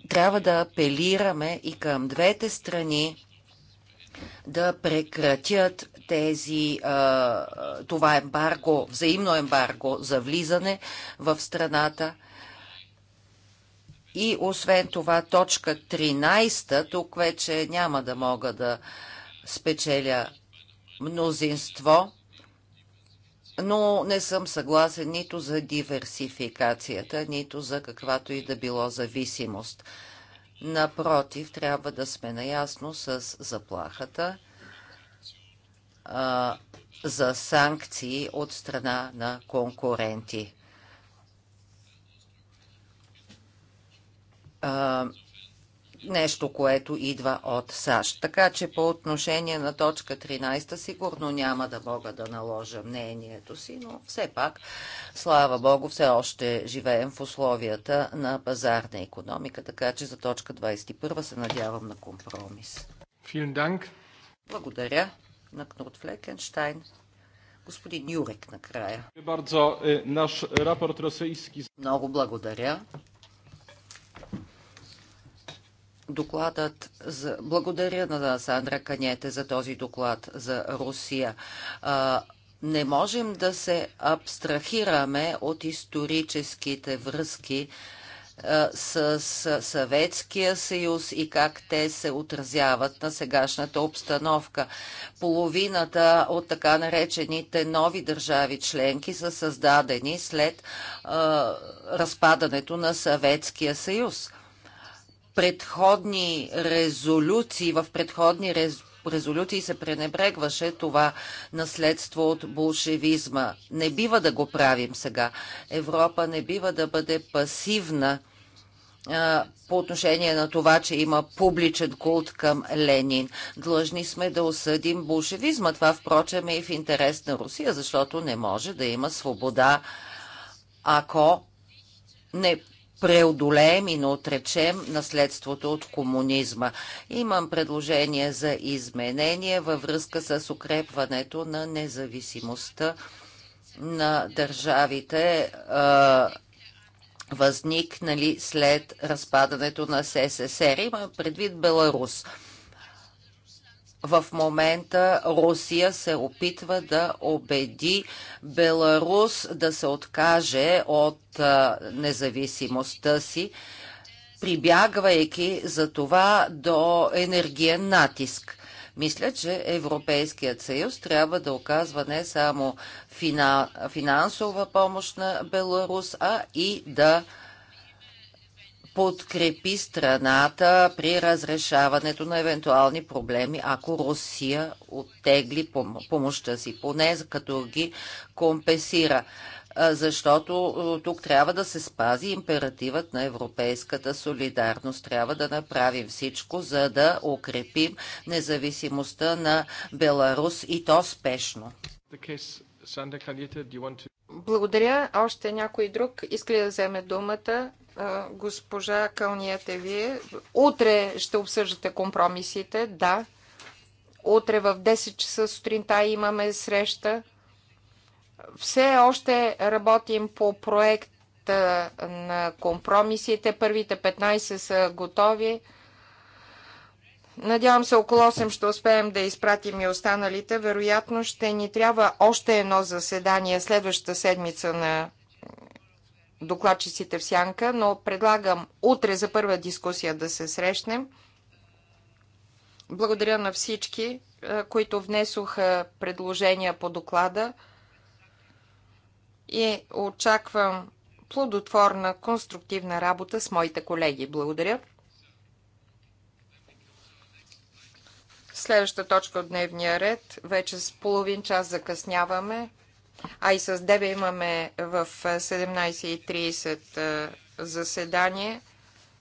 трябва да апелираме и към двете страни да прекратят тези, това ембарго, взаимно ембарго за влизане в страната и освен това, точка 13, тук вече няма да мога да спечеля мнозинство, но не съм съгласен нито за диверсификацията, нито за каквато и да било зависимост. Напротив, трябва да сме наясно с заплахата а, за санкции от страна на конкуренти. а, нещо, което идва от САЩ. Така че по отношение на точка 13 сигурно няма да мога да наложа мнението си, но все пак, слава Богу, все още живеем в условията на пазарна економика, така че за точка 21 се надявам на компромис. Благодаря на Кнут Флекенштайн. Господин Юрек накрая. E, Много благодаря докладът за... Благодаря на Сандра Канете за този доклад за Русия. А, не можем да се абстрахираме от историческите връзки а, с, Съветския съюз и как те се отразяват на сегашната обстановка. Половината от така наречените нови държави членки са създадени след а, разпадането на Съветския съюз – предходни резолюции, в предходни рез, резолюции се пренебрегваше това наследство от болшевизма. Не бива да го правим сега. Европа не бива да бъде пасивна по отношение на това, че има публичен култ към Ленин. Длъжни сме да осъдим булшевизма. Това, впрочем, е и в интерес на Русия, защото не може да има свобода, ако не преодолеем и не отречем наследството от комунизма. Имам предложение за изменение във връзка с укрепването на независимостта на държавите, възникнали след разпадането на СССР. Имам предвид Беларус в момента Русия се опитва да убеди Беларус да се откаже от независимостта си, прибягвайки за това до енергиен натиск. Мисля, че Европейският съюз трябва да оказва не само финансова помощ на Беларус, а и да подкрепи страната при разрешаването на евентуални проблеми, ако Русия оттегли помощта си, поне като ги компенсира. Защото тук трябва да се спази императивът на европейската солидарност. Трябва да направим всичко, за да укрепим независимостта на Беларус и то спешно. Благодаря. Още някой друг иска да вземе думата? госпожа Кълнията, вие утре ще обсъждате компромисите, да. Утре в 10 часа сутринта имаме среща. Все още работим по проект на компромисите. Първите 15 са готови. Надявам се около 8 ще успеем да изпратим и останалите. Вероятно ще ни трябва още едно заседание следващата седмица на докладчиците в сянка, но предлагам утре за първа дискусия да се срещнем. Благодаря на всички, е, които внесоха предложения по доклада и очаквам плодотворна, конструктивна работа с моите колеги. Благодаря. Следваща точка от дневния ред. Вече с половин час закъсняваме а и с Дебе имаме в 17.30 заседание.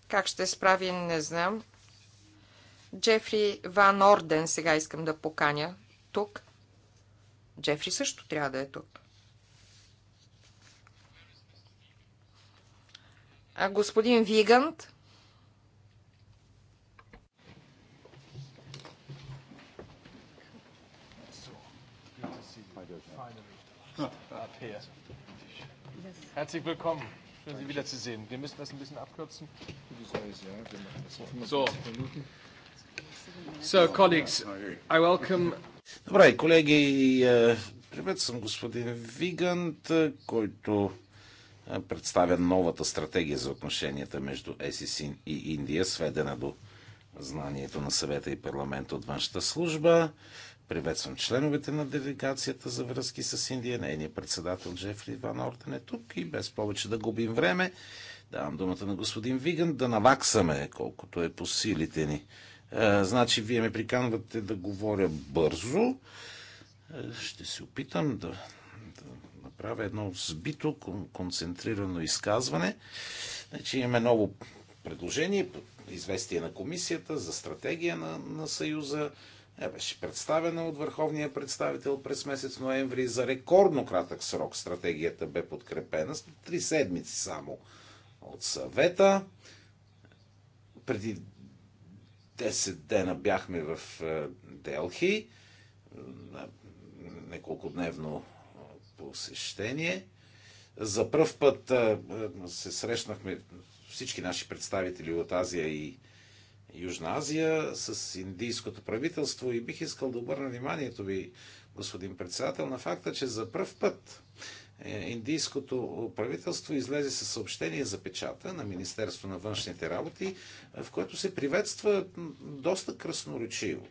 Как ще справи, не знам. Джефри Ван Орден сега искам да поканя тук. Джефри също трябва да е тук. А господин Вигант Matthäa. Herzlich willkommen. Schön, Sie wiederzusehen. Wir müssen das ein bisschen abkürzen. So. So, colleagues, I welcome... Добре, колеги, е, приветствам господин Вигант, е, който е, представя новата стратегия за отношенията между ЕС и Индия, сведена до знанието на съвета и парламента от външната служба. Приветствам членовете на делегацията за връзки с Индия. Нейният председател Джефри Ван Ортен е тук и без повече да губим време. Давам думата на господин Виган да наваксаме колкото е по силите ни. Е, значи, вие ме приканвате да говоря бързо. Е, ще се опитам да, да направя едно сбито, концентрирано изказване. Значи, имаме ново предложение, известие на комисията за стратегия на, на Съюза е, беше представена от върховния представител през месец ноември. За рекордно кратък срок стратегията бе подкрепена с три седмици само от съвета. Преди 10 дена бяхме в е, Делхи на неколкодневно е, посещение. За първ път се срещнахме всички наши представители от Азия и Южна Азия с индийското правителство и бих искал да обърна вниманието ви, господин председател, на факта, че за първ път е, индийското правителство излезе със съобщение за печата на Министерство на външните работи, е, в което се приветства доста красноречиво е,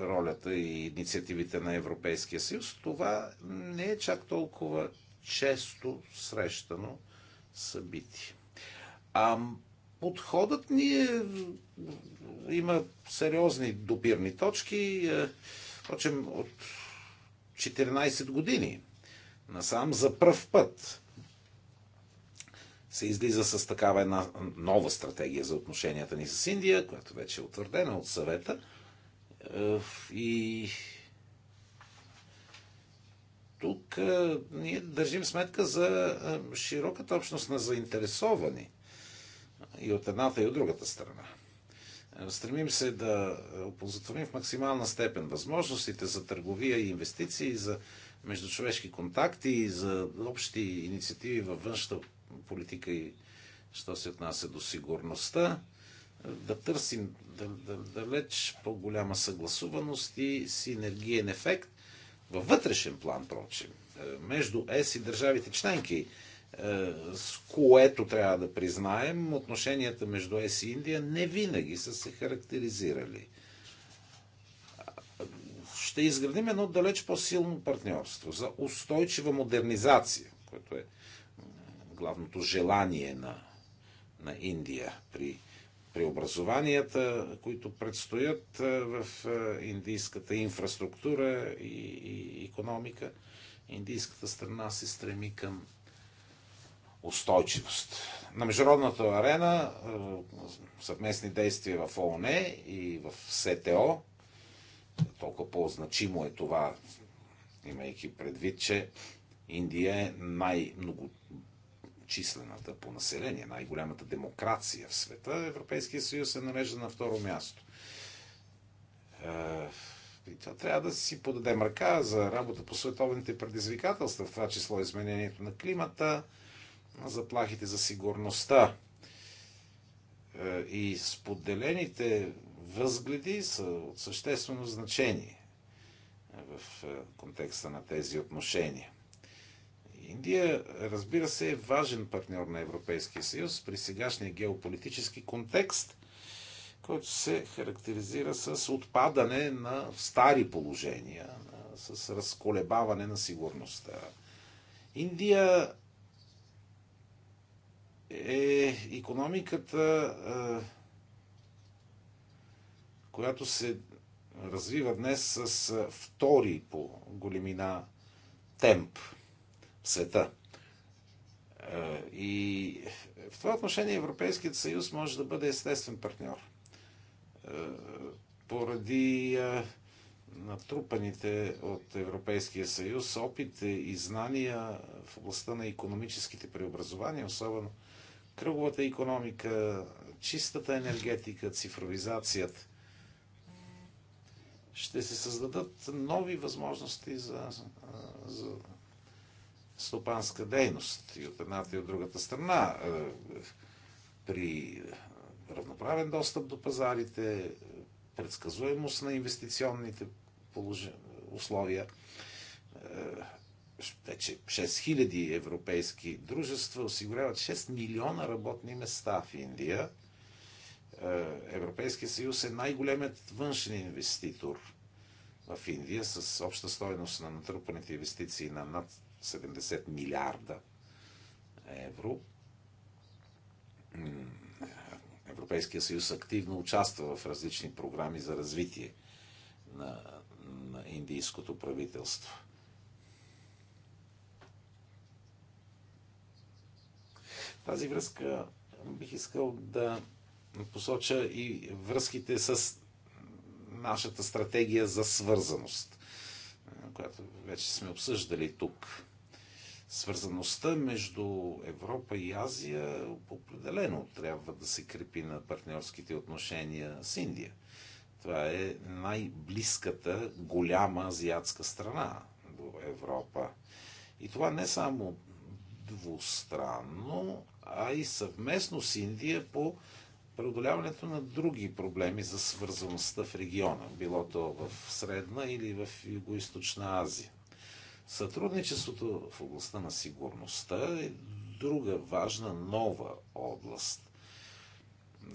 ролята и инициативите на Европейския съюз. Това не е чак толкова често срещано събитие подходът ни е, има сериозни допирни точки. Е, впрочем, от 14 години насам за пръв път се излиза с такава една нова стратегия за отношенията ни с Индия, която вече е утвърдена от съвета. Е, и тук е, ние държим сметка за широката общност на заинтересовани и от едната и от другата страна. Е, стремим се да е, оползотворим в максимална степен възможностите за търговия и инвестиции, за междучовешки контакти и за общи инициативи във външната политика и що се отнася до сигурността, е, да търсим далеч по-голяма съгласуваност и синергиен ефект във вътрешен план, прочим, между ЕС и държавите членки – е, с което трябва да признаем, отношенията между ЕС и Индия не винаги са се характеризирали. Ще изградим едно далеч по-силно партньорство за устойчива модернизация, което е главното желание на, на Индия при преобразованията, които предстоят е, в е, индийската инфраструктура и, и економика. Индийската страна се стреми към устойчивост. На международната арена е, съвместни действия в ООН и в СТО, толкова по-значимо е това, имайки предвид, че Индия е най-многочислената по население, най-голямата демокрация в света. Европейския съюз се нарежда на второ място. Е, и това трябва да си подадем ръка за работа по световните предизвикателства, в това число изменението на климата, заплахите за сигурността е, и споделените възгледи са от съществено значение е, в е, контекста на тези отношения. Индия, разбира се, е важен партньор на Европейския съюз при сегашния геополитически контекст, който се характеризира с отпадане на стари положения, с разколебаване на сигурността. Индия е економиката, е, която се развива днес с е, втори по големина темп в света. Е, и в това отношение Европейският съюз може да бъде естествен партньор. Поради натрупаните от Европейския съюз опит и знания в областта на економическите преобразования, особено кръговата економика, чистата енергетика, цифровизацията. Ще се създадат нови възможности за, за стопанска дейност и от едната и от другата страна. Е, при равноправен достъп до пазарите, предсказуемост на инвестиционните положи... условия е, вече 6000 европейски дружества осигуряват 6 милиона работни места в Индия. Е, Европейския съюз е най-големият външен инвеститор в Индия с обща стоеност на натрупаните инвестиции на над 70 милиарда евро. Европейския съюз активно участва в различни програми за развитие на, на индийското правителство. тази връзка бих искал да посоча и връзките с нашата стратегия за свързаност, която вече сме обсъждали тук. Свързаността между Европа и Азия определено трябва да се крепи на партньорските отношения с Индия. Това е най-близката голяма азиатска страна до Европа. И това не само двустранно, а и съвместно с Индия по преодоляването на други проблеми за свързаността в региона, било то в Средна или в Юго-Источна Азия. Сътрудничеството в областта на сигурността е друга важна нова област.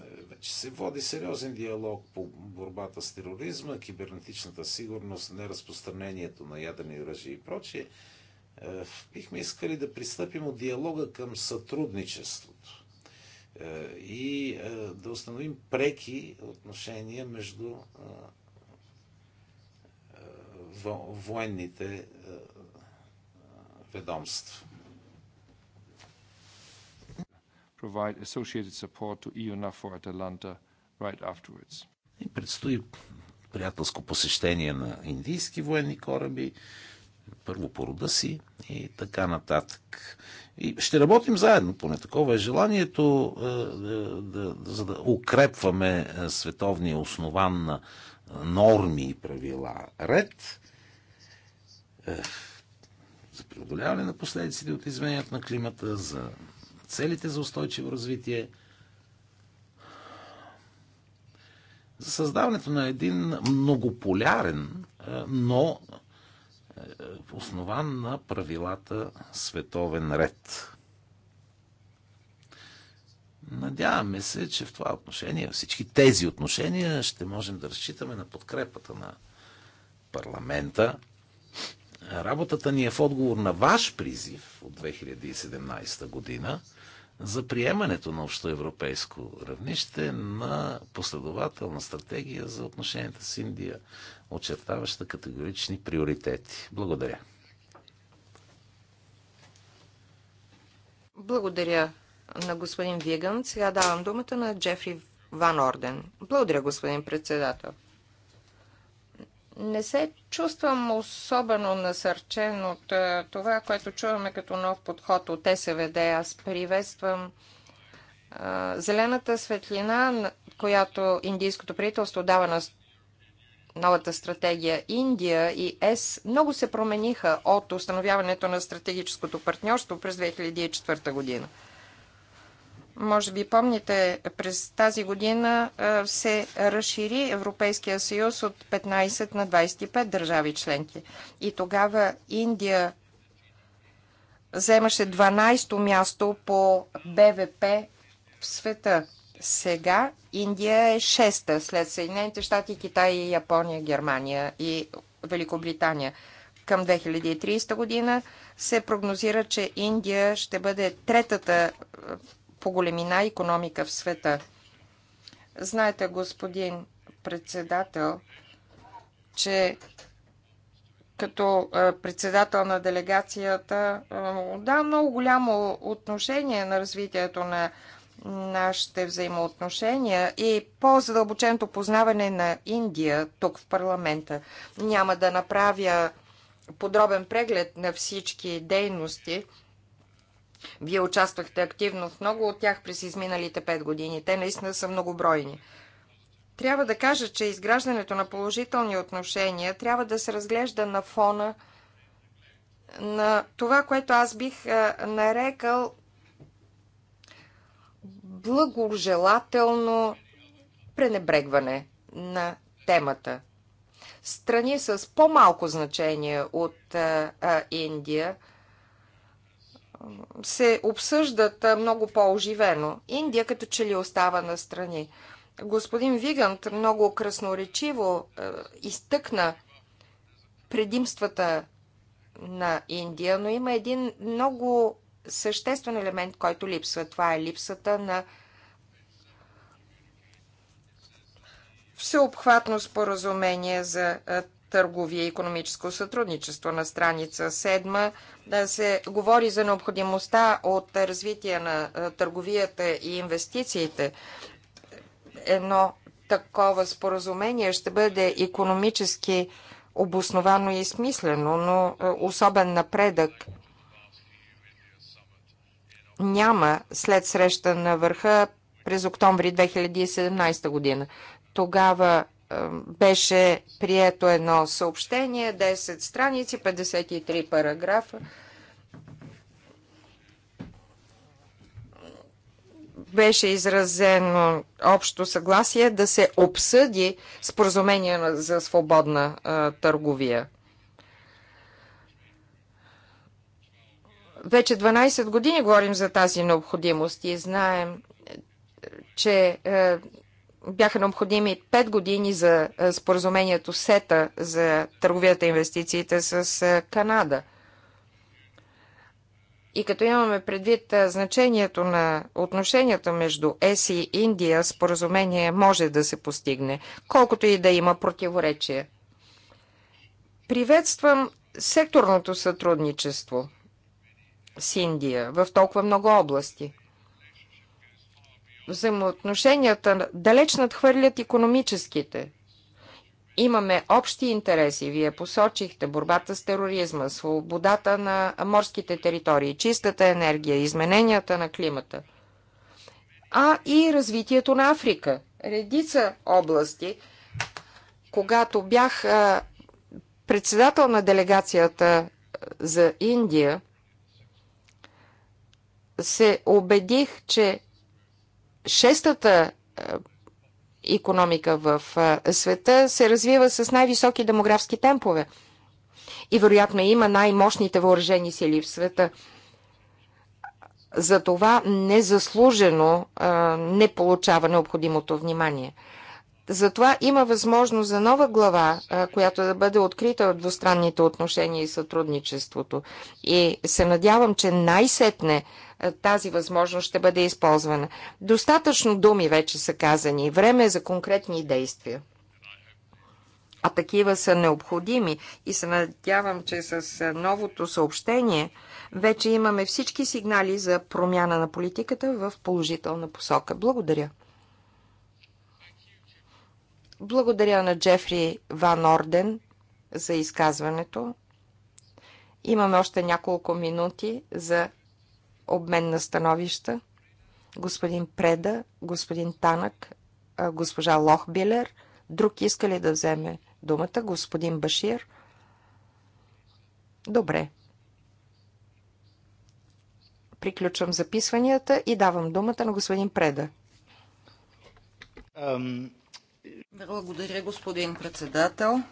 Е, вече се води сериозен диалог по борбата с тероризма, кибернетичната сигурност, неразпространението на ядрени оръжия и прочие – е, бихме искали да пристъпим от диалога към сътрудничеството е, и е, да установим преки отношения между военните ведомства. Provide associated support to EUNAFOR Atlanta right afterwards. И предстои приятелско посещение на индийски военни кораби, първо по рода си и така нататък. И ще работим заедно, поне такова е желанието, е, е, за да укрепваме е, световния основан на норми и правила ред за преодоляване на последиците от изменението на климата, за целите за устойчиво развитие, за създаването на един многополярен, но е, основан на правилата световен ред. Надяваме се, че в това отношение, всички тези отношения, ще можем да разчитаме на подкрепата на парламента. Работата ни е в отговор на ваш призив от 2017 година за приемането на общоевропейско равнище на последователна стратегия за отношенията с Индия, очертаваща категорични приоритети. Благодаря. Благодаря на господин Виган. Сега давам думата на Джефри Ван Орден. Благодаря, господин председател. Не се чувствам особено насърчен от е, това, което чуваме като нов подход от СВД. Аз приветствам е, зелената светлина, която индийското правителство дава на новата стратегия Индия и ЕС много се промениха от установяването на стратегическото партньорство през 2004 година. Може би помните, през тази година се разшири Европейския съюз от 15 на 25 държави членки. И тогава Индия вземаше 12-то място по БВП в света. Сега Индия е шеста след Съединените щати, Китай, Япония, Германия и Великобритания. Към 2030 година се прогнозира, че Индия ще бъде третата е, по големина економика в света. Знаете, господин председател, че като е, председател на делегацията е, да, много голямо отношение на развитието на нашите взаимоотношения и по-задълбоченото познаване на Индия тук в парламента. Няма да направя подробен преглед на всички дейности. Вие участвахте активно в много от тях през изминалите 5 години. Те наистина са многобройни. Трябва да кажа, че изграждането на положителни отношения трябва да се разглежда на фона на това, което аз бих нарекал благожелателно пренебрегване на темата. Страни с по-малко значение от а, а, Индия се обсъждат много по-оживено. Индия като че ли остава на страни. Господин Вигант много красноречиво а, изтъкна предимствата на Индия, но има един много съществен елемент, който липсва. Това е липсата на всеобхватно споразумение за търговия и економическо сътрудничество. На страница 7 да се говори за необходимостта от развитие на търговията и инвестициите. Едно такова споразумение ще бъде економически обосновано и смислено, но особен напредък няма след среща на върха през октомври 2017 година. Тогава е, беше прието едно съобщение, 10 страници, 53 параграфа. Беше изразено общо съгласие да се обсъди споразумение за свободна а, е, търговия. Вече 12 години говорим за тази необходимост и знаем, че е, бяха необходими 5 години за е, споразумението СЕТА за търговията и инвестициите с е, Канада. И като имаме предвид е, значението на отношенията между ЕС и Индия, споразумение може да се постигне, колкото и да има противоречие. Приветствам секторното сътрудничество – с Индия в толкова много области. Взаимоотношенията далеч надхвърлят економическите. Имаме общи интереси. Вие посочихте борбата с тероризма, свободата на морските територии, чистата енергия, измененията на климата, а и развитието на Африка. Редица области, когато бях председател на делегацията за Индия, се убедих, че шестата економика в е, света се развива с най-високи демографски темпове. И вероятно има най-мощните въоръжени сили в света. За това незаслужено е, не получава необходимото внимание. Затова има възможност за нова глава, е, която да бъде открита от двустранните отношения и сътрудничеството. И се надявам, че най-сетне е, тази възможност ще бъде използвана. Достатъчно думи вече са казани. Време е за конкретни действия. А такива са необходими и се надявам, че с е, новото съобщение вече имаме всички сигнали за промяна на политиката в положителна посока. Благодаря. Благодаря на Джефри Ван Орден за изказването. Имаме още няколко минути за обмен на становища. Господин Преда, господин Танък, госпожа Лохбилер. Друг иска ли да вземе думата? Господин Башир. Добре. Приключвам записванията и давам думата на господин Преда. Благодаря, господин председател.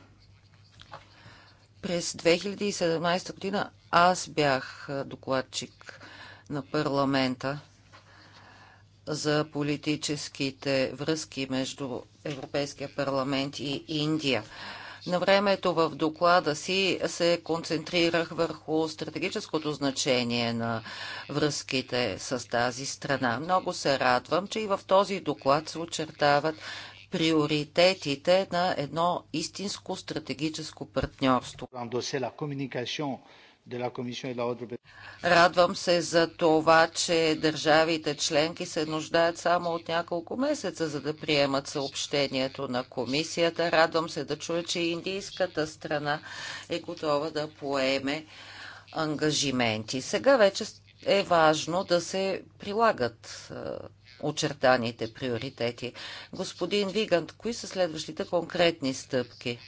През 2017 година аз бях докладчик на парламента за политическите връзки между Европейския парламент и Индия. На времето в доклада си се концентрирах върху стратегическото значение на връзките с тази страна. Много се радвам, че и в този доклад се очертават приоритетите на едно истинско стратегическо партньорство. Радвам се за това, че държавите членки се нуждаят само от няколко месеца, за да приемат съобщението на комисията. Радвам се да чуя, че индийската страна е готова да поеме ангажименти. Сега вече е важно да се прилагат е, очертаните приоритети. Господин Вигант, кои са следващите конкретни стъпки?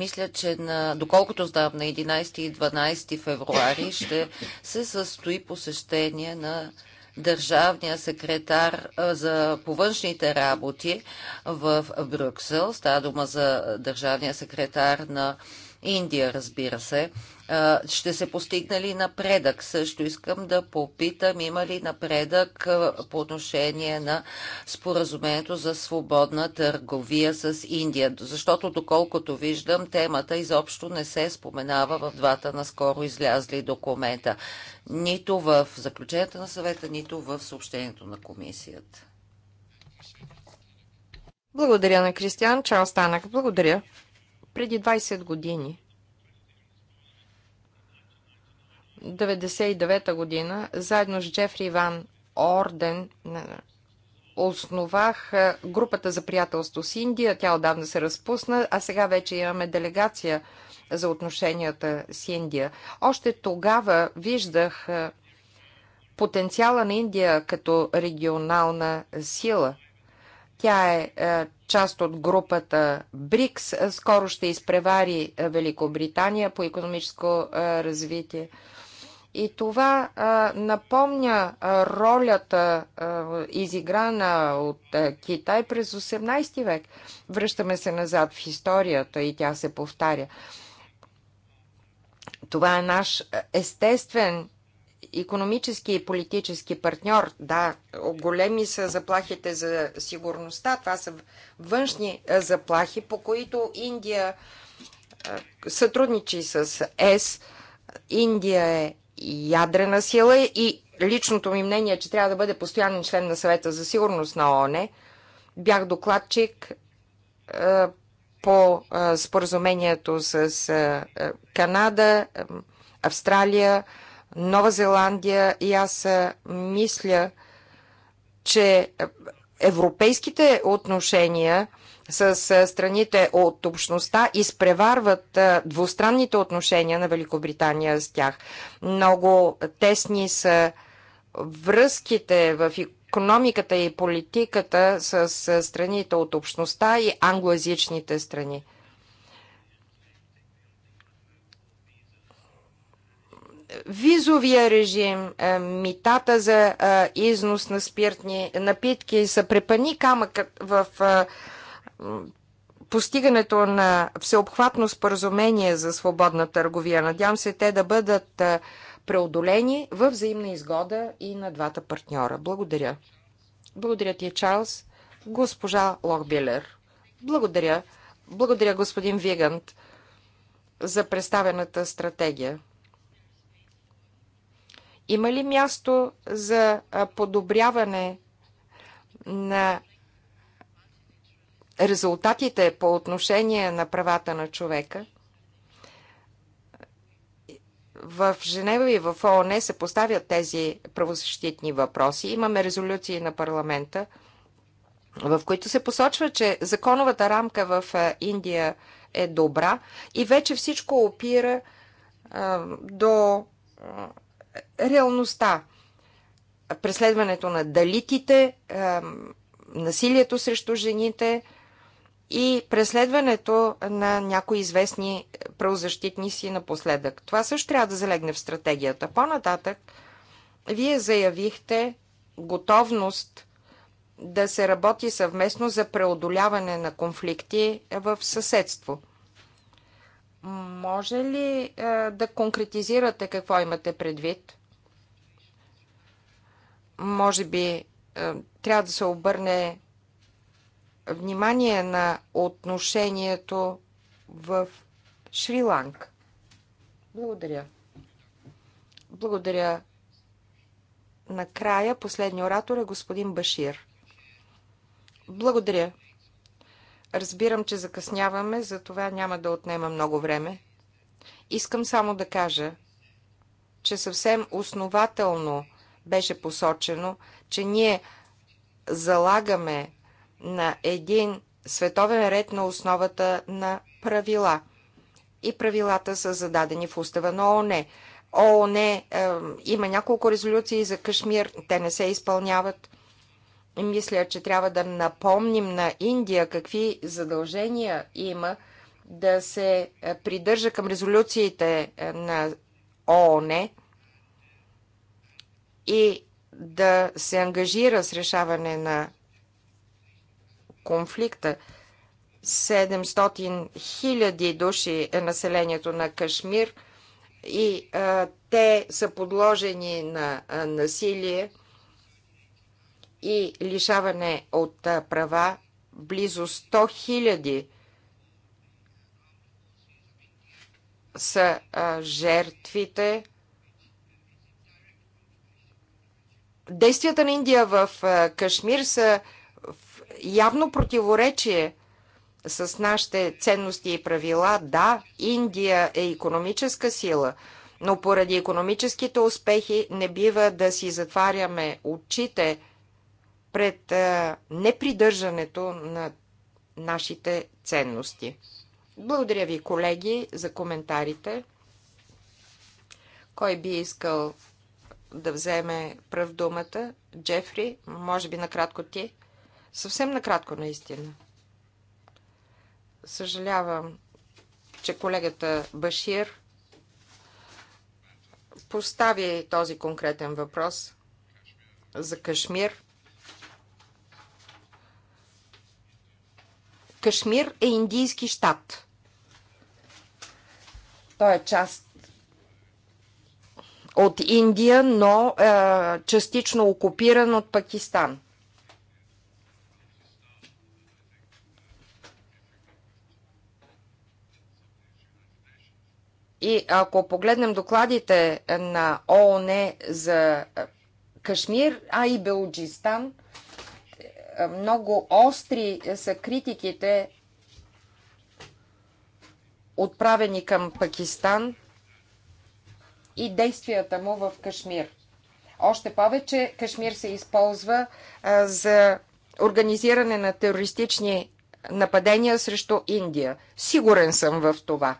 Мисля, че на, доколкото знам, на 11 и 12 февруари ще се състои посещение на държавния секретар за повъншните работи в Брюксел. Става дума за държавния секретар на Индия, разбира се ще се постигне ли напредък? Също искам да попитам, има ли напредък по отношение на споразумението за свободна търговия с Индия? Защото, доколкото виждам, темата изобщо не се споменава в двата наскоро излязли документа. Нито в заключението на съвета, нито в съобщението на комисията. Благодаря на Кристиан. Чао Станък. Благодаря. Преди 20 години 1999 година, заедно с Джефри Ван Орден, основах е, групата за приятелство с Индия. Тя отдавна се разпусна, а сега вече имаме делегация за отношенията с Индия. Още тогава виждах е, потенциала на Индия като регионална сила. Тя е, е част от групата БРИКС. Скоро ще изпревари Великобритания по економическо развитие. И това а, напомня а, ролята а, изиграна от а, Китай през 18 век. Връщаме се назад в историята и тя се повтаря. Това е наш естествен економически и политически партньор. Да, големи са заплахите за сигурността. Това са външни заплахи, по които Индия сътрудничи с ЕС. Индия е ядрена сила и личното ми мнение, че трябва да бъде постоянен член на съвета за сигурност на ООН. Бях докладчик е, по е, споразумението с е, Канада, Австралия, Нова Зеландия и аз мисля, че европейските отношения с е, страните от общността изпреварват е, двустранните отношения на Великобритания с тях. Много тесни са връзките в економиката и политиката с е, страните от общността и англоязичните страни. визовия режим, митата за износ на спиртни напитки са препани камъкът в постигането на всеобхватно споразумение за свободна търговия. Надявам се те да бъдат преодолени в взаимна изгода и на двата партньора. Благодаря. Благодаря ти, Чарлз. Госпожа Лохбилер. Благодаря. Благодаря, господин Вигант, за представената стратегия. Има ли място за подобряване на резултатите по отношение на правата на човека. В Женева и в ООН се поставят тези правозащитни въпроси. Имаме резолюции на парламента, в които се посочва, че законовата рамка в Индия е добра и вече всичко опира а, до а, реалността. Преследването на далитите, а, насилието срещу жените – и преследването на някои известни правозащитни си напоследък. Това също трябва да залегне в стратегията. По-нататък, вие заявихте готовност да се работи съвместно за преодоляване на конфликти в съседство. Може ли е, да конкретизирате какво имате предвид? Може би е, трябва да се обърне внимание на отношението в Шри-Ланка. Благодаря. Благодаря. Накрая последния оратор е господин Башир. Благодаря. Разбирам, че закъсняваме, за това няма да отнема много време. Искам само да кажа, че съвсем основателно беше посочено, че ние залагаме на един световен ред на основата на правила. И правилата са зададени в устава на ООН. ООН е, има няколко резолюции за Кашмир, те не се изпълняват. и Мисля, че трябва да напомним на Индия какви задължения има да се е, придържа към резолюциите е, на ООН и да се ангажира с решаване на конфликта. 700 000 души е населението на Кашмир и а, те са подложени на а, насилие и лишаване от а, права. Близо 100 хиляди са а, жертвите. Действията на Индия в а, Кашмир са а, явно противоречие с нашите ценности и правила. Да, Индия е економическа сила, но поради економическите успехи не бива да си затваряме очите пред непридържането на нашите ценности. Благодаря ви, колеги, за коментарите. Кой би искал да вземе прав думата? Джефри, може би накратко ти. Съвсем накратко, наистина. Съжалявам, че колегата Башир постави този конкретен въпрос за Кашмир. Кашмир е индийски щат. Той е част от Индия, но е, частично окупиран от Пакистан. И ако погледнем докладите на ООН за Кашмир, а и Белджистан, е, много остри са критиките отправени към Пакистан и действията му в Кашмир. Още повече Кашмир се използва е, за организиране на терористични нападения срещу Индия. Сигурен съм в това.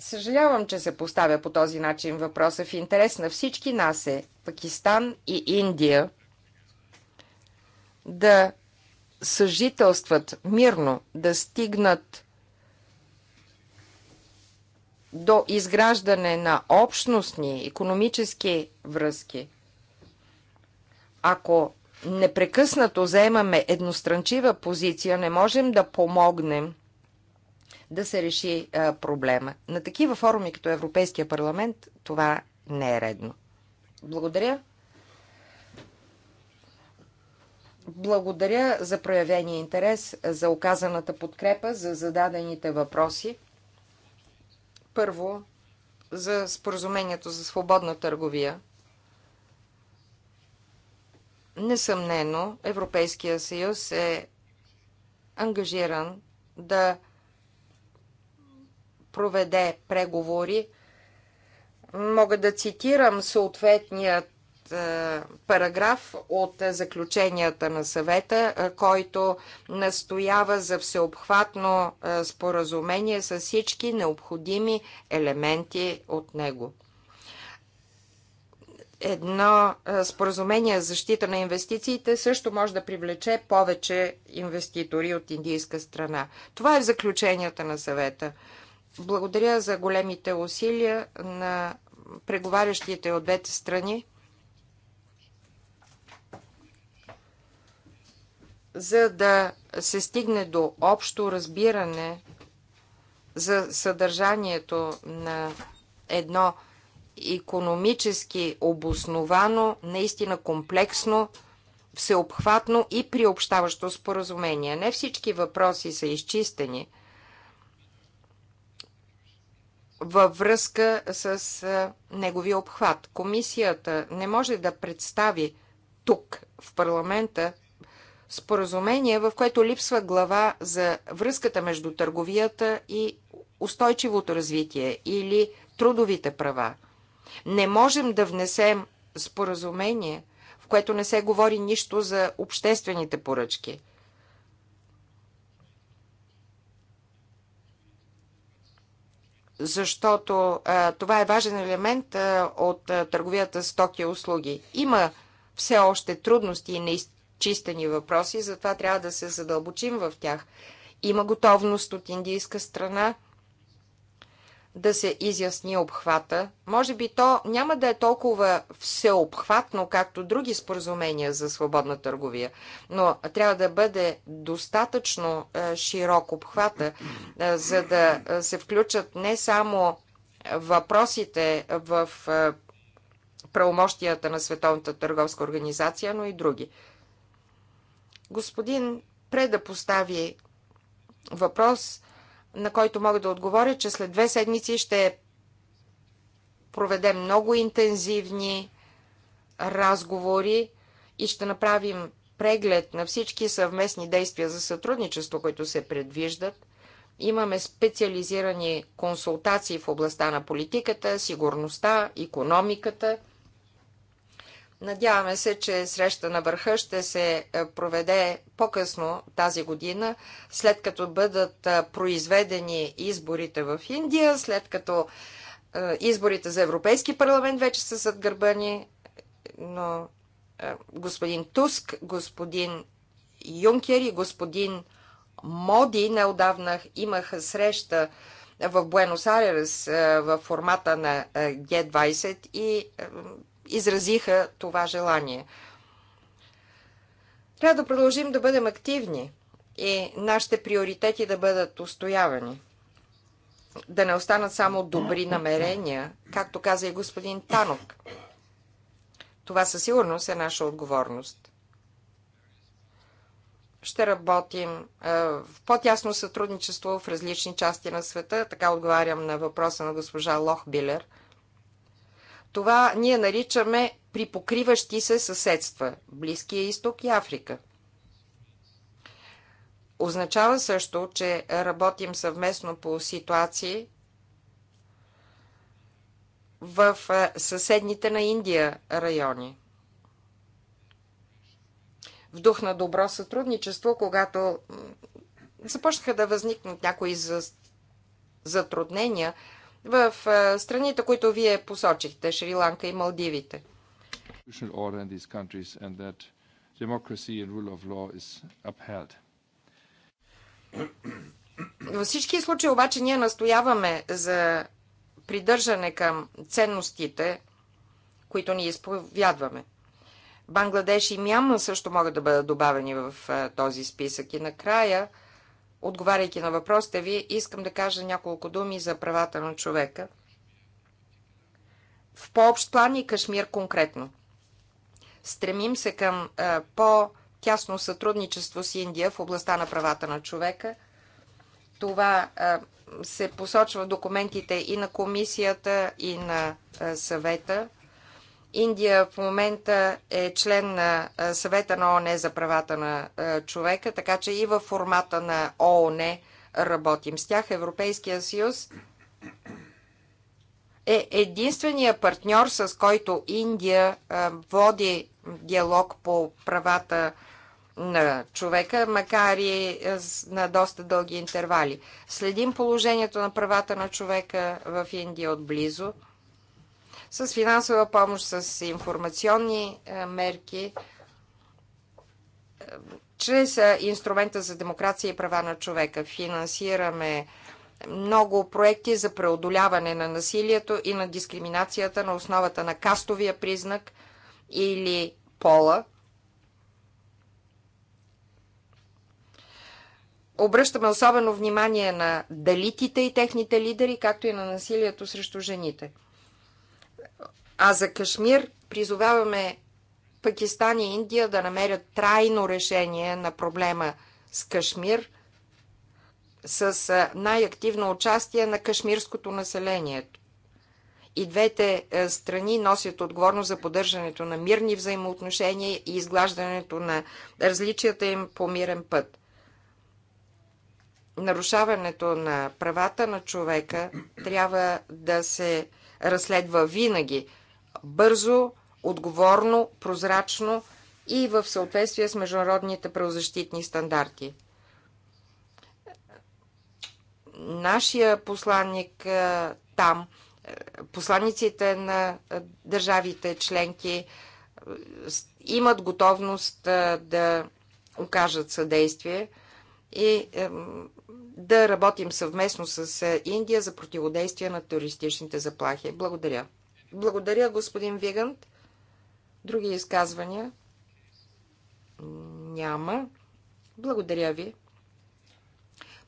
Съжалявам, че се поставя по този начин въпроса. В интерес на всички нас е Пакистан и Индия да съжителстват мирно, да стигнат до изграждане на общностни економически връзки. Ако непрекъснато заемаме едностранчива позиция, не можем да помогнем да се реши а, проблема. На такива форуми като Европейския парламент това не е редно. Благодаря. Благодаря за проявения интерес, за оказаната подкрепа, за зададените въпроси. Първо, за споразумението за свободна търговия. Несъмнено, Европейския съюз е ангажиран да проведе преговори. Мога да цитирам съответният е, параграф от заключенията на съвета, е, който настоява за всеобхватно е, споразумение с всички необходими елементи от него. Едно споразумение за защита на инвестициите също може да привлече повече инвеститори от индийска страна. Това е в заключенията на съвета. Благодаря за големите усилия на преговарящите от двете страни за да се стигне до общо разбиране за съдържанието на едно економически обосновано, наистина комплексно, всеобхватно и приобщаващо споразумение. Не всички въпроси са изчистени – във връзка с неговия обхват. Комисията не може да представи тук, в парламента, споразумение, в което липсва глава за връзката между търговията и устойчивото развитие или трудовите права. Не можем да внесем споразумение, в което не се говори нищо за обществените поръчки. защото а, това е важен елемент а, от а, търговията с токи и услуги. Има все още трудности и неизчистени въпроси, затова трябва да се задълбочим в тях. Има готовност от индийска страна да се изясни обхвата. Може би то няма да е толкова всеобхватно, както други споразумения за свободна търговия, но трябва да бъде достатъчно е, широк обхвата, е, за да е, се включат не само въпросите в правомощията на Световната търговска организация, но и други. Господин Преда постави въпрос на който мога да отговоря, че след две седмици ще проведем много интензивни разговори и ще направим преглед на всички съвместни действия за сътрудничество, които се предвиждат. Имаме специализирани консултации в областта на политиката, сигурността, економиката – Надяваме се, че среща на върха ще се е, проведе по-късно тази година, след като бъдат е, произведени изборите в Индия, след като е, изборите за Европейски парламент вече са зад гърба ни, но господин Туск, господин Юнкер и господин Моди неодавна имаха среща в Буенос Айрес в формата на Г20 и изразиха това желание. Трябва да продължим да бъдем активни и нашите приоритети да бъдат устоявани. Да не останат само добри намерения, както каза и господин Танок. Това със сигурност е наша отговорност. Ще работим в по-тясно сътрудничество в различни части на света. Така отговарям на въпроса на госпожа Лохбилер – това ние наричаме припокриващи се съседства – Близкия изток и Африка. Означава също, че работим съвместно по ситуации в съседните на Индия райони. В дух на добро сътрудничество, когато започнаха да възникнат някои затруднения в страните, които вие посочихте, Шри-Ланка и Малдивите. Във всички случаи обаче ние настояваме за придържане към ценностите, които ни изповядваме. Бангладеш и Мянма също могат да бъдат добавени в този списък. И накрая – Отговаряйки на въпросите ви, искам да кажа няколко думи за правата на човека. В по-общ план и Кашмир конкретно. Стремим се към е, по-тясно сътрудничество с Индия в областта на правата на човека. Това е, се посочва в документите и на комисията, и на е, съвета. Индия в момента е член на съвета на ООН за правата на човека, така че и във формата на ООН работим с тях. Европейския съюз е единствения партньор, с който Индия води диалог по правата на човека, макар и на доста дълги интервали. Следим положението на правата на човека в Индия отблизо с финансова помощ, с информационни е, мерки, е, чрез е, инструмента за демокрация и права на човека. Финансираме много проекти за преодоляване на насилието и на дискриминацията на основата на кастовия признак или пола. Обръщаме особено внимание на далитите и техните лидери, както и на насилието срещу жените. А за Кашмир призоваваме Пакистан и Индия да намерят трайно решение на проблема с Кашмир с най-активно участие на кашмирското население. И двете страни носят отговорност за поддържането на мирни взаимоотношения и изглаждането на различията им по мирен път. Нарушаването на правата на човека трябва да се разследва винаги бързо, отговорно, прозрачно и в съответствие с международните правозащитни стандарти. Нашия посланник там, посланиците на държавите членки имат готовност да окажат съдействие и да работим съвместно с е, Индия за противодействие на туристичните заплахи. Благодаря. Благодаря, господин Вигант. Други изказвания? Няма. Благодаря ви.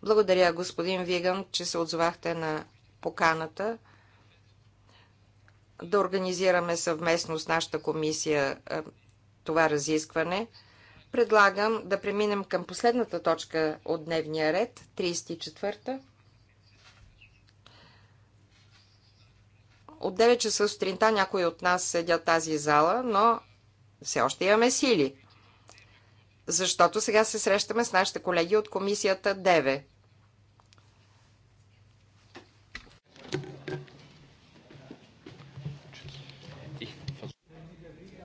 Благодаря, господин Виган, че се отзовахте на поканата да организираме съвместно с нашата комисия е, това разискване предлагам да преминем към последната точка от дневния ред, 34-та. От 9 часа сутринта някои от нас седят тази зала, но все още имаме сили. Защото сега се срещаме с нашите колеги от комисията ДЕВЕ.